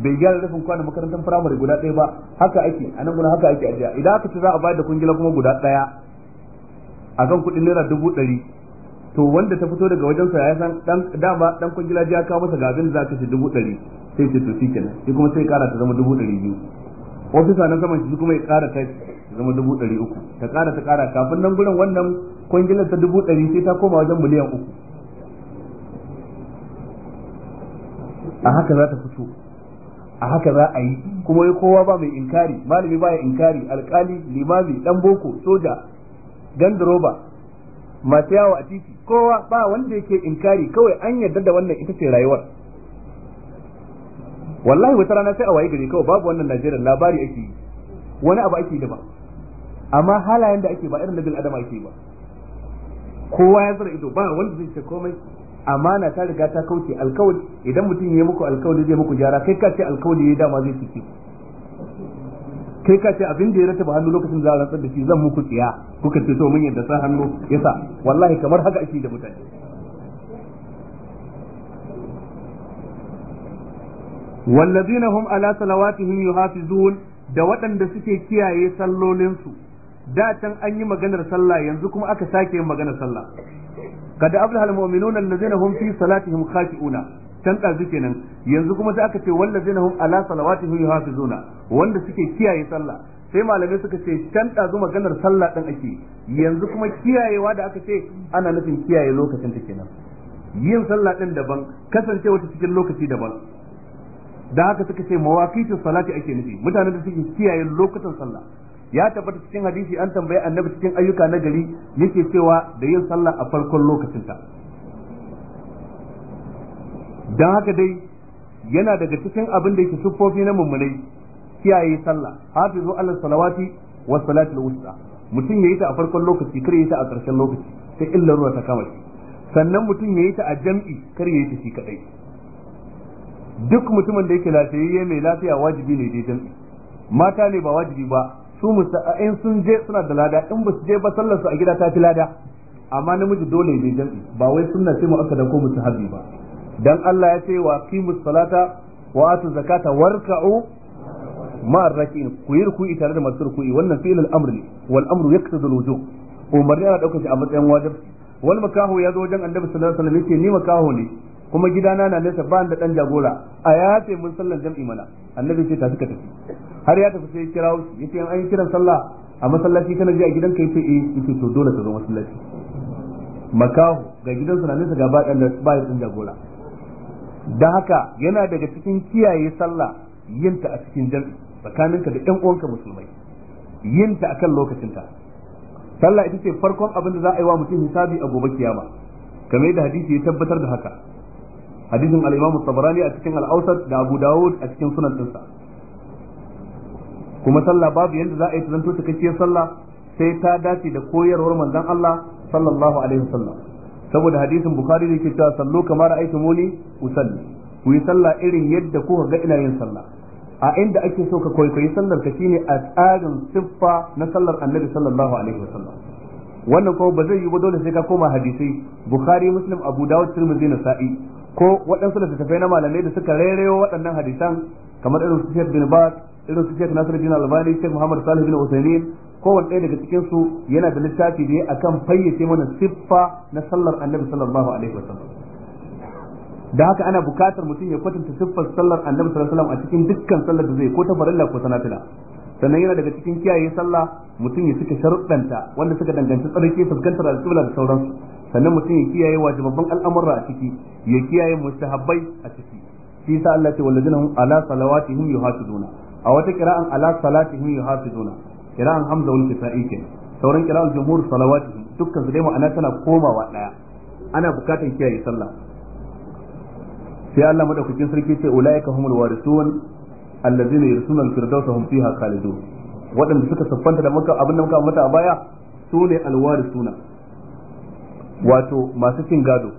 bai gyara rufin kwana makarantar firamare guda daya ba haka ake a nan gudan haka ake ajiya idan aka ci za a bayar da kungila kuma guda daya a kan kuɗin naira dubu ɗari to wanda ta fito daga wajensa ya san dan dama dan kwangila ya kawo masa gabin za ka ci dubu ɗari sai ce to shikenan sai kuma sai kara ta zama dubu ɗari biyu ofisa na saman shi kuma ya kara ta zama dubu ɗari uku ta kara ta kara kafin nan gurin wannan kwangilar ta dubu ɗari sai ta koma wajen miliyan uku a haka za ta fito a haka za a yi kuma ya kowa ba mai inkari malami ba ya inkari alkali limami dan boko soja gandaroba masu yawo a titi kowa ba wanda yake inkari kawai an yarda da wannan ita ce rayuwar wallahi wata rana sai a waye gari kawai babu wannan Najeriya labari ake yi wani abu ake da ba amma halayen da ake ba irin na adama ake ba kowa ya zara ido ba wanda zai ce komai amana ta riga ta kauce alkawari idan mutum ya yi muku alkawari zai muku gyara kai ka ce alkawari ya dama zai cike kai ka ce abin da ya rataba hannu lokacin za a rantsar da shi zan muku tsiya kuka ce to mun yadda sa hannu yasa wallahi kamar haka ake da mutane والذين هم على صلواتهم يحافظون da waɗanda suke kiyaye sallolinsu da can an yi maganar sallah yanzu kuma aka sake yin maganar sallah kada abdul mu'minun allazina hum fi salatihim khashi'una can ɗazu kenan yanzu kuma sai aka ce wallazina hum ala salawatihim yuhafizuna wanda suke kiyaye sallah sai malamai suka ce can ɗazu maganar sallah ɗin ake yanzu kuma kiyayewa da aka ce ana nufin kiyaye lokacin ta kenan yin sallah ɗin daban kasancewa ta cikin lokaci daban da haka suka ce mawaqitu salati ake nufi mutanen da suke kiyaye lokutan sallah ya tabbata cikin hadisi an tambaye annabi cikin ayyuka na gari yake cewa da yin sallah a farkon lokacin ta dan haka dai yana daga cikin abin da yake siffofi na mummunai kiyaye sallah zo Allah salawati wa salati al-wusta mutum yayi ta a farkon lokaci kar yayi ta a karshen lokaci sai illa ruwa ta kama shi sannan mutum yayi ta a jam'i kar yayi ta shi kadai duk mutumin da yake lafiyayye mai lafiya wajibi ne je jam'i mata ne ba wajibi ba su in sun je suna da lada in ba su je ba sallar su a gida ta fi lada amma namiji dole ne jam'i ba wai sunna ce da ko mustahabi ba dan Allah ya ce wa qimus salata wa atu zakata warka'u ما الركين ku yi tare da masu ruku'i wannan fi'il al-amr ne wal amru yaqtadu umarni ana daukar shi a matsayin wajibi wal makahu ya zo wajen annabi ni makaho ne kuma gidana na nesa ba da dan jagora a ya mun sallar jam'i mana annabi ce tafi ka tafi har ya tafi sai kirawo shi yace an yi kiran sallah a masallaci kana je a gidan ka yace eh. yace to dole ka zo masallaci makaho ga gidansa na nesa ga dan jagora da haka yana daga cikin kiyaye sallah yinta a cikin jam'i tsakaninka da 'yan uwanka musulmai yin ta akan lokacinta sallah ita ce farkon abin da za a yi wa mutum hisabi a gobe kiyama kamar yadda hadisi ya tabbatar da haka hadisin al-Imam Tabarani a cikin al-Awsat da Abu Dawud a cikin sunan dinsa kuma sallah babu yadda za a yi zanto cikakkiyar sallah sai ta dace da koyarwar manzon Allah sallallahu alaihi wasallam saboda hadisin Bukhari da yake cewa sallu kamar ra'aytumuni usalli ku yi sallah irin yadda kuka ga ina yin sallah a inda ake so ka kwaikwayi sallar ka shine a tsarin siffa na sallar annabi sallallahu alaihi wasallam wannan kuma ba zai yi ba dole sai ka koma hadisai bukhari muslim abu dawud tirmidhi nasa'i ko waɗansu littattafai na malamai da suka rairayo waɗannan hadisan kamar irin su bin Baz irin su Nasir bin Albani Sheikh Muhammad Salih bin Uthaymeen ko ɗaya daga cikin su yana da littafi da akan fayyace mana siffa na sallar Annabi sallallahu alaihi wasallam da haka ana bukatar mutum ya kwatanta siffar sallar annabi sallallahu alaihi a cikin dukkan sallar da zai ko ta farilla ko ta sannan yana daga cikin kiyaye sallah mutum ya suka sharuɗanta wanda suka danganci tsarki fuskantar alƙibla da sauransu sannan mutum ya kiyaye wajibabban al'amura a ciki ya kiyaye mustahabbai a ciki shi yasa Allah ce wallazina hum ala salawatihim yuhafizuna a wata qira'an ala salatihim yuhafizuna qira'an hamza wal kisa'i ke sauran qira'an jumhur salawatihim dukkan su dai ma'ana tana komawa daya ana bukatan kiyaye sallah sai Allah madaukakin sarki ce ulaika humul warisun allazina yursuna al-firdausa hum fiha khalidun waɗanda suka siffanta da muka abin da muka mata a baya su ne alwarisuna wato masu cin gado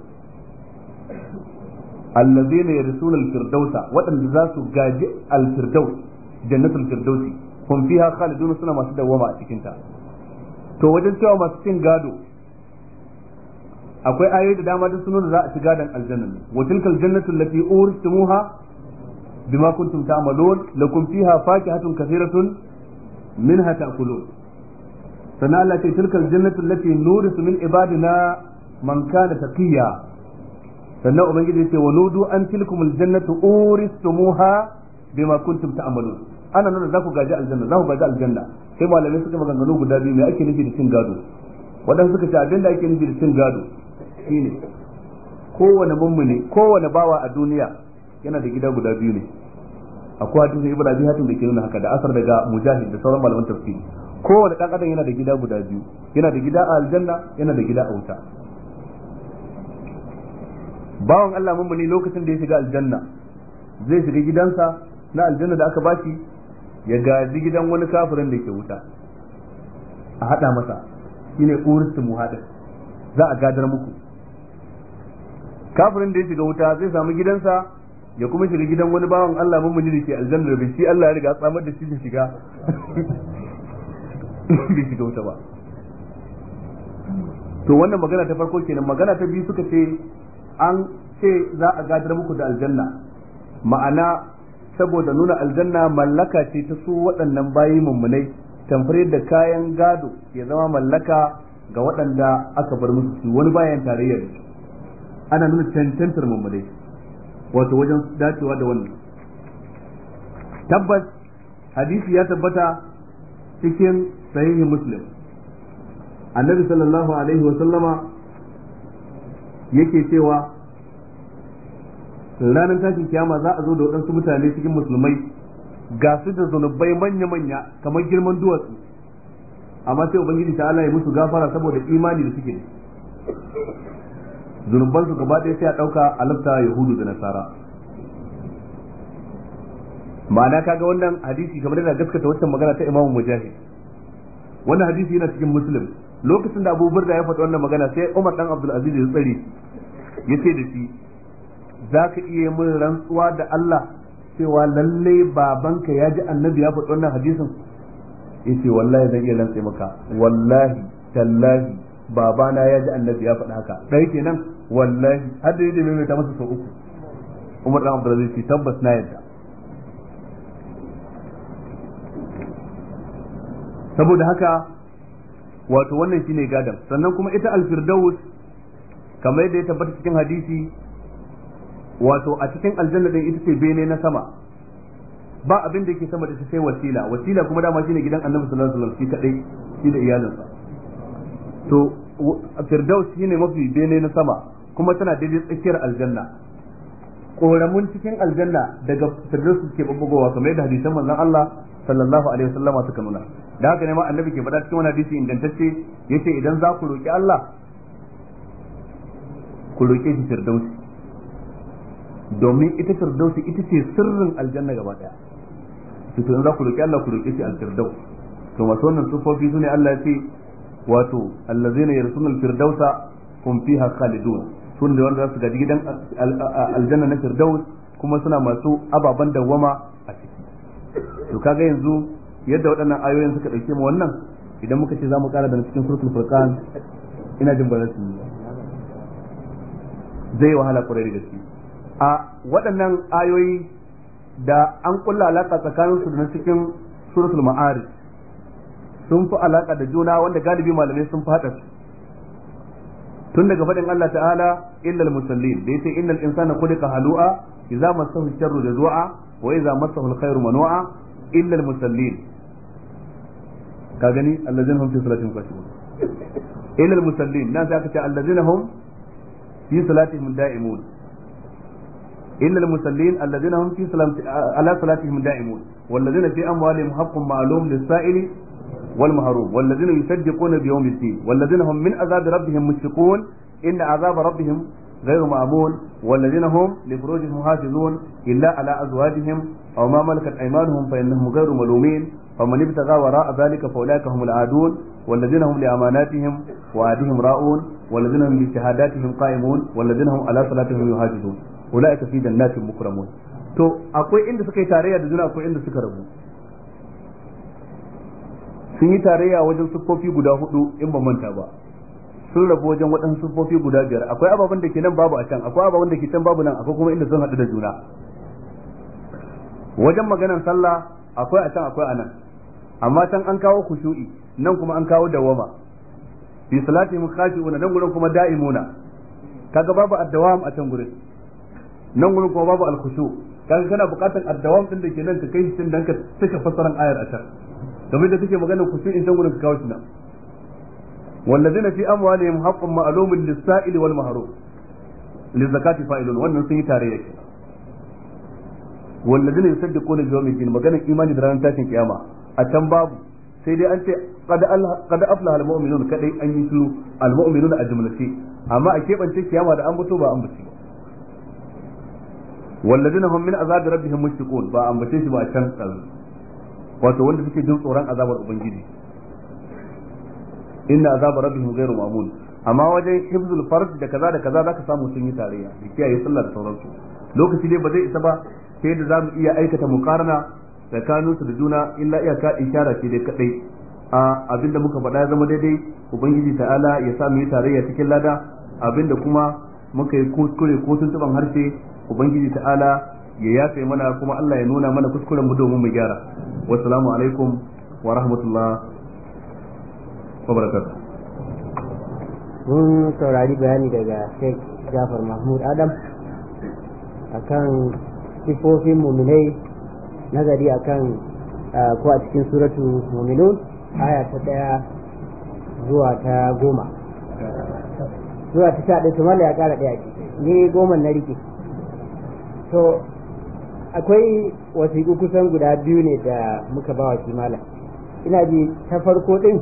allazina yursuna al-firdausa waɗanda za su gaji al-firdaus jannatul firdausi hum fiha khalidun suna masu dawwama a cikin ta to wajen cewa masu cin gado akwai ayoyi da dama duk sunan da za a shiga dan aljanna ne wa tilkal jannatu allati uristumuha bima kuntum ta'malun lakum fiha fakihatun kathiratun minha ta'kulun sana Allah ce tilkal jannatu allati nurisu min ibadina man kana taqiya sannan ubangiji ce wa nudu an tilkumul jannatu uristumuha bima kuntum ta'malun ana nuna za ku gaji aljanna za ku gaji aljanna sai malamai suka maganganu guda biyu me ake nufi da cin gado wadanda suka ce abinda ake nufi da cin gado shine kowane mummuni kowane bawa a duniya yana da gida guda biyu ne akwai hadisi ibn abi hatim da ke nuna haka da asar daga mujahid da sauran malaman tafsiri kowane dan adam yana da gida guda biyu yana da gida a aljanna yana da gida a wuta bawan Allah mummuni lokacin da ya shiga aljanna zai shiga gidansa na aljanna da aka bashi ya gaji gidan wani kafirin da ke wuta a hada masa shine uristu muhadin za a gadar muku kafirin da ya shiga wuta zai samu gidansa ya kuma shiga gidan wani bawan Allah mummuni da ke aljanna da bai shi Allah ya riga tsamar da shi da shiga bai shiga wuta ba to wannan magana ta farko kenan magana ta biyu suka ce an ce za a gadar muku da aljanna ma'ana saboda nuna aljanna mallaka ce ta su waɗannan bayi mummunai tamfar da kayan gado ya zama mallaka ga waɗanda aka bar musu wani bayan tarayya su ana nuna cancantar mummunai wato wajen dacewa da wannan tabbas hadisi ya tabbata cikin sahihin muslim annabi sallallahu alaihi wa sallama yake cewa ranar tashin kiyama za a zo da wadansu mutane cikin musulmai ga su da zunubai manya-manya kamar girman duwatsu amma sai ubangiji ta ala ya musu gafara saboda imani da suke zunuban su gaba ɗaya sai a ɗauka a lafta yahudu da nasara ma'ana kaga wannan hadisi kamar yana gaskata wancan magana ta imamu mujahid wannan hadisi yana cikin muslim lokacin da abu burda ya faɗi wannan magana sai umar dan abdul aziz ya tsare ya ce da shi za ka iya mun rantsuwa da allah cewa lallai babanka ya ji annabi ya faɗi wannan hadisin ya ce wallahi zan iya rantse maka wallahi tallahi babana ya ji annabi ya faɗa haka dai kenan wallahi har da yaje mai ta masa sau uku Umar dan Abdul ki tabbas na yadda saboda haka wato wannan shine gadan sannan kuma ita al-firdaus kamar yadda ya tabbata cikin hadisi wato a cikin aljanna din ita ce bene na sama ba abin da yake sama da ta sai wasila wasila kuma dama shine gidan annabi sallallahu alaihi wasallam shi kadai shi da iyalinsa to firdaus shine mafi bene na sama kuma tana daidai tsakiyar aljanna koramun cikin aljanna daga firdaus suke babbugowa kamar yadda hadisan manzon Allah sallallahu alaihi wasallam suka nuna da haka ne ma annabi ke faɗa cikin wani hadisi ingantacce yace idan za ku roki Allah ku roke shi firdaus domin ita firdaus ita ce sirrin aljanna gaba daya to idan za ku roki Allah ku roke shi alfirdaus to masu wannan sufofi sune Allah ya ce wato allazina yarsuna al-firdausa fi fiha khalidun sun da wanda su gaji gidan aljanna na firdaus kuma suna masu ababan dawwama a ciki to kaga yanzu yadda waɗannan ayoyin suka ɗauke mu wannan idan muka ce za mu ƙara da cikin surtul furqan ina jin ba za su yi zai wahala kwarai da gaske a waɗannan ayoyi da an kulla alaƙa tsakanin su da na cikin suratul ma'arij sun fi alaka da juna wanda galibi malamai sun fada su tun daga faɗin Allah ta'ala illal musallin da yace innal insana khuliqa halu'a idza massahu sharru jazua wa idza massahu alkhairu manua illal musallin ka gani allazina hum fi salatihim khashu'un illal musallin nan sai aka ce allazina hum fi salatihim da'imun illal musallin allazina hum fi salam ala salatihim da'imun والذين في أموالهم حق معلوم للسائل wal mahrum wal ladina yusaddiquna bi yawmid din wal ladina hum min azab rabbihim mushfiqun inna azab rabbihim غير مأمون والذين هم لفروجهم حافظون إلا على أزواجهم أو ما ملكت أيمانهم فإنهم غير ملومين فمن ابتغى وراء ذلك فأولئك هم العادون والذين هم لأماناتهم وعادهم راؤون والذين هم بشهاداتهم قائمون والذين هم على صلاتهم يحافظون أولئك في جنات مكرمون to akwai inda suka yi tarayya da juna akwai inda suka rabu sun yi tarayya wajen siffofi guda hudu in ba manta ba sun rabu wajen waɗansu siffofi guda biyar akwai ababen da ke nan babu a can akwai ababen da ke can babu nan akwai kuma inda sun haɗu da juna wajen maganar sallah akwai a can akwai a nan amma can an kawo kushu'i nan kuma an kawo dawama fi kashi khashi'una nan gurin kuma da'imuna kaga babu addawam a can gurin nan gurin kuma babu al-khushu kaga kana buƙatar addawam din da ke nan ka kai shi din dan ka saka fasaran ayar a can kamar da kake magana ku sai in san gurin ka kawo shi na wallazina fi amwalihim haqqun ma'lumun lis-sa'ili wal mahrum lizakati fa'ilun wannan sun yi tarayya ke wallazina yusaddiquna bi yawmil din magana imani da ranar tashin kiyama a can babu sai dai an ce qad qad aflaha al-mu'minun kadai an yi shiru al-mu'minun a jumlace amma a kebance kiyama da an fito ba an bace ba wallazina hum min azabi rabbihim mushfiqun ba an bace shi ba a can wato wanda suke jin tsoron azabar ubangiji inna azaba rabbihim ghayru ma'mun amma wajen hibzul farj da kaza da kaza zaka samu sun yi tarayya da kiyaye sallar sauransu lokaci ne ba zai isa ba sai da zamu iya aikata muqarana tsakanin su da juna illa iyaka ishara ce dai kadai a abinda muka faɗa ya zama daidai ubangiji ta'ala ya sa mu yi tarayya cikin lada abinda kuma muka yi kuskure ko tuntuban harshe ubangiji ta'ala ya yafe mana kuma Allah ya nuna mana kuskuren mu domin mu gyara wassalamu alaikum wa rahmatullah wa barakatuh mun saurari bayani daga Sheikh Jafar Mahmud Adam akan sifofin muminai nazari akan ah, ko a cikin suratu muminun aya ta daya zuwa ta goma zuwa ta sha ɗaya tumala ya ƙara ɗaya ne ni goma na rike to akwai wasiƙu kusan guda biyu ne da muka ba wa kimala ina ji ta farko din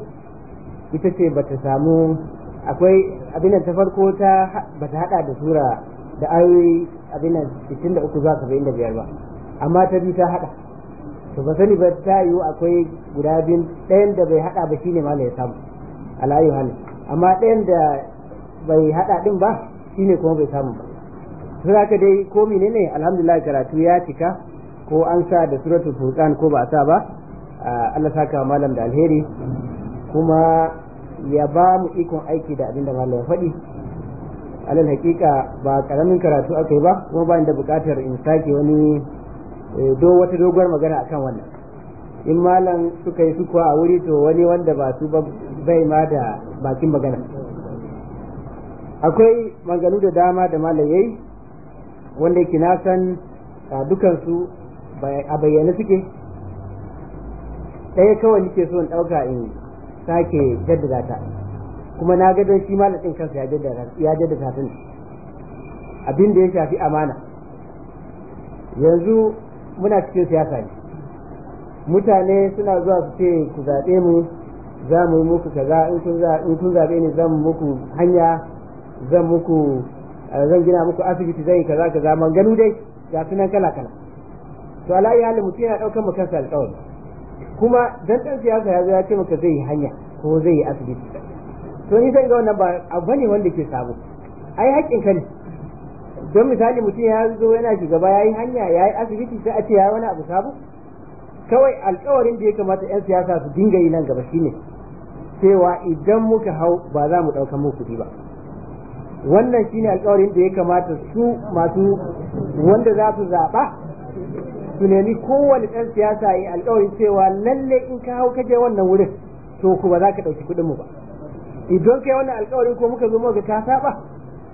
ita ce bata samu akwai abin ta farko ta bata hada da sura da ayoyi abin nan 63 zuwa biyar ba amma ta biyu ta hada to ba sani ba ta yiwu akwai guda biyun ɗayan da bai hada ba shine malam ya samu alayu hali amma ɗayan da bai hada din ba shine kuma bai samu ba su dai ko menene alhamdulillah karatu ya cika ko an sa da suratul furqan ko ba a sa ba Allah saka malam da alheri kuma ya ba mu ikon aiki da abinda da malam faɗi alal hakika ba karamin karatu aka yi ba kuma ba da bukatar in sake wani eh, do wata doguwar magana akan wannan in malam suka yi suka a wuri to wani wanda ba su bai ma da bakin magana akwai maganu da dama da malam yayi wanda yake na san dukansu a bayyane suke ɗaya kawai nake so in ɗauka in sake jaddada ta kuma na ga don shi ma ɗin kansa ya jaddada ta abin da ya shafi amana yanzu muna cikin siyasa ne mutane suna zuwa su ce ku zaɓe mu za mu yi muku kaza in kun zaɓe ni zan muku hanya zan muku zan gina muku asibiti zan yi kaza kaza man gano dai ga sunan kala kala to ala ya halin mutum yana daukar maka kansa alƙawari kuma dan dan siyasa ya zo ya ce maka zai yi hanya ko zai yi asibiti to ni zan ga wannan ba abu ne wanda ke sabo ai haƙƙin ka ne don misali mutum ya zo yana shugaba ya yi hanya ya yi asibiti sai a ce ya yi wani abu sabo kawai alƙawarin da ya kamata 'yan siyasa su dinga yi nan gaba shine cewa idan muka hau ba za mu ɗauka mu kuɗi ba wannan shine alƙawarin da ya kamata su masu wanda za su zaɓa su nemi kowane ɗan siyasa yi alƙawarin cewa lalle in ka hau kaje wannan wurin to ku ba za ka ɗauki kuɗin mu ba idan kai wannan alƙawarin ko muka zo muka ta saba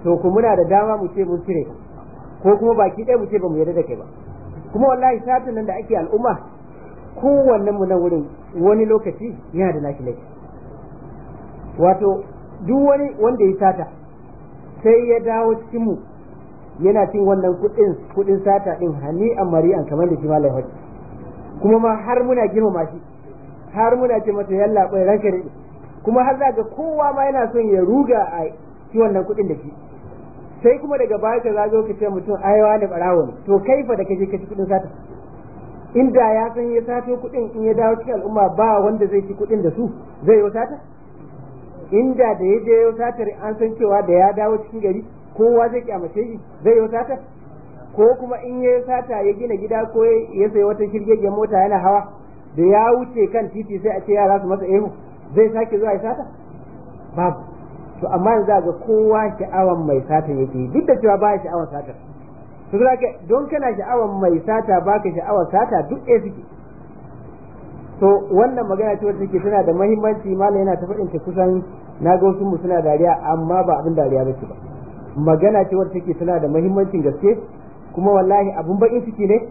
to ku muna da dama mu ce mun cire ko kuma baki ɗaya mu ce ba mu yarda da kai ba kuma wallahi satin nan da ake al'umma kowannen mu na wurin wani lokaci yana da nashi laifi wato duk wani wanda ya sata sai ya dawo cikin mu yana cin wannan kudin kudin sata din hani an mari'an kamar da shi malai hajji kuma ma har muna girmama shi har muna ce masa yalla bai ranka ne kuma har za ga kowa ma yana son ya ruga a ci wannan kudin da shi sai kuma daga baya ka zago ka ce mutum ai wani barawo ne to kaifa da kaje ka ci kudin sata inda ya san ya sato kudin in ya dawo cikin al'umma ba wanda zai ci kudin da su zai yi sata inda da ya je ya satar an san cewa da ya dawo cikin gari kowa zai kyamace shi zai yi satar ko kuma in ya sata ya gina gida ko ya sayi wata shirgegen mota yana hawa da ya wuce kan titi sai a ce yara su masa ehu zai sake zuwa ya sata babu to amma yanzu ga kowa sha'awan mai sata yake duk da cewa baya sha'awan sata to zaka don kana sha'awan mai sata baka sha'awan sata duk ɗaya suke to wannan magana ce wacce take tana da muhimmanci malam yana ta faɗin ta kusan na ga wasu mu suna dariya amma ba abin dariya ba ce ba magana ce wadda take tana da muhimmancin gaske kuma wallahi abun bakin ciki ne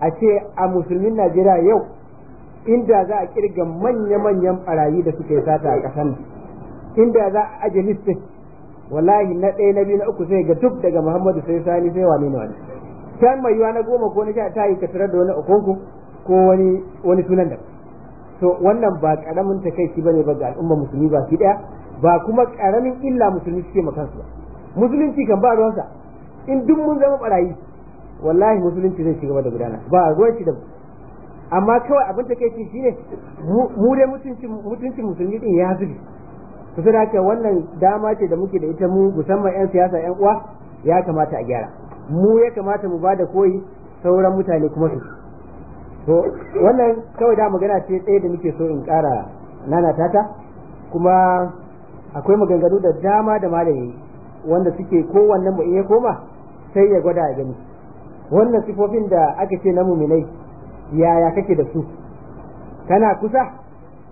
a ce a musulmin Najeriya yau inda za a kirga manya-manyan barayi da suka yi sata a ƙasan inda za a aje listin wallahi na ɗaya na biyu na uku sai ga duk daga Muhammadu sai sani sai wane ne wani can mai yiwa na goma ko na sha ta yi ka da wani okonku ko wani sunan da to wannan ba karamin takaici bane ba ga al'umma musulmi ba ki daya ba kuma karamin illa musulmi suke ma kansu ba musulunci kan ba ruwansa in duk mun zama barayi wallahi musulunci zai shiga da gudana ba ruwan shi da amma kawai abin takaici shine mu dai mutuncin mutuncin musulmi din ya zubi to sai haka wannan dama ce da muke da ita mu musamman yan siyasa yan uwa ya kamata a gyara mu ya kamata mu bada koyi sauran mutane kuma su to wannan kawai da magana ce ɗaya da muke so in ƙara nanata ta kuma akwai maganganu da dama da malami wanda suke kowannen mu iya koma sai ya gwada a gani wannan sifofin da aka ce na muminai yaya kake da su kana kusa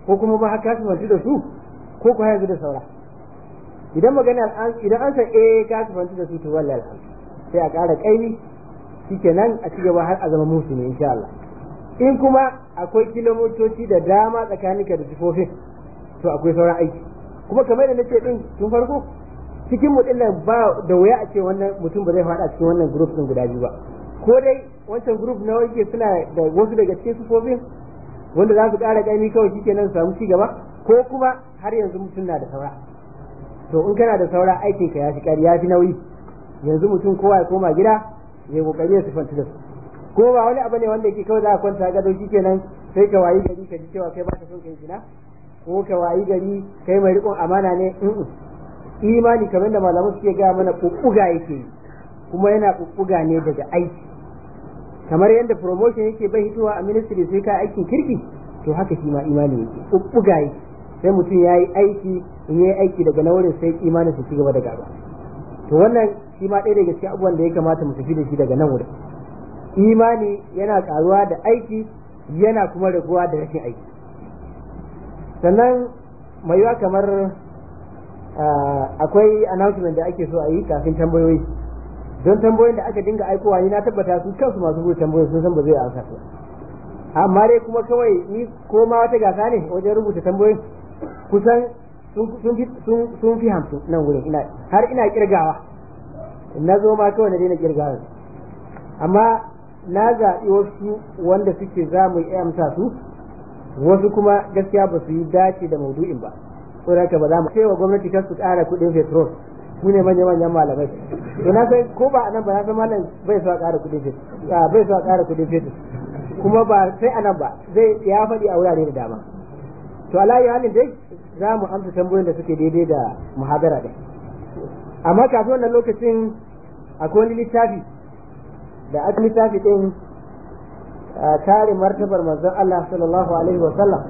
ko kuma ba haka su da su ko ku yanzu da saura idan magana an idan an san eh ka su da su to wallahi sai a ƙara kaimi shikenan a cigaba har a zama musulmi insha Allah in kuma akwai kilomitoci da dama tsakaninka da sifofin to akwai sauran aiki kuma kamar da nake din tun farko cikin mu ba da wuya a ce wannan mutum ba zai faɗa cikin wannan group din guda biyu ba ko dai wancan group na wake suna da wasu daga cikin sifofin wanda za su ƙara ƙaimi kawai nan samu ci gaba ko kuma har yanzu mutum na da saura to in kana da saura aikin ka ya fi ya fi nauyi yanzu mutum kowa ya koma gida ya kokari ya sifanta da su ko ba wani abu ne wanda yake kawai za a kwanta gado shi kenan sai ka wayi gari ka ji cewa kai ba ka son kai zina ko ka wayi gari kai mai riƙon amana ne imani kamar da malamu suke gaya mana kukkuga yake kuma yana kukkuga ne daga aiki kamar yadda promotion yake bai hitowa a ministry sai ka aikin kirki to haka shi ma imani yake kukkuga yake sai mutum ya yi aiki in ya yi aiki daga na wurin sai imanin su ci gaba da gaba to wannan shi ma ɗaya daga cikin abubuwan da ya kamata mu tafi da shi daga nan wurin imani yana karuwa da aiki yana kuma raguwa da rashin aiki sannan mai yiwa kamar akwai announcement da ake so a yi kafin tambayoyi don tambayoyin da aka dinga aikowa ni na tabbata su kansu masu rubuta tambayoyi sun san ba zai amsa su amma dai kuma kawai ni ko ma wata gasa ne wajen rubuta tambayoyin kusan sun fi hamsin nan wurin har ina kirgawa na zo ma kawai na daina kirgawa amma na zaɓi wasu wanda suke za mu yi amsa su wasu kuma gaskiya ba su yi dace da maudu'in ba saboda ba za mu cewa gwamnati ta su ƙara kuɗin petrol mu ne manya manyan malamai to na sai ko ba anan ba na san malam bai so a ƙara kuɗin petrol bai so a ƙara kuɗin petrol kuma ba sai anan ba zai ya faɗi a wurare da dama to ala halin dai za mu amsa tambayoyin da suke daidai da muhabara ɗin amma kafin wannan lokacin akwai wani littafi da aka littafi din kare martabar manzon Allah sallallahu alaihi wa sallam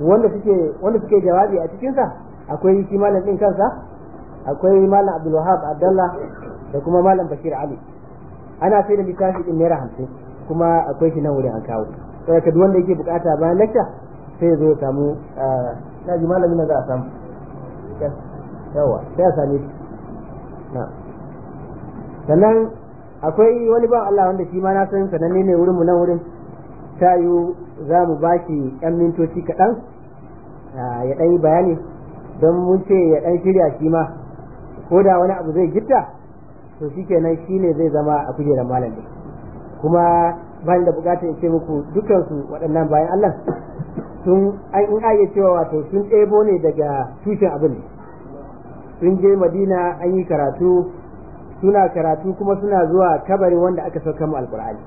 wanda suke wanda suke jawabi a cikin sa akwai shi malam din kansa akwai malam Abdul Wahab Abdullah da kuma malam Bashir Ali ana sai da littafi din naira hamsin kuma akwai shi nan wurin an kawo sai ka wanda yake bukata bayan lecture sai ya zo ya samu na ji malamin da za a samu yawa sai a same shi na sannan akwai wani ban Allah wanda shi ma na san sananne ne wurin mu nan wurin tayu za mu baki yan mintoci kaɗan ya ɗan yi bayani don mun ce ya ɗan shirya shi ma ko da wani abu zai gitta to shi kenan shi ne zai zama a kujerar malam ne kuma bayan da bukatar ce muku dukansu waɗannan bayan Allah sun an in aiyacewa cewa wato sun ɗebo ne daga tushen abin sun je madina an yi karatu suna karatu kuma suna zuwa kabarin wanda aka sauka mu alqur'ani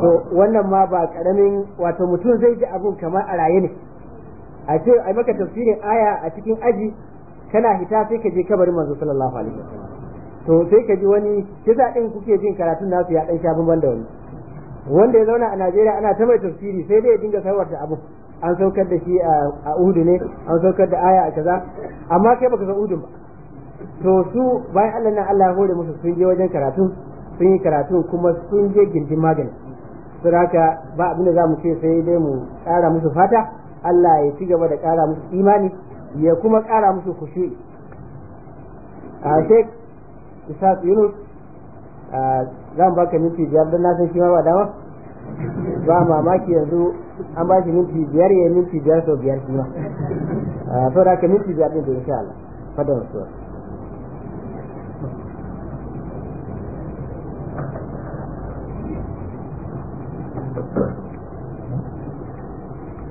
to wannan ma ba karamin wato mutum zai ji abun kamar a raye ne a ce ai maka tafsirin aya a cikin aji kana hita sai ka je kabarin manzo sallallahu alaihi wasallam to sai ka ji wani kisa din kuke jin karatun nasu ya dan shafin banda wani wanda ya zauna a Najeriya ana ta mai tafsiri sai dai ya dinga da abu an saukar da shi a Uhud ne an saukar da aya a kaza amma kai baka san Uhud ba to su bayan Allah na Allah ya hore musu sun je wajen karatu sun yi karatu kuma sun je gindin magani sun haka ba abin da za mu ce sai dai mu ƙara musu fata Allah ya ci gaba da ƙara musu imani ya kuma ƙara musu kushi a shek isa yunus za mu baka minti biyar don na san shi ma ba dama ba mamaki yanzu an ba shi minti biyar ya minti biyar sau biyar shi ma saboda aka minti biyar ɗin da insha Allah fadar suwa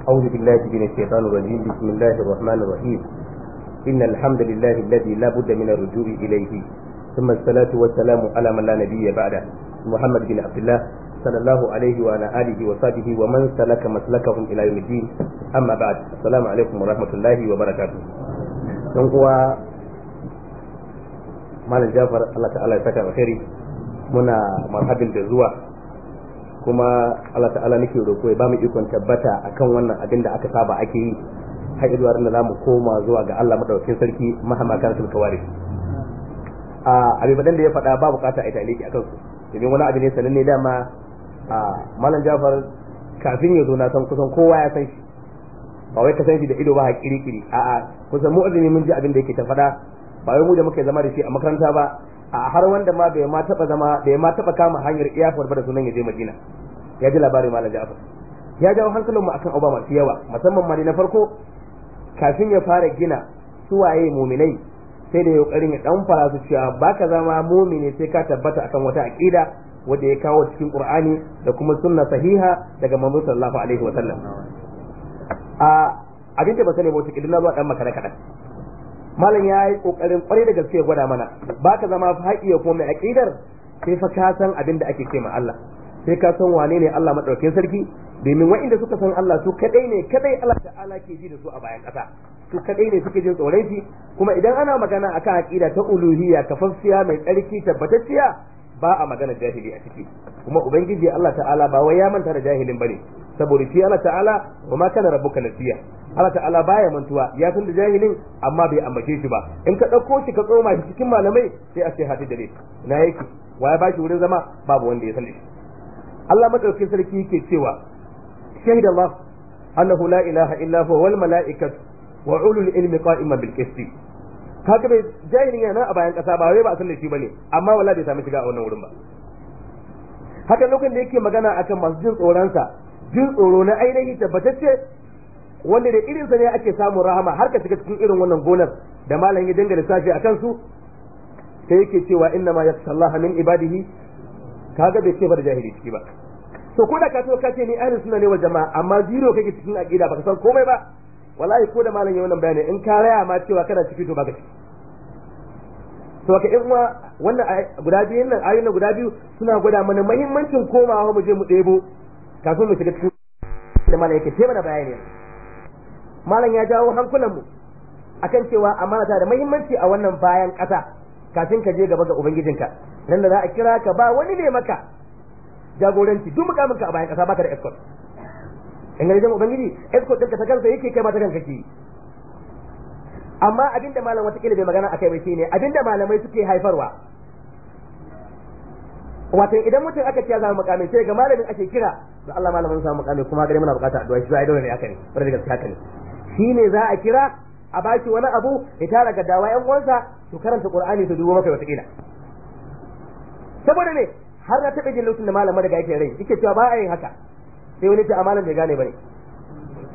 أعوذ بالله من الشيطان الرجيم بسم الله الرحمن الرحيم إن الحمد لله الذي لا بد من الرجوع إليه ثم الصلاة والسلام على من لا نبي بعده محمد بن عبد الله صلى الله عليه وعلى آله وصحبه ومن سلك مسلكهم إلى يوم الدين أما بعد السلام عليكم ورحمة الله وبركاته don kuwa malam jafar Allah ta'ala ya saka alheri muna marhabin da zuwa kuma Allah ta'ala nake roƙo ya ba mu ikon tabbata akan wannan abin da aka saba ake yi har zuwa ran da mu koma zuwa ga Allah madaukakin sarki mahama kanatul kawari a abin da ya faɗa ba bukata a yi akan su domin wani abu ne sananne dama a malam Jafar kafin ya zo na san kusan kowa ya san shi ba wai ka san shi da ido ba ha kirikiri a'a kusan mu azumi mun ji abin da yake ta faɗa ba wai mu da muke zama da shi a makaranta ba a har wanda ma bai ma taba zama bai ma taba kama hanyar iyafar ba da sunan ya je Madina ya ji labarin malam Ja'far ya jawo hankalinmu akan Obama, masu yawa musamman ma na farko kafin ya fara gina su waye muminai sai da kokarin ya dan fara su cewa baka zama mumini sai ka tabbata akan wata aqida wanda ya kawo cikin Qur'ani da kuma sunna sahiha daga Manzo sallallahu alaihi wasallam a abin da ba ne ba wata na zuwa dan makara kadan malam ya yi kokarin kwarai da gaske ya gwada mana ba ka zama fa haƙi ya kuma mai aƙidar sai fa ka san abin da ake ce ma Allah sai ka san wane ne Allah madaukakin sarki domin wa'inda suka san Allah su kadai ne kadai Allah ta'ala ke ji da su a bayan ƙasa su kadai ne suke jin tsoron shi kuma idan ana magana akan aƙida ta uluhiyya kafaffiya mai tsarki tabbatacciya ba a magana jahili a ciki kuma ubangiji Allah ta'ala ba wai ya manta da jahilin bane saboda shi Allah ta'ala wa ma kana rabbuka nasiya Allah ta'ala baya mantuwa ya san da jahilin amma bai ambace shi ba in ka dauko shi ka tsoma shi cikin malamai sai a ce hadi dare na yake wa ya bashi wurin zama babu wanda ya san shi Allah madaukakin sarki yake cewa shahida Allah annahu la ilaha illa huwa wal mala'ikatu wa ulul ilmi qa'iman bil qisti kaga bai jahilin yana a bayan kasa ba wai ba san da shi bane amma wallahi bai samu shiga a wannan wurin ba haka lokacin da yake magana akan masu jin sa. jin tsoro na ainihi tabbatacce wanda da irinsa ne ake samun rahama har ka shiga cikin irin wannan gonar da malam ya dinga lissafi a kansu sai yake cewa inna ma yakhshallaha min ibadihi kaga bai ce bar jahili ciki ba to ko da ka so ka ce ni ahlus sunna ne wa jama'a amma zero kake cikin aqida baka san komai ba wallahi ko da malam ya wannan bayani in ka raya ma cewa kana ciki to baka ciki to ka in wannan guda biyu nan ayyuna guda biyu suna gwada mana muhimmancin komawa mu je mu debo. kafin mu shiga cikin da malam yake ce mana bayani malam ya jawo hankulan mu akan cewa amana ta da muhimmanci a wannan bayan kasa kafin ka je gaba ga ubangijinka nan da za a kira ka ba wani ne maka jagoranci duk mukamin ka a bayan ƙasa baka da escort in ga jama'a ubangiji escort ka ta kansa yake kai ma ta kanka ke amma abinda malam wata kila bai magana akai ba shine abinda malamai suke haifarwa wato idan mutum aka ce zama makami sai ga malamin ake kira da Allah malamin samu makami kuma gare muna bukata addu'a shi zai dole ne aka ne bari daga haka ne Shi ne za a kira a baki wani abu ya tara ga dawa yan uwansa to karanta qur'ani to dubo maka wata kila saboda ne har na taɓa jin lokacin da malama daga yake rai yake cewa ba a yin haka sai wani ce amalan bai gane bane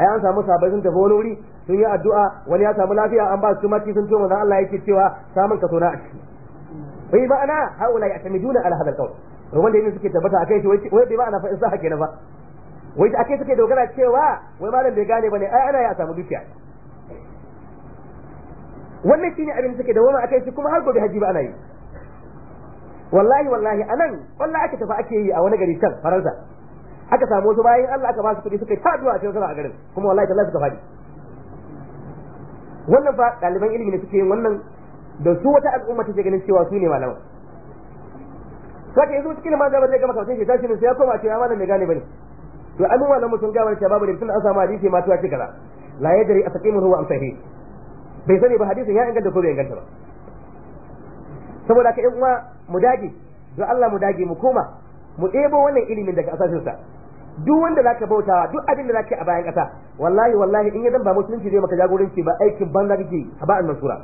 ai an samu sabai sun tafi wani wuri sun yi addu'a wani ya samu lafiya an ba su tumaki sun ciwo manzon Allah yake cewa samun kaso na a ciki bai ma'ana haula ya tamiduna ala hadal qawl wanda ne suke tabbata akai shi wai bai ba ana fa'in saha kenan ba wai akai suke dogara cewa wai malam bai gane bane ai ana ya samu dukiya wannan shine abin suke da wani akai shi kuma har gobe haji ba ana yi wallahi wallahi anan wallahi aka tafi ake yi a wani gari can faransa aka samu wasu bayan Allah aka ba su kudi suka yi taduwa a cikin sana'a a garin kuma wallahi tallahi suka fadi wannan fa ɗaliban ilimi ne suke yin wannan da su wata al'umma take ganin cewa su ne malaman zaka yanzu cikin ma da ba zai gama sai shi tashi sai ya koma ce amma da me gane bane to an mun malamu sun gawa cewa babu da tun an samu hadisi ma tuwa ce kaza la dari ataqimu huwa amsahi bai sani ba hadisin ya inganta ko bai inganta ba saboda ka yan uwa mu dage don Allah mu dage mu koma mu ɗebo wannan ilimin daga asasin sa duk wanda zaka bautawa duk abin da zaka a bayan kasa wallahi wallahi in ya zan ba musulunci zai maka jagoranci ba aikin banza kake a ba'an mansura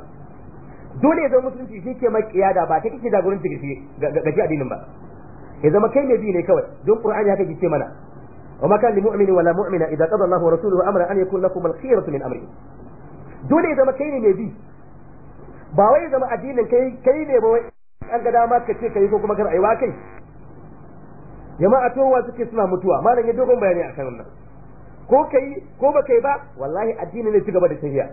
dole ya zama musulunci shi ke mai kiyada ba ta kike jagoranci ga shi addinin ba ya zama kai ne bi ne kawai don qur'ani haka yake mana wa ma kana lil mu'mini wala mu'mina idza qada Allahu wa rasuluhu amran an yakuna lakum al-khiyaratu min amri dole ya zama kai ne mai bi ba wai ya zama addinin kai kai ne ba wai an ga dama ka ce kai ko kuma kar aiwa kai jama'a towa suke suna mutuwa malam ya dogon bayani akan wannan ko kai ko ba kai ba wallahi addini ne ci gaba da tafiya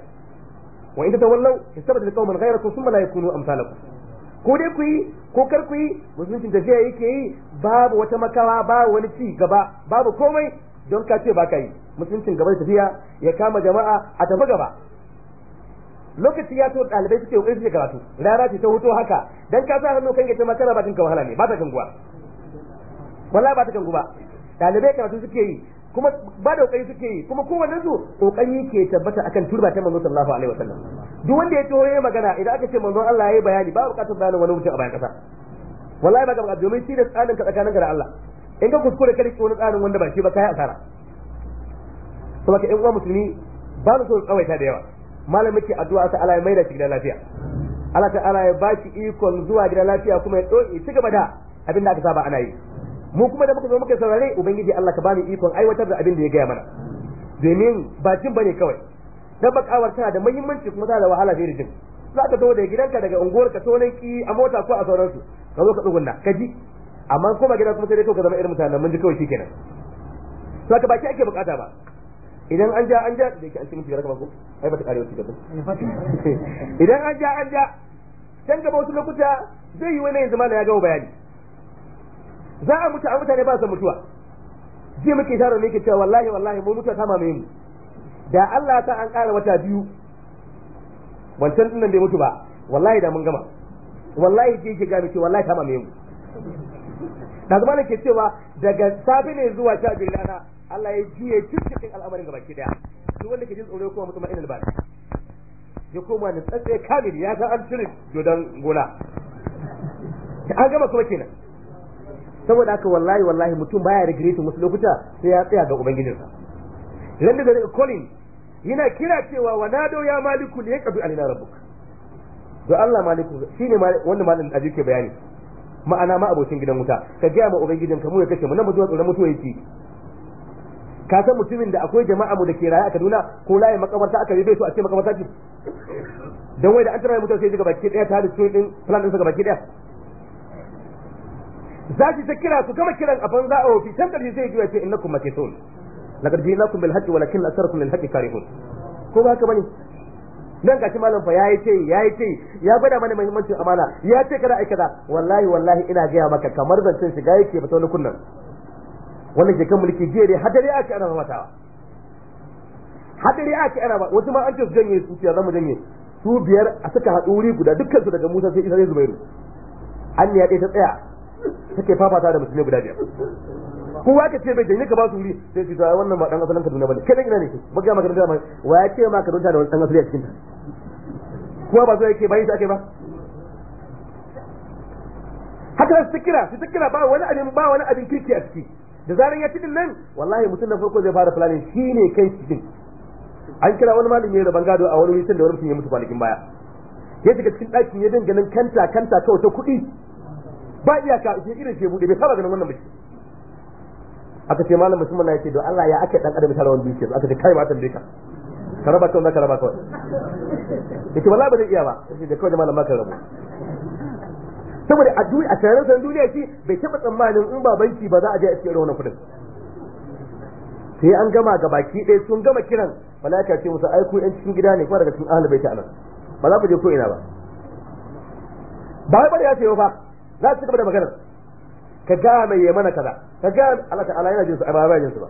wa inda tawallaw yastabdil qauman ghayrakum thumma la yakunu amsalakum ko dai ku yi ko kar ku yi musulunci tafiya yake yi babu wata makawa babu wani ci gaba babu komai don ka ce ba ka yi musuluncin gaba da tafiya ya kama jama'a a tafi gaba lokaci ya to dalibai suke yi suke karatu rara ce ta hoto haka dan ka sa hannu kan ya ce kana ba kanka wahala ne ba ta kanguwa wallahi ba ta kangu ba karatu suke yi kuma ba da kokari suke yi kuma kowanne su kokari ke tabbata akan turba ta manzo sallallahu alaihi wasallam duk wanda ya taho magana idan aka ce manzo Allah yayi bayani ba bukatar bayanin wani mutum a bayan kasa wallahi ba ga domin shi da tsarin ka tsakaninka da Allah in ka kuskure ka rike wani tsarin wanda ba shi ba kai asara ka ƴan uwa musulmi ba su so tsawaita da yawa malam yake addu'a ta Allah ya maida shi gidan lafiya Allah Allah ya baki ikon zuwa gidan lafiya kuma ya ci gaba da abinda aka saba ana yi mu kuma da muka zo muka saurare ubangiji Allah ka bani ikon aiwatar da abin da ya gaya mana domin ba jin bane kawai bakawar tana da muhimmanci kuma tana da wahala fiye da jin za ka zo da gidanka daga unguwar ka nan ki a mota ko a sauransu ka zo ka tsugunna ka ji amma ko ba gida kuma sai dai ka zama irin mutanen mun ji kawai shikenan to ka baki ake bukata ba idan an ja an ja da yake an ci mutu ko ai ba ta karewa ci gaba idan an ja an ja can gaba wasu lokuta zai yi wani yanzu ma na ya gawo bayani za a mutu a mutane ba su mutuwa ji muke taro ne ke cewa wallahi wallahi mu mutuwa ta mamaye mu da Allah ta an ƙara wata biyu wancan nan bai mutu ba wallahi da mun gama wallahi ji ke gane ce wallahi ta mamaye mu da zama ne ke cewa daga safi ne zuwa sha biyu rana Allah ya ji ya cikin al'amarin gaba ki daya duk wanda ke jin tsoro kuma mutum ina ba ya koma ne tsatsaye kamil ya san an cire dodon gona an gama kuma kenan saboda haka wallahi wallahi mutum baya regretin wasu lokuta sai ya tsaya ga ubangijinsa ran da daga colin yana kira cewa nado ya maliku ne ya kabi alina rabbuka to Allah maliku ne wanda malin da ke bayani ma'ana ma abokin gidan wuta ka gaya ma ubangijin ka ya kashe mu na mutuwa tsoron mutuwa yake ka san mutumin da akwai jama'a mu da ke raye a Kaduna ko layin makamarta aka bai su a ce makamarta ce Don wai da an tara mutum sai ga baki daya ta hada su din plan din sa baki daya za ki ta kira su gama kiran a banza a wofi can karshe sai ya ce innakum na kuma ji'nakum wa lakin walakin kuma lil kare hun ko ba haka bane nan gashi malam fa yayi ce yayi ce ya gwada mana muhimmancin amana ya ce kada ai kaza wallahi wallahi ina gaya maka kamar zancen shiga yake ta wani kunnan wannan ke kan mulki jiya dai hadari ake ana matawa hadari ake ana ba wasu ma an ce su janye su ya zama janye su biyar a saka haɗu wuri guda dukkan su daga Musa sai Isa zai Zubairu an ya ta tsaya suke fafata da musulmi guda biyar kowa ka ce bai janye ka ba su wuri sai su zai wannan ba dan asalin Kaduna bane kai ina ne ke ba ga maka da mai wa ya ce ma Kaduna da wani dan asali a cikin ta kowa ba so yake bai shi ba haka su kira su kira ba wani abin ba wani abin kirki a ciki da zaran ya tidin nan wallahi mutum na farko zai fara planning shine kan cikin an kira wani malami da bangado a wani wutan da wani mutum ya mutu kwanakin baya ya shiga cikin ɗakin ya dinga nan kanta kanta kawai ta kuɗi ba iyaka ce irin shi bude bai saba ganin wannan mutum aka ce malam musulman na yace don Allah ya ake dan adam tare wannan biki aka ce kai ma tambaye ka ka raba ta wannan ka raba ka yace wallahi ba zai iya ba yace da kawai malam ma ka rabu saboda a duniya a tsayarin san duniya shi bai taba tsammanin in ba banki ba za a je a tsere wannan kudin sai an gama ga baki ɗaya sun gama kiran malaka ce musu ai ku ɗan cikin gida ne kuma daga cikin ahlul baiti anan ba za ku je ko ina ba ba bari ya ce ba za su gaba da magana ka ga mai ya mana kaza ka ga Allah ta'ala yana jin su amma ba jin su ba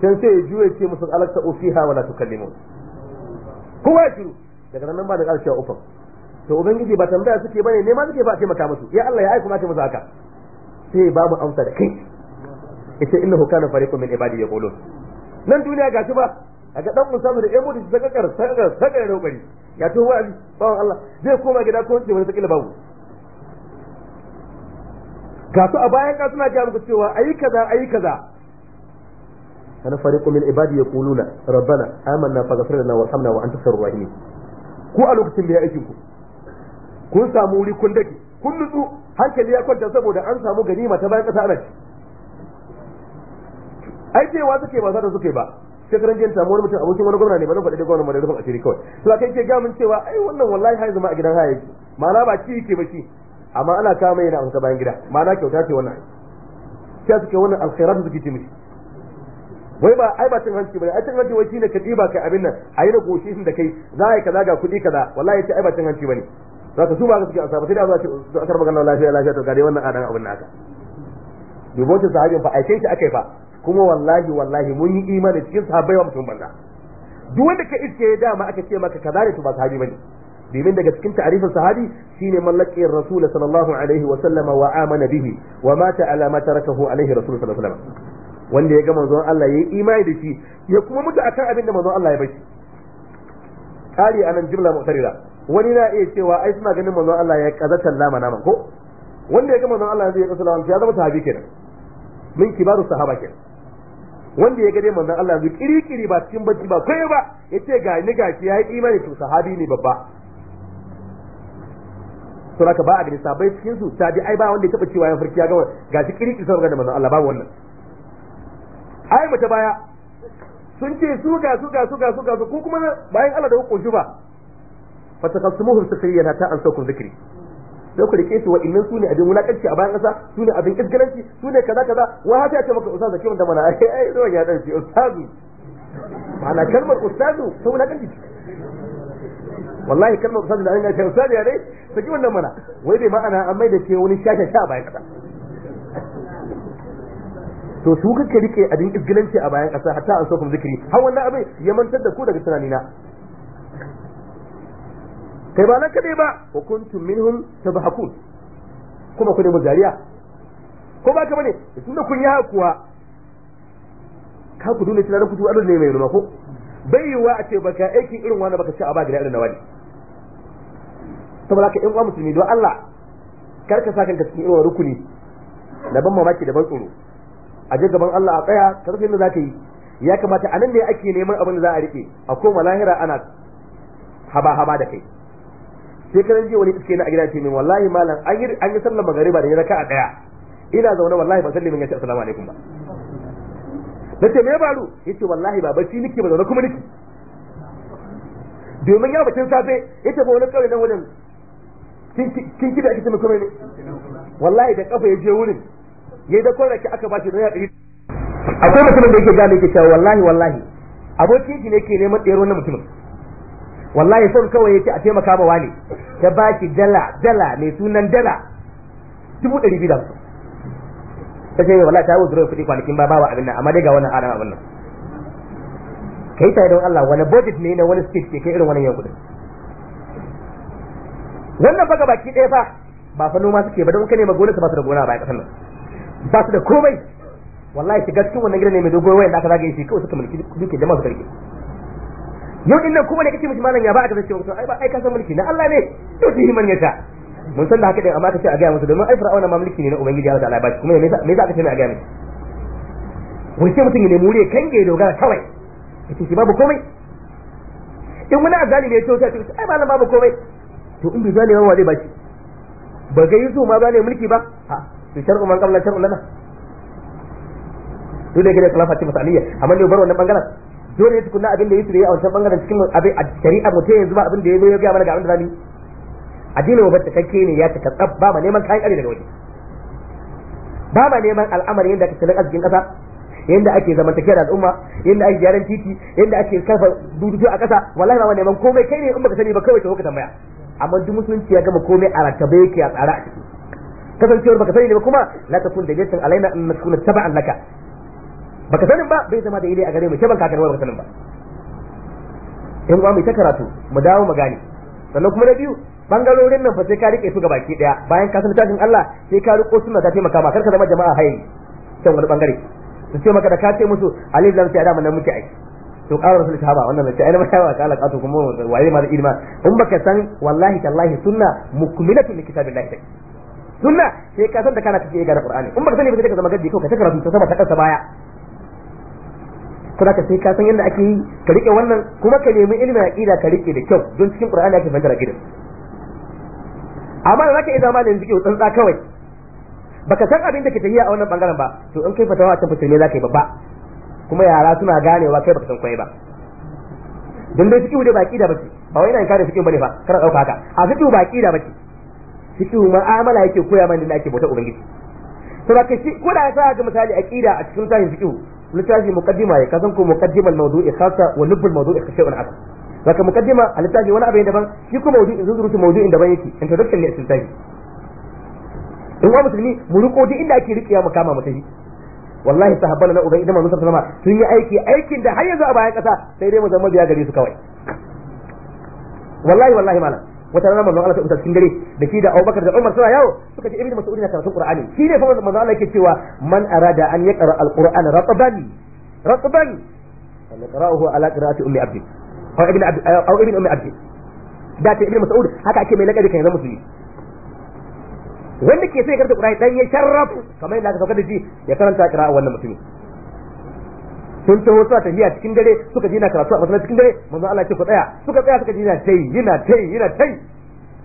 can sai ya juye ce musu alaka ufiha wala tukallimun kowa ya shiru daga nan ba da karshe ufan to ubangiji ba tambaya suke bane ne ma suke ba taimaka musu ya Allah ya aika mata musu haka sai babu amsa da kai ita innahu kana fariqun min ibadi yaqulun nan duniya ga shi ba kaga dan musamu da emu ta sakakar sakakar sakakar da kokari ya to wa'azi bawan Allah zai koma gida ko ce wani sakila babu ga su a bayan ka suna ga muku cewa ayi kaza ayi kaza ana fariqu min ibadi yaquluna rabbana amanna faghfir lana warhamna wa anta arhamur rahimin ku a lokacin da ya aikin ku kun samu wuri kun dake kun nutsu hankali ya kwanta saboda an samu ganima ta bayan kasa anan. ci ai cewa suke ba da suke ba sai jiya samu wani mutum abokin wani gwamna ne ba zan faɗi da gwamna ba da rufin asiri kawai to akai ke gamin cewa ai wannan wallahi hai zama a gidan haya yake ma'ana ba ci yake ba shi amma ana kama yana amsa bayan gida ma'ana kyauta ce wannan sai suke wannan alkhairatu suke ce mishi wai ba ai ba cin hanci bane ai cin hanci wai shine ka diba kai abin nan ayi da goshi da kai za a yi kaza ga kuɗi kaza wallahi ce ai ba cin hanci bane za ka su ba ka suke amsa ba sai da za su za ka magana lafiya lafiya to ga dai wannan adan abin naka dubocin sahabin fa aikin shi akai fa kuma wallahi wallahi mun yi imani cikin sahabbai wa mutum banza duk wanda ka iske dama aka ce maka kaza ne to ba sahabi bane domin daga cikin ta'arifin sahabi shine mallaki rasul sallallahu alaihi wa sallama wa amana bihi wa mata ala ma tarakahu alaihi rasul sallallahu alaihi wa sallama wanda ya ga manzon Allah yayi imani da shi ya kuma mutu akan abin da manzon Allah ya bashi kari anan jumla mu'tarida wani na iya cewa ai suna ganin manzon Allah ya kazatan lama naman ko wanda ya ga manzon Allah zai kasala laman ya zama sahabi kenan min kibaru sahaba kenan wanda ya ga dai manzon Allah zai kirikiri ba cikin bacci ba kai ba yace ga ni ga ki yayi imani to sahabi ne babba to ka ba a gani sabai cikin su tabi ai ba wanda ya taba cewa ya farki ya ga ga shi kiriki sai ga manzon Allah babu wannan ai mu ta baya sun ce su ga su ga su ga su ga su ko kuma bayan Allah da ku shi ba fatakassumuhum ta an sauku zikri da ku rike su wa'annan su ne abin wulakanci a bayan ƙasa su ne abin iskalanci su ne kaza kaza wa haka ya ce maka ustaz kiwon da mana ai ai zuwa ya dauki ustazu ma'ana kalmar ustazu ta wulakanci wallahi kalmar ustaz da ina shi ustaz ya dai saki wannan mana wai dai ma'ana an mai da ke wani shashe sha bayan kasa to su kuka rike abin izgilanci a bayan kasa hatta an so kuma zikiri har wannan abin ya mantar da ku daga tunanina kai ba nan kadai ba wa kuntum minhum tabahakun kuma ku da mujariya zariya ko ba ka bane da kun yi hakuwa ka ku dole tunanin ku tu ne mai numa ko bai yiwuwa a ce baka aikin irin wani baka ci a ba gida irin na wani saboda ka in uwa musulmi don Allah kar ka sa kanka cikin irin rukuni da ban mamaki da ban tsoro a je gaban Allah a tsaya ka rufe za ka yi ya kamata anan ne ake neman abin da za a rike a koma lahira ana haba haba da kai sai karan ranje wani iske na a gidan ce min wallahi malam an yi an yi sallar magariba da ya raka a daya ina zaune wallahi ban sallimin yace assalamu alaikum ba ce me ya yace wallahi ba bacci nake ba zaune kuma nake domin ya bakin safe yace ba wani kawai na wajen kin kida ake taimako mai ne wallahi da kafa ya je wurin yayi da ki aka shi naira 100 akwai mutumin da yake gane yake cewa wallahi wallahi abokin shi ne ke neman ɗero na mutumin wallahi son kawai yake a taimaka ba wani ta ki dala dala mai sunan dala dubu ɗari biyu da hamsin ta ce wallahi ta wuzuro kuɗi kwanakin ba bawa abin nan amma dai ga wannan adam abin nan kai ta don Allah wani budget ne na wani state ke kai irin wannan yankudin wannan fa baki ɗaya fa ba fa noma suke ba don ka nema gonar su ba su da gona ba a ƙasar nan ba su da komai wallahi shiga cikin wannan gidan ne mai dogon wayan da aka zagaye shi kawai suka mulki duke jama'a su karke yau din nan kuma ne kace mishi malam ya ba aka zace wato ai ba ai ka san mulki na Allah ne to shi himan ya ta mun san da haka din amma kace a ga musu domin ai fir'auna ma mulki ne na ubangiji Allah ta'ala ba shi kuma me yasa me yasa aka ce mai a ga mishi wai ce mutum ne mu wuri kan ga dogara kawai kace shi babu komai in wani azali ne ya ce ai malam babu komai to in bai zane wa ba shi? ba ga yusu ma ne mulki ba ha to shar'u man qabla shar'u lana to da gida khalafa ce masaliyya amma ne bar wannan bangaren dole ne tukunna abin da yusu da ya a wancan bangaren cikin abin a shari'a mutum yanzu ba abin da ya zo ya ga mana ga abin da zamu addinin wa kake ne ya ta tsab ba ma neman kayan kare daga waje ba ma neman al'amari yadda ake tilin arzikin kasa yadda ake da al'umma yadda ake gyaran titi yadda ake karfa dudu a kasa wallahi ba ma neman komai kai ne in baka sani ba kawai ka tambaya amma duk musulunci ya gama komai a ratabe yake a tsara a ciki kasancewar baka sani ne ba kuma la takun da laysa alaina an nakuna tab'an laka baka sanin ba bai zama da ile a gare mu ke ban wani baka sanin ba in ba mai ta karatu mu dawo mu gane sannan kuma na biyu bangarorin nan fa sai ka rike su gabaki daya bayan ka san tashin Allah sai ka riko sunna ta taimaka ma karka zama jama'a hayi can wani bangare su ce maka da ka ce musu alif lam sai da mun muke aiki to qala rasul sahaba wannan mace ai mai yawa kala kato kuma waye ma da ilma in baka san wallahi tallahi sunna mukmilatu li kitabillahi take sunna sai ka san da kana tafiye ga qur'ani in baka sani ba sai ka zama gaddi ko ka taka rubutu sama ta kansa baya kuma ka sai ka san yadda ake yi ka rike wannan kuma ka nemi ilimin aqida ka rike da kyau don cikin qur'ani ake fahimtar aqida amma da zaka yi zamanin zike tsantsa kawai baka san abin da ke tafiya a wannan bangaren ba to in kai fatawa a can ne zaka yi babba kuma yara suna ganewa kai baka san koyi ba dan dai fiqhu da baki da baki ba wai ina kare fiqhu bane fa kana dauka haka a fiqhu baki da baki fiqhu mu'amala yake koya mana da ake bauta ubangiji to da shi ko da ka ga misali aqida a cikin tarihin fiqhu littafi muqaddima ya kasan ko muqaddimal mawdu'i khassa wa lubbul mawdu'i shay'un akhar zaka muqaddima a littafi wani abin daban shi ko mawdu'i maudu mawdu'in daban yake introduction ne a cikin tarihi in wa musulmi mu riko duk inda ake riƙe ya mu kama mu tafi wallahi sahabban na ubai idan manzo sallama sun yi aiki aikin da har yanzu a bayan kasa sai dai mu zama biya gare su kawai wallahi wallahi malam wata rana manzon Allah ta cikin dare da shi da Abubakar da Umar suna yawo suka ce ibnu mas'ud na karatun Qur'ani shi ne fa manzon Allah yake cewa man arada an yaqra al-Qur'an ratban ratban yaqra'uhu ala qira'ati ummi abdi aw ibn abdi aw ibn ummi abdi da ta ibnu mas'ud haka ake mai lakabi kan zama yi. wanda ke sai karanta Qur'ani dan ya sharrafu kamar yadda aka sauka da shi ya karanta qira'a wannan mutumin sun taho suna tafiya cikin dare suka jina karatu a masallaci cikin dare manzo Allah ce ku tsaya suka tsaya suka jina na tai yana tai yana tai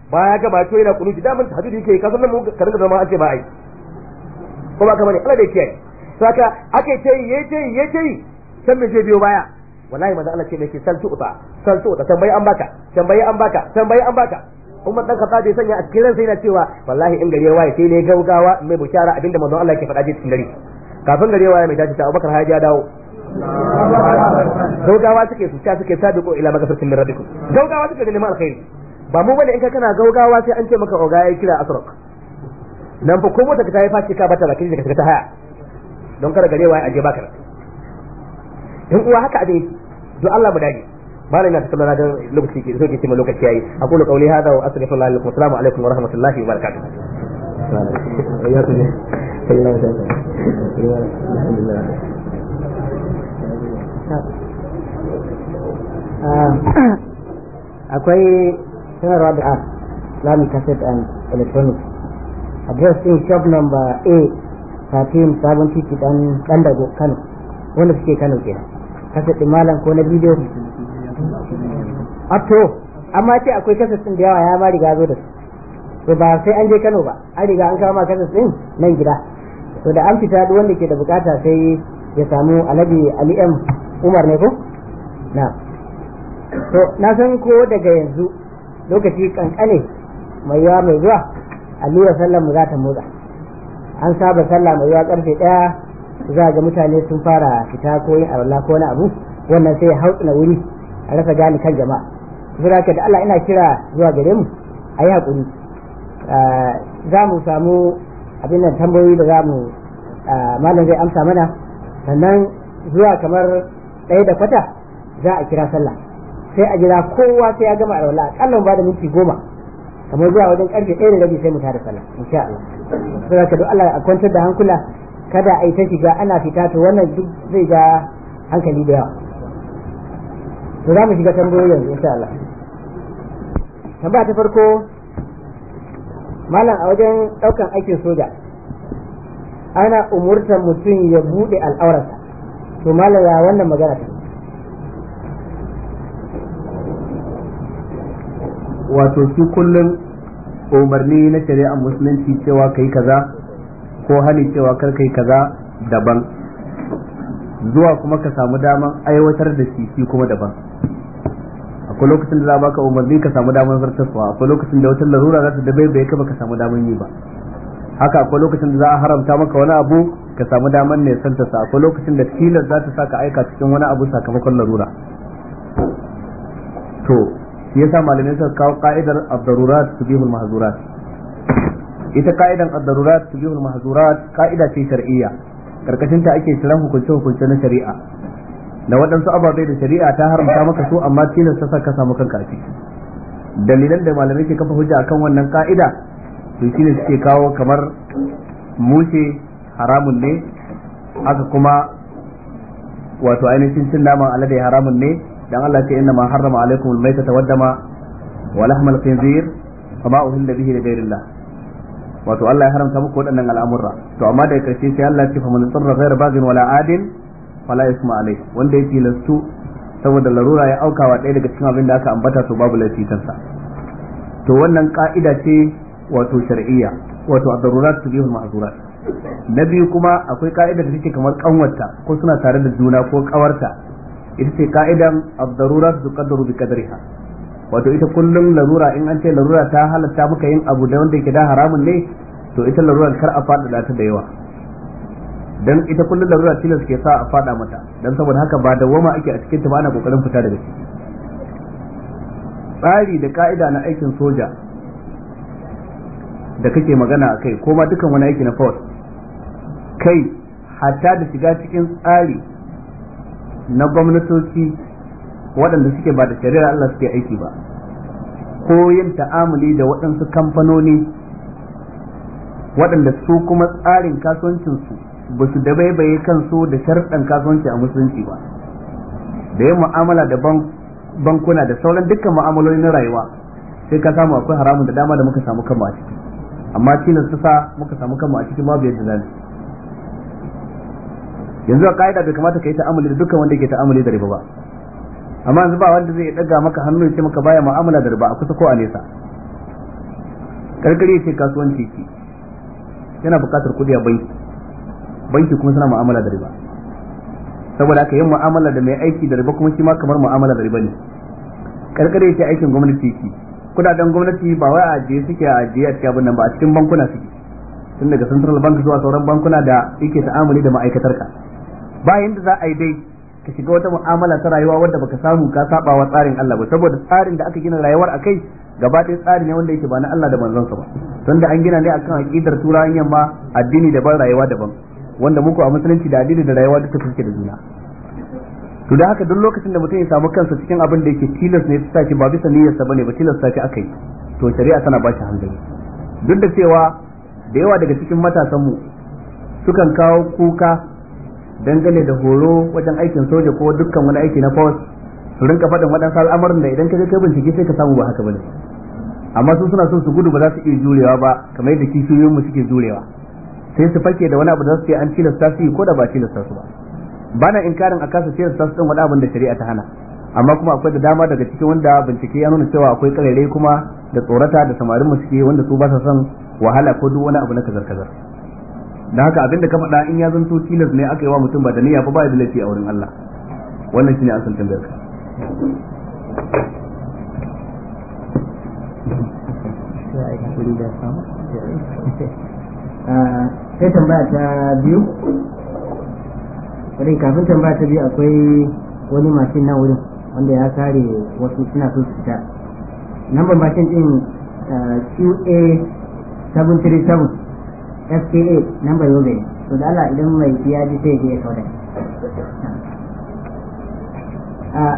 baya gaba to yana kunuti da mun tahajjudi yake ka nan mu ka rinka zama ce ba ai ko ba kamar Allah da kiyaye saka ake tai ye tai ye tai san me zai biyo baya wallahi manzo Allah ce me ke saltu uta saltu uta tambayi an baka tambayi an baka tambayi an baka Umar dan Khattab bai sanya a cikin ransa yana cewa wallahi in gari ya waye sai ne gaugawa mai bushara abinda manzon Allah ke faɗa cikin gari kafin gari ya waye mai tashi ta Abubakar Haji ya dawo gaugawa suke su ta suke ko ila magfiratin min rabbikum gaugawa suke da neman alkhairi ba mu bane in ka kana gaugawa sai an ce maka oga yayi kira asrak nan fa ko mota ka tayi fashi ka bata lakin ka ta haya don kada ya waye aje baka in uwa haka abin don Allah mu dage bana ina tsalla na dan lokaci ke so ke ce lokaci yayi aqulu kauli hada wa astaghfirullah lakum assalamu alaikum wa rahmatullahi wa barakatuh akwai sanarwa da app Islamic Cassette and electronic address in shop number A 13 sabon titi dan dan dago Kano wanda suke Kano kenan cassette malam ko na bidiyo abto amma ce akwai kasas din da yawa ya ma riga zo da su to ba sai an je Kano ba an riga an kama kasas din nan gida to da an fita duk wanda ke da bukata sai ya samu alabi Ali Umar ne ko na to na san ko daga yanzu lokaci kankane mai yawa mai zuwa allura sallam mu za ta motsa an saba sallah mai yawa karfe daya za ga mutane sun fara fita ko yin abu wannan sai ya hautsina wuri a rasa gane kan jama'a saboda haka da Allah ina kira zuwa gare mu a yi haƙuri ah, za mu samu abin nan tambayoyi da za mu ah, malam zai amsa mana sannan zuwa kamar ɗaya da kwata za a kira sallah sai a jira kowa sai ya gama alwala akalla ba da minti goma kamar zuwa wajen karfe ɗaya da rabi sai mu tada sallah insha Allah saboda ka Allah a kwantar da hankula kada a yi ta shiga ana fita to wannan duk zai ga hankali da yawa to za mu shiga tambayoyi yanzu insha Allah tambaya ta farko malam a wajen daukan aikin soja ana umurtar mutum ya bude al'aurarsa to malam ya wannan magana ta wato shi kullum umarni na shari'a musulunci cewa kai kaza ko hani cewa kar kai kaza daban zuwa kuma ka samu daman aiwatar da shi shi kuma daban akwai lokacin da za baka umarni ka samu damar zartaswa akwai lokacin da wata larura za ta dabaibaye ka baka samu damar yi ba haka akwai lokacin da za a haramta maka wani abu ka samu damar ne santa sa akwai lokacin da tilas za ta sa ka aika cikin wani abu sakamakon larura to shi yasa malamai suka kawo ka'idar ad-darurat tubihul mahzurat ita ka'idan ad-darurat tubihul mahzurat ka'ida ce shar'iyya karkashin ta ake shirin hukunce hukunce na shari'a da waɗansu ababai da shari'a ta haramta maka su amma tilasta sa ka samu kanka a ciki dalilan da malamai ke kafa hujja akan wannan ka'ida to shine suke kawo kamar mushe haramun ne haka kuma wato ainihin cin naman alade haramun ne dan Allah ce inna ma harrama alaikum almaytata waddama wa lahmal khinzir fama uhilla bihi ligairillah wato Allah ya haramta muku waɗannan al'amurra to amma da karshe sai Allah ya ce fa man tsarra ghayra baghin wala adil fala yasma alai wanda ya tilastu saboda larura ya aukawa ɗaya daga cikin abin da aka ambata to babu laifi kansa to wannan ka'ida ce wato shar'iyya wato ad-darurat tubihul mahzurat na biyu kuma akwai ka'ida da take kamar kanwarta ko suna tare da juna ko kawarta ita ce ka'idan ad-darurat tuqaddaru bi qadriha wato ita kullum larura in an ce larura ta halatta maka yin abu da wanda yake da haramun ne to ita larura kar a faɗaɗa ta da yawa dan ita kullun larura tilas ke sa a fada mata dan saboda haka ba da wama ake a cikin ta ba ana kokarin fita daga ciki tsari da ka'ida na aikin soja da kake magana a kai ko ma dukan wani aiki na force kai hatta da shiga cikin tsari na gwamnatoci waɗanda suke ba da shari'ar Allah suke aiki ba ko yin ta'amuli da waɗansu kamfanoni waɗanda su kuma tsarin kasuwancinsu ba su dabaibaye kansu da sharɗan kasuwanci a musulunci ba da yin mu'amala da bankuna da sauran dukkan mu'amaloli na rayuwa sai ka samu akwai haramun da dama da muka samu kanmu a ciki amma tilas su sa muka samu kanmu a cikin babu yadda zamu yanzu a ka'ida bai kamata ka yi ta'amuli da dukkan wanda ke ta'amuli da riba ba amma yanzu ba wanda zai daga maka hannu ya ce maka baya mu'amala da riba a kusa ko a nesa karkare ce kasuwanci ce yana buƙatar kuɗi a banki banki kuma suna mu'amala da riba saboda haka yin mu'amala da mai aiki da riba kuma shi ma kamar mu'amala da riba ne karkare yake aikin gwamnati yake kudaden gwamnati ba wai a ajiye suke a ajiye a cikin abin nan ba a cikin bankuna suke tun daga central bank zuwa sauran bankuna da yake ta'amuli da ma'aikatar ka ba da za a yi dai ka shiga wata mu'amala ta rayuwa wadda baka samu ka saba wa tsarin Allah ba saboda tsarin da aka gina rayuwar akai gaba ɗaya tsari ne wanda yake ba na Allah da manzon sa ba tunda an gina ne akan aqidar turawan yamma addini daban rayuwa daban wanda muku a musulunci da addini da rayuwa duka suke da juna to da haka duk lokacin da mutum ya samu kansa cikin abin da yake tilas ne ta shi ba bisa niyyarsa bane ba tilas ta shi aka yi to shari'a tana ba shi hankali duk da cewa da yawa daga cikin mu sukan kawo kuka dangane da horo wajen aikin soja ko dukkan wani aiki na force su rinka faɗin waɗansu al'amarin da idan ka je kai bincike sai ka samu ba haka bane amma su suna so su gudu ba za su iya jurewa ba kamar yadda mu suke jurewa sai su fake da wani abu da su ce an tilasta su ko da ba tilasta su ba ba bana inkarin a kasa tilasta su din wani abin da shari'a ta hana amma kuma akwai da dama daga cikin wanda bincike ya nuna cewa akwai karerai kuma da tsorata da samarin mu suke wanda su ba sa son wahala ko duk wani abu na kazar kazar dan haka abinda ka faɗa in ya zanto tilas ne aka yi wa mutum ba da niyya ba ba da laifi a wurin Allah wannan shine asalin tambayar ka Thank you. Eh, sai tambaya ta biyu wadda kafin tambaya ta biyu akwai wani mashin na wurin wanda ya kare wasu suna so su fita namban mashin din qa 737 fka namban yau ne to da Allah idan mai biya ji sai ya kawo eh,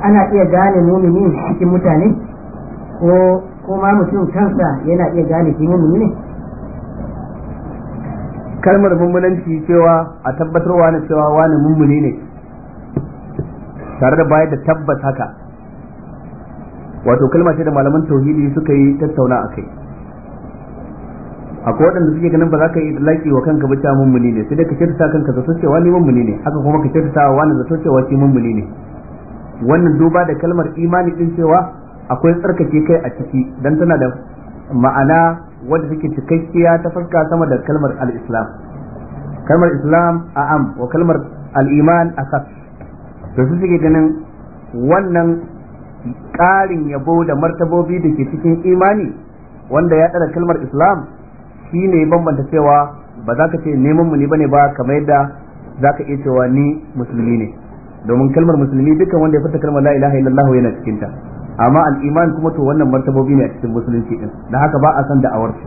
ana iya gane mumini cikin mutane ko ko ma mutum kansa yana iya gane shi mumini ne kalmar mummunanci cewa a tabbatarwa na cewa wani mummuni ne tare da bayar da tabbas haka wato kalma ce da malaman tauhidi suka yi tattauna a kai akwai waɗanda suke ganin ba za ka yi laƙi wa kanka ba cewa mummuni ne sai dai ka kyautata kanka zato cewa ni mummuni ne haka kuma ka kyautata wa wani zato cewa shi mummuni ne wannan duba da kalmar imani din cewa akwai tsarkake kai a ciki dan tana da ma'ana wadda take cikakkiya ta fuska sama da kalmar al-islam kalmar islam a am wa kalmar al-iman a to su suke ganin wannan ƙarin yabo da martabobi da ke cikin imani wanda ya ɗara kalmar islam shine bambanta cewa ba za ka ce neman mu ne bane ba kamar yadda za ka iya cewa ni musulmi ne domin kalmar musulmi dukkan wanda ya fita kalmar la ilaha illallah yana cikin ta amma al'iman kuma to wannan martabobi ne a cikin musulunci din da haka ba a san da'awar shi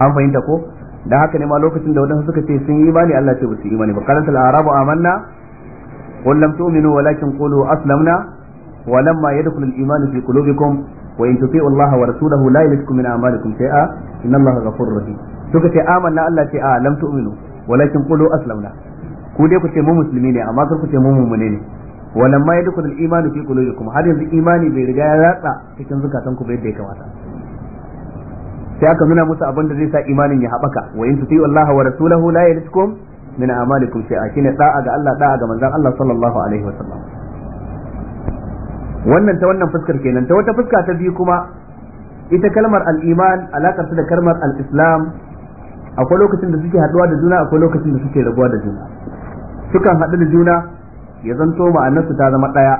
an fahimta ko da haka ne ma lokacin da wadansu suka ce sun yi imani Allah ce ba su yi imani ba karanta al-arabu amanna qul lam tu'minu walakin qulu aslamna wa lamma yadkhulu al-iman fi qulubikum wa in tuti'u Allah wa rasulahu la yalidkum min a'malikum shay'a inna Allah ghafurur rahim suka ce amanna Allah ce a ah, lam tu'minu walakin qulu aslamna ku dai ku ce mu musulmi ne amma kar ku ce mu mu'mine ne walamma yadkhulul imanu fi qulubikum har yanzu imani bai riga ya ratsa cikin zukatanku ba yadda ya kamata sai aka nuna musu abin da zai sa imanin ya haɓaka wa in tuti Allah wa rasulahu la yalitkum min a'malikum shay'a shine da'a ga Allah da'a ga manzon Allah sallallahu alaihi wasallam wannan ta wannan fuskar kenan ta wata fuska ta biyu kuma ita kalmar al-iman alakar da kalmar al-islam akwai lokacin da suke haɗuwa da juna akwai lokacin da suke rabuwa da juna sukan haɗu da juna ya zanto ma'anarsu ta zama ɗaya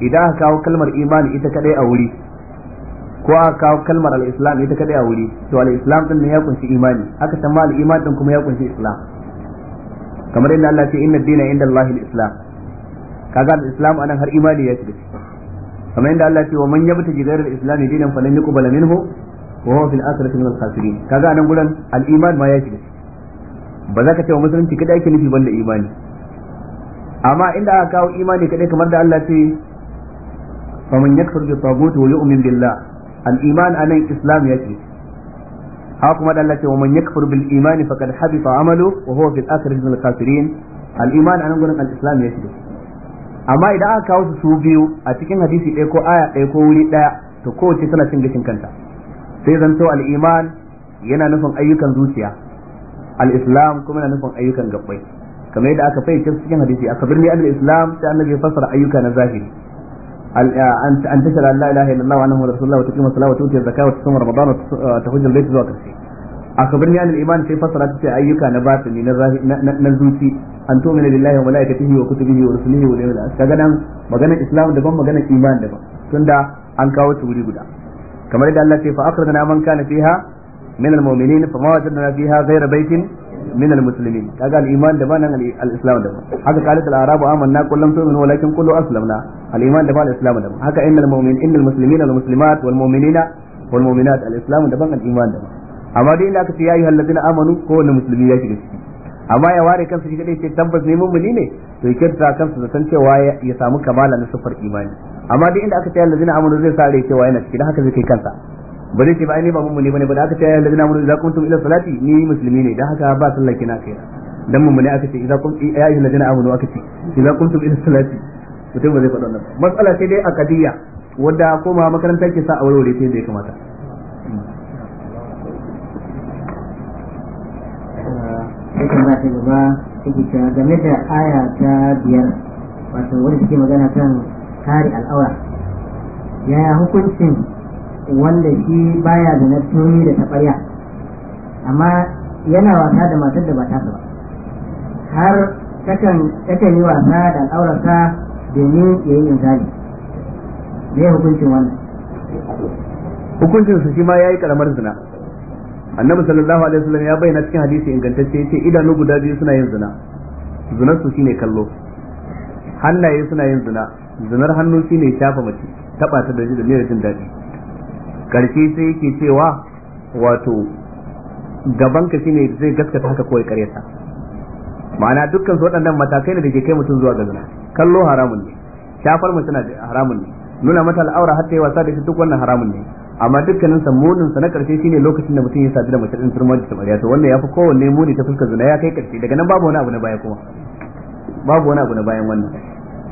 idan aka kawo kalmar imani ita kaɗai a wuri ko aka kawo kalmar al-islam ita kaɗai a wuri to al-islam din ya kunshi imani aka san ma al-iman din kuma ya kunshi islam kamar yadda Allah ce inna dina inda Allah al-islam kaga al-islam anan har imani ya shiga kamar inda Allah ce wa man yabtaji ghayra al-islam dinan falan yuqbala minhu wa huwa fil akhirati min al-khasirin kaga anan gudan al-iman ma ya shiga ba za ka ce wa musulunci kada ake nufi banda imani amma inda aka kawo imani kadai kamar da Allah ce faman yakfur bi tagut wa yu'min billah al iman anan islam yake ha kuma da Allah ce wa man yakfur bil iman faqad habita amalu wa huwa fil akhirati min al kafirin al iman anan gurin al islam yake amma idan aka kawo su biyu a cikin hadisi ɗaya ko aya ɗaya ko wuri ɗaya to kowace tana cin gashin kanta sai zanto al iman yana nufin ayyukan zuciya al islam kuma yana nufin ayyukan gabbai kamar yadda aka fayyace cikin hadisi a kabirni al islam sai a uh, tunda kamar min almu'minin fa ma wajadna fiha ghayra baitin min almuslimin kaga al-iman da banan al-islam da haka qalat al-arabu amanna qul lam walakin qulu aslamna al-iman da banan al haka innal mu'min innal wal muslimat wal mu'minina wal mu'minat al-islam da amma aka ce ya amanu ko wani musulmi ya shiga amma ware kansa shi kadai ce tabbas ne mu'mini ne to ya ta kansa da san cewa ya samu kamala na sufar imani amma dai inda aka ce ya ladina amanu zai sa rai cewa yana ciki dan haka zai kai kansa ba zai ce ba ai ne ba mummune bane ba da aka ce ya ladina mun idza kuntum ila salati ni musulmi ne dan haka ba sallah kina kai dan mummune aka ce idza kuntum ya ayyuhal ladina amanu aka ce idza kuntum ila salati mutum ba zai faɗa wannan matsala sai dai akadiyya wanda koma makaranta ke sa a warware eh, sai dai kamata sai ba ta game da aya ta biyar wato wani take magana kan kare al'aura yaya hukuncin wanda shi baya da na tuni da taɓarya amma yana wasa da matar da ba ta ba har takan yi wasa da al'aurarsa domin ya yi inzali ne hukuncin wannan hukuncin su shi ma ya yi karamar zina annabi sallallahu alaihi wasallam ya bayyana cikin hadisi ingantacce yace idanu guda biyu suna yin zina zinar su shine kallo hannaye suna yin zina zinar hannu shine shafa mace taba ta da da jin daɗi karshe sai yake cewa wato gabanka shine zai gaskata haka ko kare ta ma'ana dukkan su waɗannan matakai ne da ke kai mutum zuwa ga zina kallo haramun ne shafar mutum haramun ne nuna mata al'aura har ta yi wasa da shi duk wannan haramun ne amma dukkanin sa munin sa na karshe shine lokacin da mutum ya sadu da mace din turma da samariya to wannan yafi kowanne muni ta fuskar zina ya kai karshe daga nan babu wani abu na baya kuma babu wani abu na bayan wannan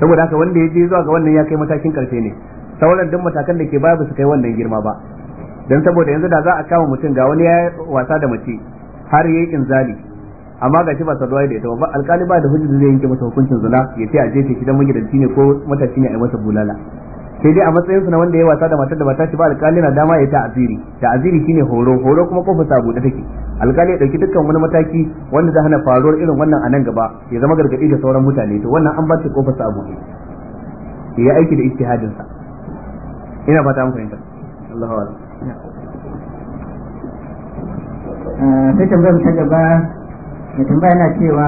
saboda haka wanda ya je zuwa ga wannan ya kai matakin karshe ne sauran duk matakan da ke baya ba su kai wannan girma ba dan saboda yanzu da za a kama mutum ga wani ya wasa da mace har yayi inzali amma ga shi ba saduwa da ita ba alkali ba da hujjar zai yanke masa hukuncin zina ya ce a je ta shi dan magidanci ne ko matashi ne a yi masa bulala sai dai a matsayin na wanda ya wasa da matar da ba ta shi ba alkali na dama ya ta aziri ta aziri shine horo horo kuma kofa sa bude take alkali ya dauki dukkan wani mataki wanda zai hana faruwar irin wannan a nan gaba ya zama gargadi da sauran mutane to wannan an ba shi kofa sa ya aiki da ijtihadin sa ina fata muku fahimta Allahu wa eh, sai tambayar ta gaba ya tambaya na cewa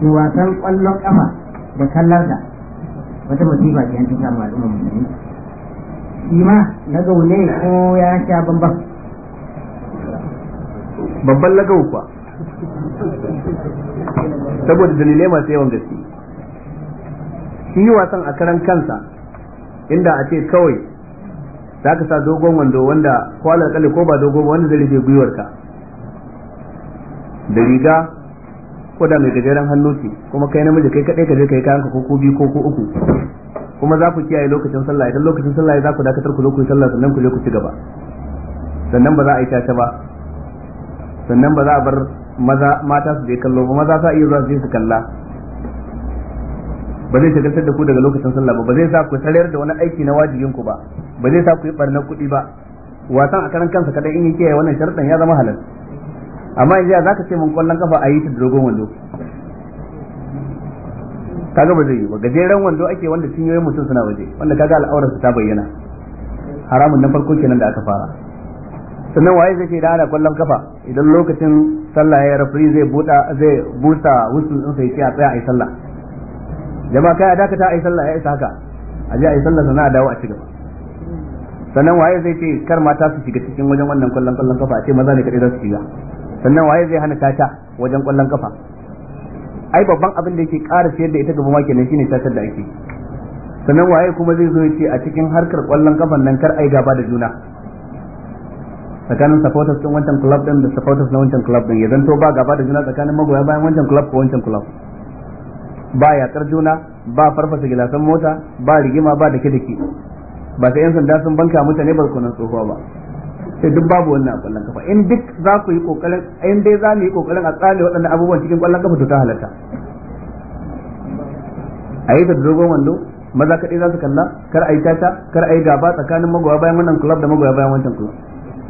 shi wasan kwallon kama da kallarta wata musifa ce an ta samu al'umma musulmi shi ma na ne ko ya sha bambam babban lagau kuwa saboda dalilai masu yawan gaske shi wasan a karan kansa inda a ce kawai za ka sa dogon wando wanda kwalar kalli ko ba dogon wanda zai rufe gwiwarka da riga ko da mai gajeren hannu ce kuma kai namiji kai kadai ka je kai kayanka ko ko biyu ko ko uku kuma za ku kiyaye lokacin sallah idan lokacin sallah za ku dakatar ku zo ku yi sallah sannan ku je ku ci gaba sannan ba za a yi caca ba sannan ba za a bar maza mata su je kallo ba maza a iya zuwa su je su kalla ba zai shagaltar da ku daga lokacin sallah ba ba zai sa ku sarayar da wani aiki na wajibin ku ba ba zai sa ku yi barnar kuɗi ba wasan a karan kansa kadai in yi kiyaye wannan sharadan ya zama halal amma yanzu ya zaka ce mun kwallon kafa a yi ta dogon wando kaga ba zai yi ba gajeren wando ake wanda cinyoyin mutum suna waje wanda kaga al'aurarsa ta bayyana haramun na farko kenan da aka fara sannan waye zai ce da ana kwallon kafa idan lokacin sallah ya rafi zai buta zai busa wusul din sai ya tsaya a yi sallah jama'a kai a dakata ai sallah ya isa haka a je ai sallah sana a dawo a ci gaba sannan waye zai ce kar mata su shiga cikin wajen wannan kwallon kwallon kafa a ce maza ne kadai za su shiga sannan waye zai hana tata wajen kwallon kafa ai babban abin da yake ƙara sayar da ita gaba ma kenan shine tatar da ake sannan waye kuma zai zo ce a cikin harkar kwallon kafan nan kar ai gaba da juna tsakanin supporters din wancan club din da supporters na wancan club din ya zanto ba gaba da juna tsakanin magoya bayan wancan club ko wancan club ba yakar juna ba farfasa gilasan mota ba rigima ba dake dake ba sai yan sanda sun banka mutane ba kunan tsohuwa ba sai duk babu wannan a kwallon kafa in duk za ku yi kokarin in dai za mu yi kokarin a tsare waɗannan abubuwan cikin kwallon kafa to ta halatta a yi da dogon wando maza kaɗai za su kalla kar a yi tata kar a yi gaba tsakanin magoya bayan wannan club da magoya bayan wancan club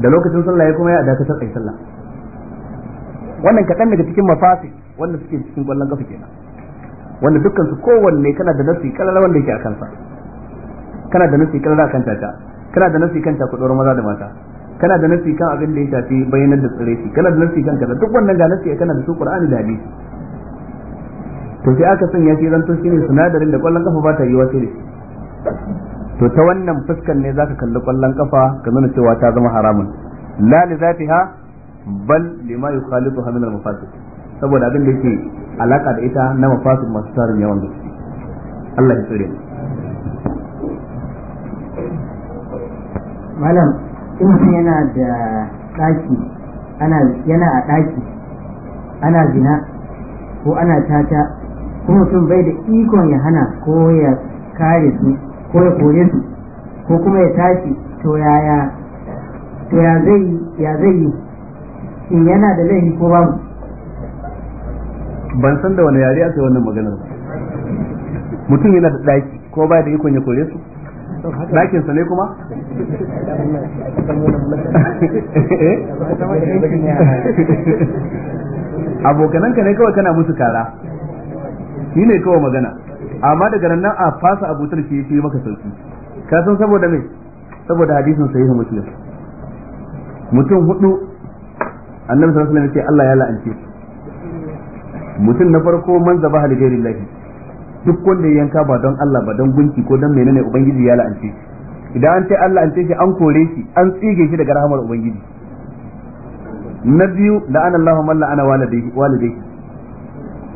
da lokacin sallah ya kuma ya dakatar a yi sallah wannan kaɗan daga cikin mafasi wanda suke cikin kwallon kafa kenan wanda dukkan su kowanne kana da nasi kalala wanda yake a kansa kana da nasi kalala kan tata kana da nasi kan takudoro maza da mata kana da nasi kan abin da ya shafi bayanan da shi kana da nasi kan kaza duk wannan ga nasi kana da su qur'ani da hadisi to sai aka sanya shi zanto shine sunadarin da kwallon kafa ba ta yi wace to ta wannan fuskan ne zaka kalli kwallon kafa ka nuna cewa ta zama haramun la li zatiha bal lima yukhalituha min al-mufasid saboda abin da yake alaka da ita na mafasid masu tarin yawan gaske Allah ya tsere malam in sun yana da daki ana yana a ɗaki ana zina ko ana tata ko mutum bai da ikon ya hana ko ya kare su ko ya kore su ko kuma ya tashi to yaya to ya zai ya zai in yana da laifi ko babu ban san da wani yare aka yi wannan maganar ba mutum yana da daki ko ba da ikon ya kore su dakin sa ne kuma eh? abokananka ne kawai kana musu kara shi ne kawai magana amma daga nan a fasa abutar shi yi maka sauki ka san saboda me saboda hadisin sahihu muslim mutum hudu annabi sallallahu alaihi wasallam ya ce Allah ya la'ance su mutum na farko man zaba haligairin lahi duk wanda ya yanka ba don Allah ba don gunki ko don menene ubangiji ya la'ance shi idan an ce Allah an ce shi an kore shi an tsige shi daga rahamar ubangiji na biyu la'ana Allahu man la'ana walidayhi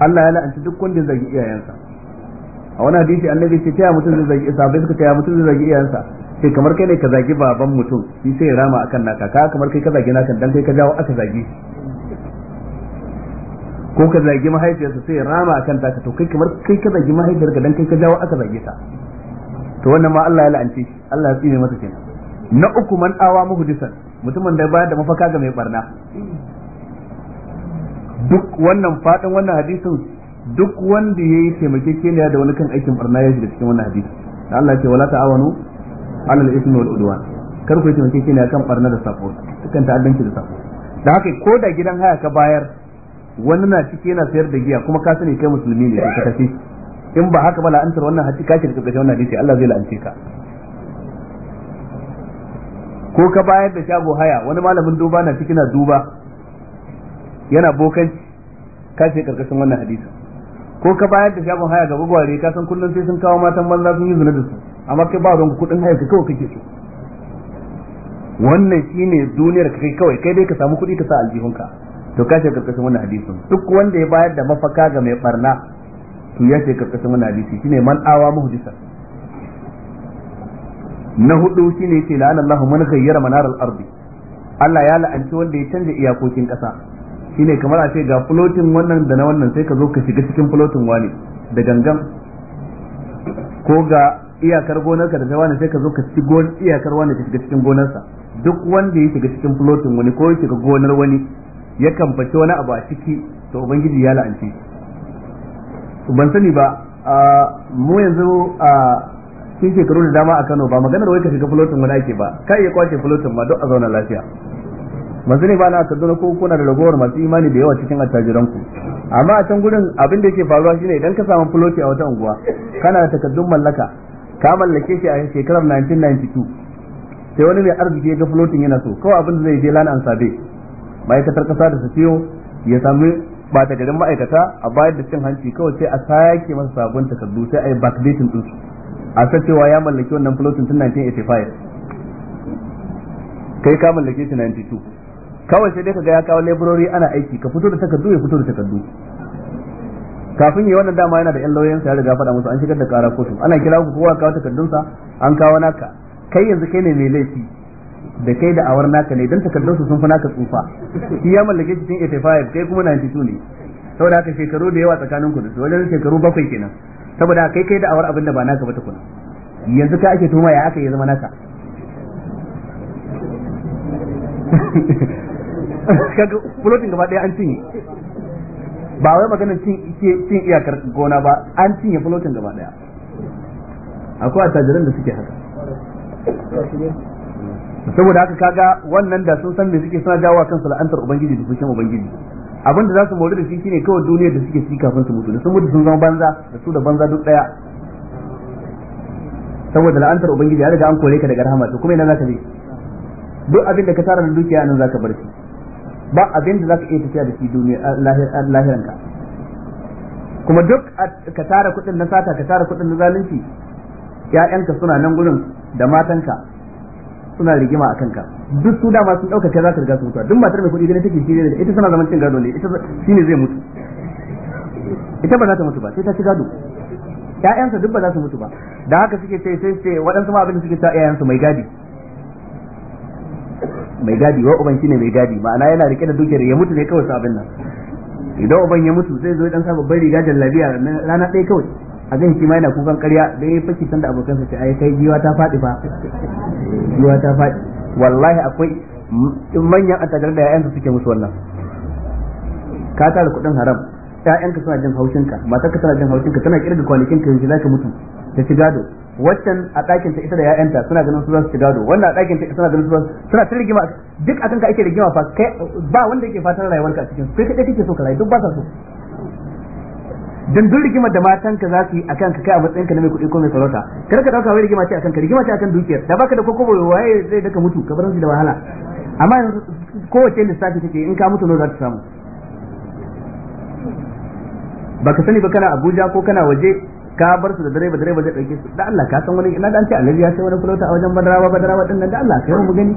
Allah ya la'anci duk wanda ya zagi iyayensa a wani hadisi annabi ce taya mutum zai zagi bai suka taya mutum zai zagi iyayensa sai kamar kai ne ka zagi baban mutum shi sai rama akan naka ka kamar kai ka zagi naka dan kai ka jawo aka zagi ko ka zagi mahaifiyarsa sai rama akan taka to kai kamar kai ka zagi mahaifiyarka dan kai ka jawo aka zage ta to wannan ma Allah ya la'anci shi Allah ya tsine masa kenan na uku man awa muhdisan mutumin da bayar da mafaka ga mai barna duk wannan fadin wannan hadisin duk wanda yayi taimakekeniya da wani kan aikin barna ya shiga cikin wannan hadisi Allah ya ce wala ta'awanu alal ismi wal udwan kar ku yi taimakekeniya kan barna da sako kan ta'addanci da sako da haka ko da gidan haya ka bayar wani na ciki yana sayar da giya kuma ka sani kai musulmi ne ka kace in ba haka ba la'antar wannan hadisi ka shirka kashe wannan hadisi Allah zai la'ance ka ko ka bayar da shago haya wani malamin duba na ciki na duba yana bokanci ka ce karkashin wannan hadisi ko ka bayar da shagon haya ga gwagware ka san kullum sai sun kawo matan banza sun yi zina da su amma kai ba ruwan kudin haya ka kawai kake so wannan shine duniyar kai kawai kai dai ka samu kuɗi ka sa aljihunka to ka karkashin wannan hadisin duk wanda ya bayar da mafaka ga mai barna to ya ce karkashin wannan hadisi shine man awa muhdisa na hudu shine ce la Allahu man ghayyara manar al-ardi Allah ya la'anci wanda ya canja iyakokin kasa shine kamar a ce ga floating wannan da na wannan sai ka zo ka shiga cikin floating wani da gangan ko ga iyakar gonarka da ta wani sai ka zo ka shiga iyakar wani ka shiga cikin gonarsa duk wanda ya shiga cikin floating wani ko ya shiga gonar wani Yakan kamfaci wani abu a ciki to ubangiji ya la'anci ban sani ba mu yanzu a cikin shekaru da dama a Kano ba maganar wai ka shiga fulotin wani ake ba ka iya kwace fulotin ma duk a zauna lafiya masu ne ba na Kaduna ko kuna da ragowar masu imani da yawa cikin attajiranku amma a can gudun abin da yake faruwa shine idan ka samu fuloti a wata unguwa kana da takaddun mallaka ka mallake shi a shekarar 1992 sai wani mai arziki ya ga fulotin yana so kawai abin da zai je lana an sabe ma'aikatar kasa da su ciyo ya sami ba ta garin ma'aikata a bayar da cin hanci kawai sai a sake masa sabon takardu sai a yi backdating din su a san cewa ya mallaki wannan floating tun 1985 kai ka mallake shi 92 kawai sai dai ka ga ya kawo laborori ana aiki ka fito da takardu ya fito da takardu kafin yi wannan dama yana da yan lauyansa ya riga faɗa musu an shigar da ƙara kotu ana kira ku kowa kawo takardunsa an kawo naka kai yanzu kai ne mai laifi da kai da awar naka ne dan takardun su sun fi naka tsufa shi ya mallake cikin 85 kai kuma 92 ne saboda haka shekaru da yawa tsakanin ku da su wajen shekaru bakwai kenan saboda kai kai da awar abin da ba naka ba tukuna yanzu ka ake tuma ya aka yi zama naka kaga fulotin gaba daya an cinye ba wai maganar cin iyakar gona ba an cinye fulotin gaba daya akwai attajiran da suke haka saboda haka kaga wannan da sun san me suke suna jawo kansu la'antar ubangiji da fushin ubangiji abin da za su mori da shi shine kawai duniyar da suke ci kafin su mutu da sun mutu sun zama banza da su da banza duk daya saboda la'antar ubangiji ya riga an kore ka daga rahama to kuma ina zaka je duk abin da ka tara da dukiya nan zaka bar shi ba abin da zaka iya tafiya da shi duniya lahiranka kuma duk ka tara kuɗin na sata ka tara kuɗin na zalunci ƴaƴanka suna nan gurin da matanka suna rigima a ka duk su dama sun dauka kai za riga su mutuwa duk matar mai kuɗi ganin take shi ne ita tana zaman cin gado ne ita shine zai mutu ita ba za ta mutu ba sai ta ci gado ƴaƴansa duk ba za su mutu ba da haka suke ce sai ce waɗansu ma abin da suke ta ƴaƴansu mai gadi mai gadi wa uban shine mai gadi ma'ana yana rike da dukiyar ya mutu ne kawai sabin nan idan uban ya mutu zai zo dan sa babban riga lafiya ranar ɗaya kawai a zai shi ma yana kukan karya da ya fashi da abokan sa ce ai kai jiwa ta faɗi fa jiwa ta faɗi wallahi akwai manyan attajar da ƴaƴansu suke musu wannan ka tara kuɗin haram ƴaƴanka suna jin haushinka matarka tana jin haushinka tana kirga kwanakin ka yanzu zaka mutu ta ci gado waccan a ɗakin ta ita da ƴaƴanta suna ganin su za su ci gado wannan a ɗakin ta suna ganin su suna ta rigima duk akan ka ake rigima fa kai ba wanda yake fatan rayuwarka a cikin kai kadai kake so ka rayu duk ba sa so dan duk rigimar da matanka za su yi akan ka kai a matsayin ka na mai kuɗi ko mai sarauta kar ka dauka wai rigima ce akan ka rigima ce akan dukiyar da baka da kokobo waye zai daka mutu ka bar shi da wahala amma yanzu kowace lissafi take in ka mutu ne za ta samu baka sani ba kana Abuja ko kana waje ka bar su da direba direba zai dauke su da Allah ka san wani ina dan ce Alhaji ya sai wani kulota a wajen Badarawa Badarawa din nan da Allah sai mu gani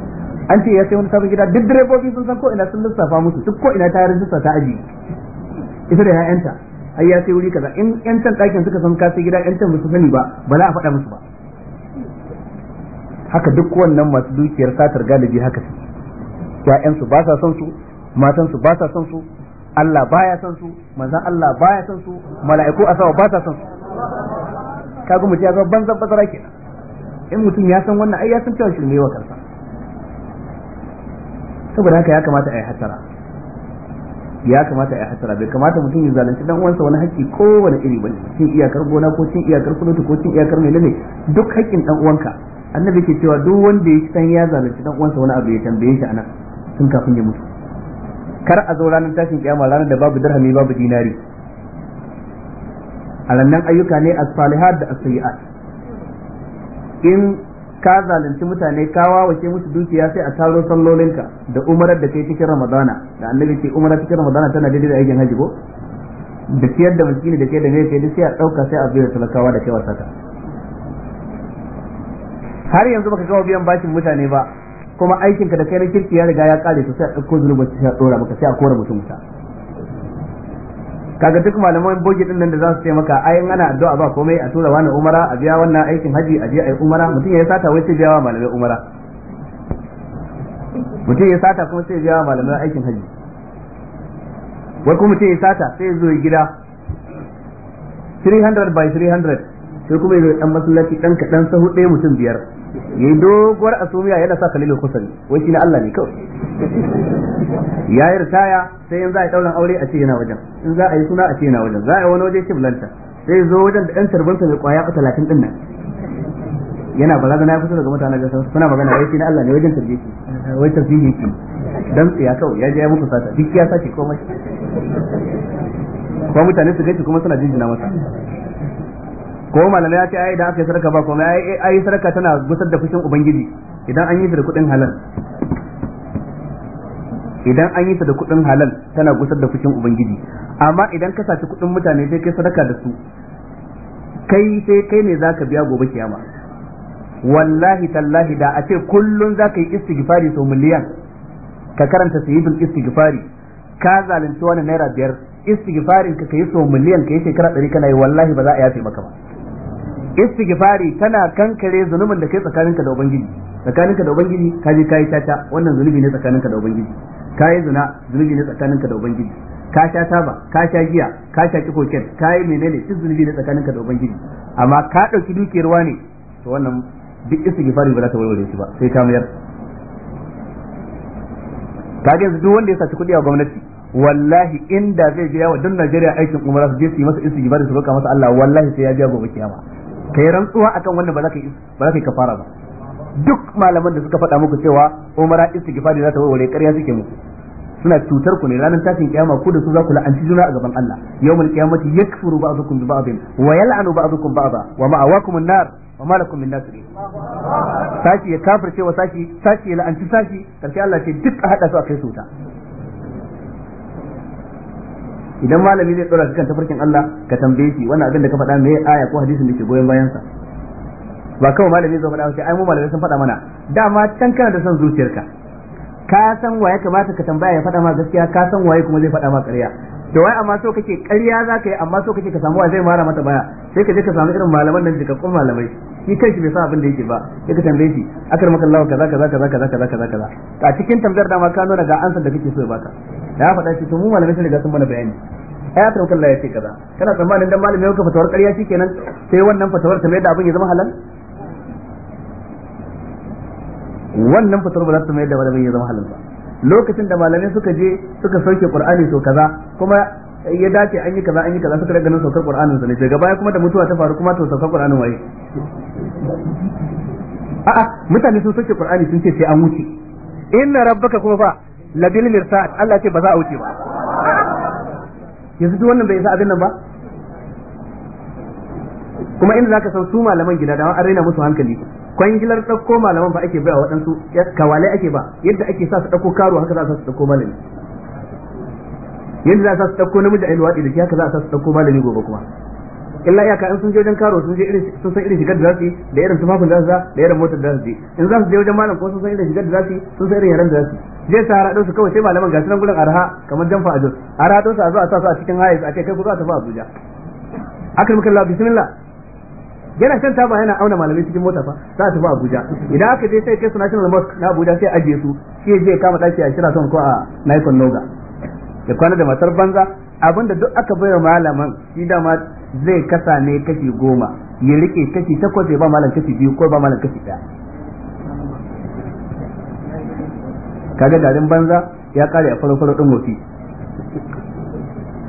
an ce ya sai wani sabon gida duk direbobi sun san ko ina sun lissafa musu duk ko ina ta rijista ta aji ita da 'ya'yanta ai ya sai wuri kaza in yan can ɗakin suka san ka sai gida yan can su sani ba ba za a faɗa musu ba haka duk wannan masu dukiyar satar galibi haka su su ba sa son su matansu ba sa son su Allah baya son su manzon Allah baya son su mala'iku asawa ba sa son su kaga mutum ya ban banzan bazara kenan in mutum ya san wannan ai ya san cewa shirme wa kansa saboda haka ya kamata a yi hatara ya kamata a yi hasara bai kamata mutum ya zalunci dan uwansa wani haƙƙi kowane iri bane cin iyakar gona ko cin iyakar kudu ko cin iyakar mai lalle duk haƙƙin dan uwanka annabi ke cewa duk wanda ya san ya zalunci dan uwansa wani abu ya tambaye shi anan tun kafin ya mutu kar a zo ranar tashin kiyama ranar da babu dirhami babu dinari a ayyuka ne as-salihat da as-sayyi'at in ka zalunci mutane ka wawace musu dukiya sai a taro sallolinka da umarar da kai cikin ramadana da annabi ce umara cikin ramadana tana daidai da aikin haji ko da ciyar da miskini da kai da mai kai sai a dauka sai a biya talakawa da kai wasaka har yanzu baka kawo biyan bashin mutane ba kuma aikinka da kai na kirki ya riga ya kare to sai a dauko zulubar sai a dora maka sai a kora mutum wuta kaga duk malaman bogi din nan da za su ce maka ai ana addu'a ba komai a tura wani umara a biya wannan aikin haji a je a umara mutum ya sata wai sai biya wa malamai umara mutum ya sata kuma sai biya wa malamai aikin haji wai kuma mutum ya sata sai zo gida 300 by 300 sai kuma ya dan masallaci dan kadan sahu ɗaya mutum biyar yayi doguwar asumiya yana sa kalilu kusani wai shi na Allah ne kawai ya yi ritaya sai yanzu a yi dauran aure a ce yana wajen in za a yi suna a ce yana wajen za a yi wani waje kiblanta sai zo wajen da ɗan tarbanta mai kwaya fa talatin ɗin nan yana na ya fito daga mutanen gasar suna magana wai shi na Allah ne wajen tarbiyyar wai tarbiyyar ki dan tsiya kawai ya je ya mutu sata duk ya sace komai ko mutane su gaci kuma suna jinjina masa ko malamai ya ce ai da aka yi sarka ba komai ai ai sarka tana gusar da fushin ubangiji idan an yi ta da kuɗin halal idan an yi ta da kuɗin halal tana gusar da fushin ubangiji amma idan ka saci kuɗin mutane sai kai sadaka da su kai sai kai ne zaka biya gobe kiyama wallahi tallahi da a ce kullun zaka yi istighfari sau miliyan ka karanta sayyidul istighfari ka zalunci wani naira biyar istighfarin ka kai sau miliyan ka yi shekara ɗari kana yi wallahi ba za a yafe maka ba istighfari tana kankare zunubin da kai tsakaninka da ubangiji tsakaninka da ubangiji ka je kayi tata wannan zunubi ne tsakaninka da ubangiji ka yi zina zunubi ne tsakaninka da ubangiji ka sha taba ka sha giya ka sha kikokin ka yi menene duk zunubi ne tsakaninka da ubangiji amma ka ɗauki dukiyar ne to wannan duk istighfari ba za ta warware shi ba sai ka mayar ka ga duk wanda ya saci kuɗi a gwamnati wallahi inda zai biya wa duk Najeriya aikin umara su je su yi masa istighfari su roka masa Allah wallahi sai ya biya gobe kiyama kai rantsuwa akan wannan ba za ka yi ba za ka yi kafara ba duk malaman da suka faɗa muku cewa umara istighfari za ta warware ƙarya suke muku suna cutar ku ne ranar tashin kiyama ku da su za ku la'anci juna a gaban Allah yawmal qiyamati yakfuru ba'dukum bi ba'din wa yal'anu ba'dukum ba'da wa ma'awakum an-nar wa ma lakum min nasirin sashi ya kafirce wa sashi sashi ya la'anci sashi karshe Allah ce duk a hada su a kai su ta idan malami zai tsora kan tafarkin Allah ka tambaye shi wannan abin da ka faɗa me aya ko hadisin da ke goyon bayan sa ba kawai malami zai faɗa sai ai mu malamai sun faɗa mana dama can kana da son zuciyarka ka san waye kamata ka tambaya ya faɗa ma gaskiya ka san waye kuma zai faɗa ma ƙarya da wai amma so kake ƙarya za yi amma so kake ka samu waye zai mara mata baya sai ka je ka samu irin malaman nan jikakkun malamai shi kanshi bai san abin da yake ba sai ka tambaye shi akar maka Allah kaza kaza kaza kaza kaza kaza kaza a cikin tambayar dama ka nuna ga ansar da kake so ya baka ya faɗa shi to mu malamai sun riga sun mana bayani ai akar maka Allah ya ce kaza kana tsammanin dan malamai ya ka fatawar ƙarya shikenan sai wannan fatawar ta mai da abin ya zama halal wannan fitar ba za su mayar da malamin ya zama halinsa lokacin da malamai suka je suka sauke qur'ani so kaza kuma ya dace an yi kaza an yi kaza suka ganin saukar qur'anin sa daga baya kuma da mutuwa ta faru kuma to saukar qur'anin waye a'a mutane sun sauke qur'ani sun ce sai an wuce inna rabbaka kuma fa labil mirsad Allah ce ba za a wuce ba yanzu duk wannan bai isa abin nan ba kuma inda zaka san su malaman gida da an raina musu hankali kwangilar ɗauko malaman ba ake baiwa waɗansu kawalai ake ba yadda ake sa su ɗauko karo haka za su ɗauko malami yadda za su ɗauko namiji a ilwaɗi da shi haka za su ɗauko malami gobe kuma illa iyaka in sun je wajen karo sun je irin sun san irin shigar da za su yi da irin tufafin da za su da irin motar da za su in za su je wajen malam ko sun san irin shigar da za su yi sun san irin yaren da za su yi zai sa hara su kawai sai malaman gasu nan gurin arha kamar jamfa a jos arha to su a zo a sa su a cikin hayes a kai kai ku za su fa abuja akar mukalla bismillah yana ta taba yana auna malamai cikin mota fa za a tafi Abuja idan aka je sai kai su National Mosque na Abuja sai aje su shi zai kama daki a shirya son ko a Nikon Noga ya kwana da matar banza abinda duk aka bayar malaman shi dama zai kasa ne kashi goma ya rike kashi takwas ya ba malam kashi biyu ko ba malam kashi daya kaga garin banza ya kare a faro-faro din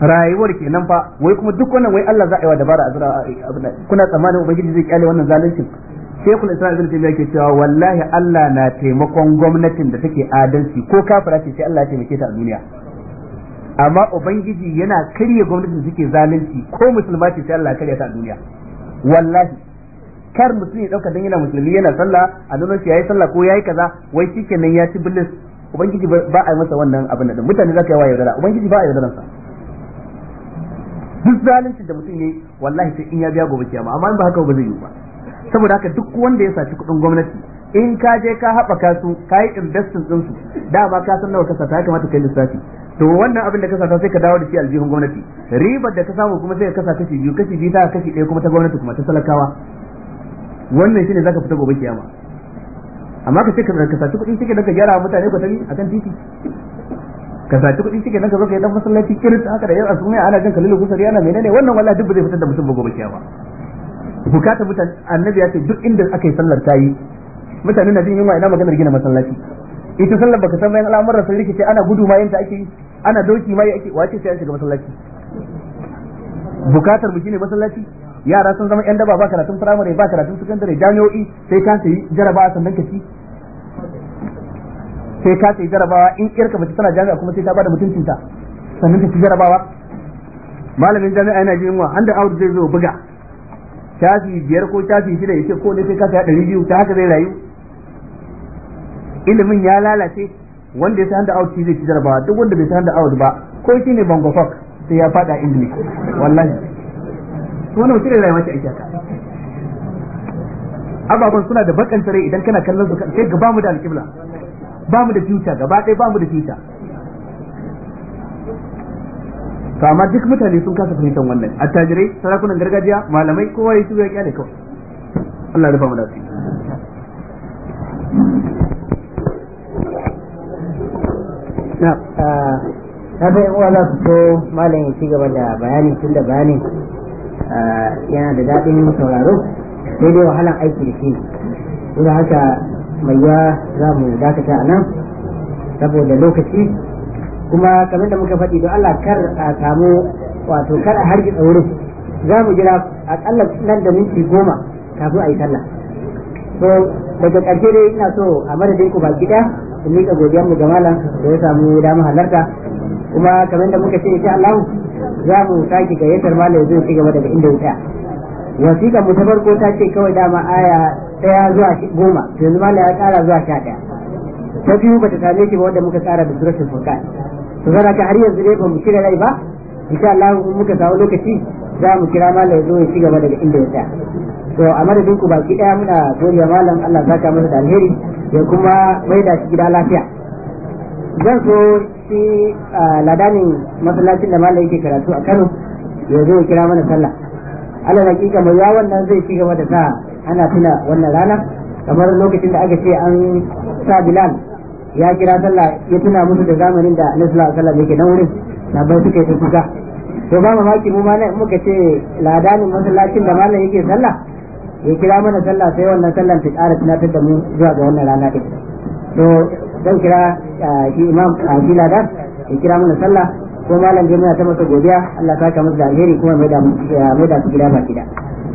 rayuwar kenan fa wai kuma duk wannan wai Allah za a yi wa dabara a zura kuna tsammanin ubangiji zai kyale wannan zalunci shekul isra'il zai taymiya ke cewa wallahi Allah na taimakon gwamnatin da take adalci ko kafira ce sai Allah ya taimake ta a duniya amma ubangiji yana karya gwamnatin suke zalunci ko musulma ce sai Allah ya karya ta a duniya wallahi kar mutum ya dauka dan yana musulmi yana sallah a nan sai yayi sallah ko yayi kaza wai shikenan ya ci bilis ubangiji ba a yi masa wannan abin da mutane za ka yi wa yaudara ubangiji ba a yaudaransa sa duk zalunci da mutum yayi wallahi sai in ya biya gobe kiyama amma in ba haka ba zai yi ba saboda haka duk wanda ya saci kuɗin gwamnati in ka je ka haɓaka su ka yi investin din su dama ka san nawa ka sata ya kamata kai lissafi to wannan abin da ka sata sai ka dawo da shi aljihun gwamnati ribar da ka samu kuma sai ka sata shi biyu kashi biyu ta kashi ɗaya kuma ta gwamnati kuma ta talakawa wannan shine zaka fita gobe kiyama amma ka ce ka saci kuɗi kike da ka gyara mutane kwatami akan titi ka zaci kuɗi cikin nan ka zo ka yi dan masallaci kirit haka da yar asumi ana jin kalilu yana ana menene wannan wallahi duk ba zai fitar da mutum ba gobe kiyama bukata mutane annabi ya ce duk inda aka yi sallar tayi mutane na jin yunwa ina maganar gina masallaci ita sallar baka san bayan al'amuran sun ce ana gudu ma yanta ake ana doki ma ake wace sai an shiga masallaci bukatar mu gina masallaci yara sun zama yan daba ba karatun firamare ba karatun sakandare jami'o'i sai ka sayi jaraba sannan ka ci sai ka ce jarabawa in irka mace tana jami'a kuma sai ta bada mutuncin ta sannan ta ci jarabawa malamin jami'a yana jin wa an da aure zai zo buga shafi biyar ko shafi shida yace ko ne sai ka saya ɗari biyu ta haka zai rayu ilimin ya lalace wanda ya san da aure zai ci jarabawa duk wanda bai san da aure ba ko shine bangofok sai ya fada ilimi wallahi wannan mutum da rayuwa ce ake ababen suna da bakan rai idan kana kallon su sai gaba mu da alƙibla ba mu da future gaba ɗaya ba mu da future to amma duk mutane sun kasa fahimtar wannan attajirai sarakunan gargajiya malamai kowa ya tuya kyale kawai Allah rufa mu da su na kafin ah, uwa za su so malam ya ci gaba da bayani tun da bayani ah, yana da daɗin sauraro daidai wahalan aiki da shi ne haka mai ya za mu dakata a nan saboda lokaci kuma kamar da muka faɗi don Allah kar a samu wato kar a harki tsaurin za mu jira akalla nan da minti goma kafin a yi sallah so daga ƙarshe dai ina so a madadin ku baki ɗaya in miƙa godiyar mu ga malam da ya samu damar halarta kuma kamar da muka ce insha Allah za mu sake gayyatar malam zai ci gaba daga inda ya tsaya wasiƙa mu ta farko ta ce kawai dama aya daya zuwa goma to yanzu ma ya kara zuwa sha daya ta biyu ba ta same shi ba wanda muka tsara da suratul furqan to zara ka har yanzu dai ba mu shirya rai ba insha Allah muka samu lokaci za mu kira malam ya zo ya ci gaba daga inda ya tsaya to a madadin ku baki daya muna godiya malam Allah zaka masa da alheri ya kuma mai da shi gida lafiya zan so shi ladanin masallacin da malam yake karatu a Kano ya zo ya kira mana sallah Allah hakika mai ya nan zai ci gaba da sa ana tuna wannan rana kamar lokacin da aka ce an sa bilal ya kira sallah ya tuna musu da zamanin da na sallah sallah yake nan wurin sabai suka yi ta kuka to ba mamaki mu ma muka ce ladanin masallacin da malam yake sallah ya kira mana sallah sai wannan sallan ta kara tunatar da mu zuwa ga wannan rana ɗin to zan kira shi imam a shi ladan ya kira mana sallah ko malam jami'a muna ta masa godiya Allah ta kamar da alheri kuma mai mai da su gida ba gida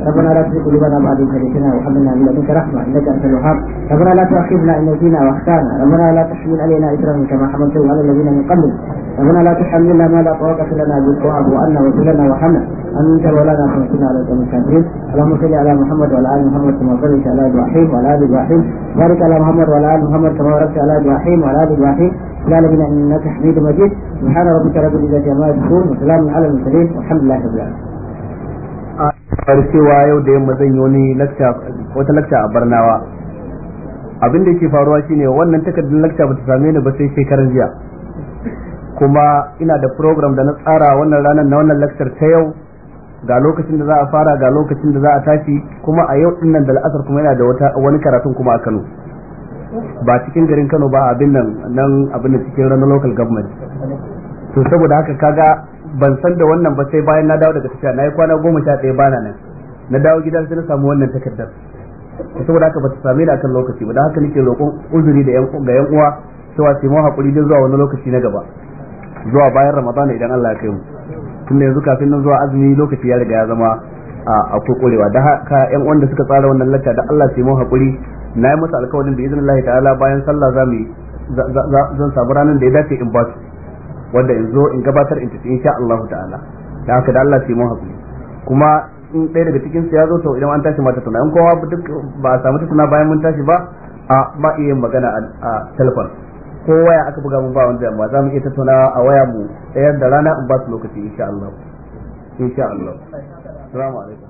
ربنا لا تزغ قلوبنا بعد إذ هديتنا وهب لنا من لدنك رحمة إنك أنت الوهاب ربنا لا تؤاخذنا إن نسينا وأخطأنا ربنا لا تحمل علينا إثرا كما حملته على الذين من قبل ربنا لا تحملنا ما لا طاقة لنا به واعف عنا وحمل لنا وارحمنا أنت ولنا فانصرنا على الأمم الكافرين اللهم صل على محمد وعلى آل محمد كما صليت على إبراهيم وعلى آل إبراهيم بارك على محمد وعلى آل محمد كما باركت على إبراهيم وعلى آل إبراهيم العالمين إنك حميد مجيد سبحان ربك رب العزة عما يصفون وسلام على المرسلين والحمد لله رب العالمين cewa yau da yamma zan yi wani wata lakta a barnawa abin da yake faruwa shine wannan takardun lakta ba ta same ni ba sai shekarar jiya kuma ina da program da na tsara wannan ranar na wannan lakcar ta yau ga lokacin da za a fara ga lokacin da za a tashi kuma a yau dinnan da la'asar kuma yana da wani karatun kuma a Kano ba cikin garin Kano ba abin nan nan abin da cikin ranar local government to saboda haka kaga ban san da wannan ba sai bayan na dawo daga tafiya na yi kwana goma sha ɗaya bana nan na dawo gida sai na samu wannan takardar saboda haka ba ta sami ni kan lokaci ba da haka nake roƙon uzuri da ga yan uwa cewa sai mu hakuri da zuwa wani lokaci na gaba zuwa bayan ramadan idan Allah ya kai mu tunda yanzu kafin nan zuwa azumi lokaci ya riga ya zama a kurewa da haka yan uwan da suka tsara wannan lacca da Allah sai mu hakuri na yi musu alkawarin da izinin Allah ta'ala bayan sallah za mu zan samu ranar da ya dace in ba su wanda in zo in gabatar in tafi insha Allah ta'ala da haka da Allah sai mu hakuri kuma in ɗaya daga cikin su ya zo to idan an tashi mata tana in kowa duk ba a samu tana bayan mun tashi ba a ba iya magana a telefon ko waya aka buga mun ba wanda amma za mu iya tattauna a waya mu ɗayan da rana in ba su lokaci insha Allah insha Allah assalamu alaikum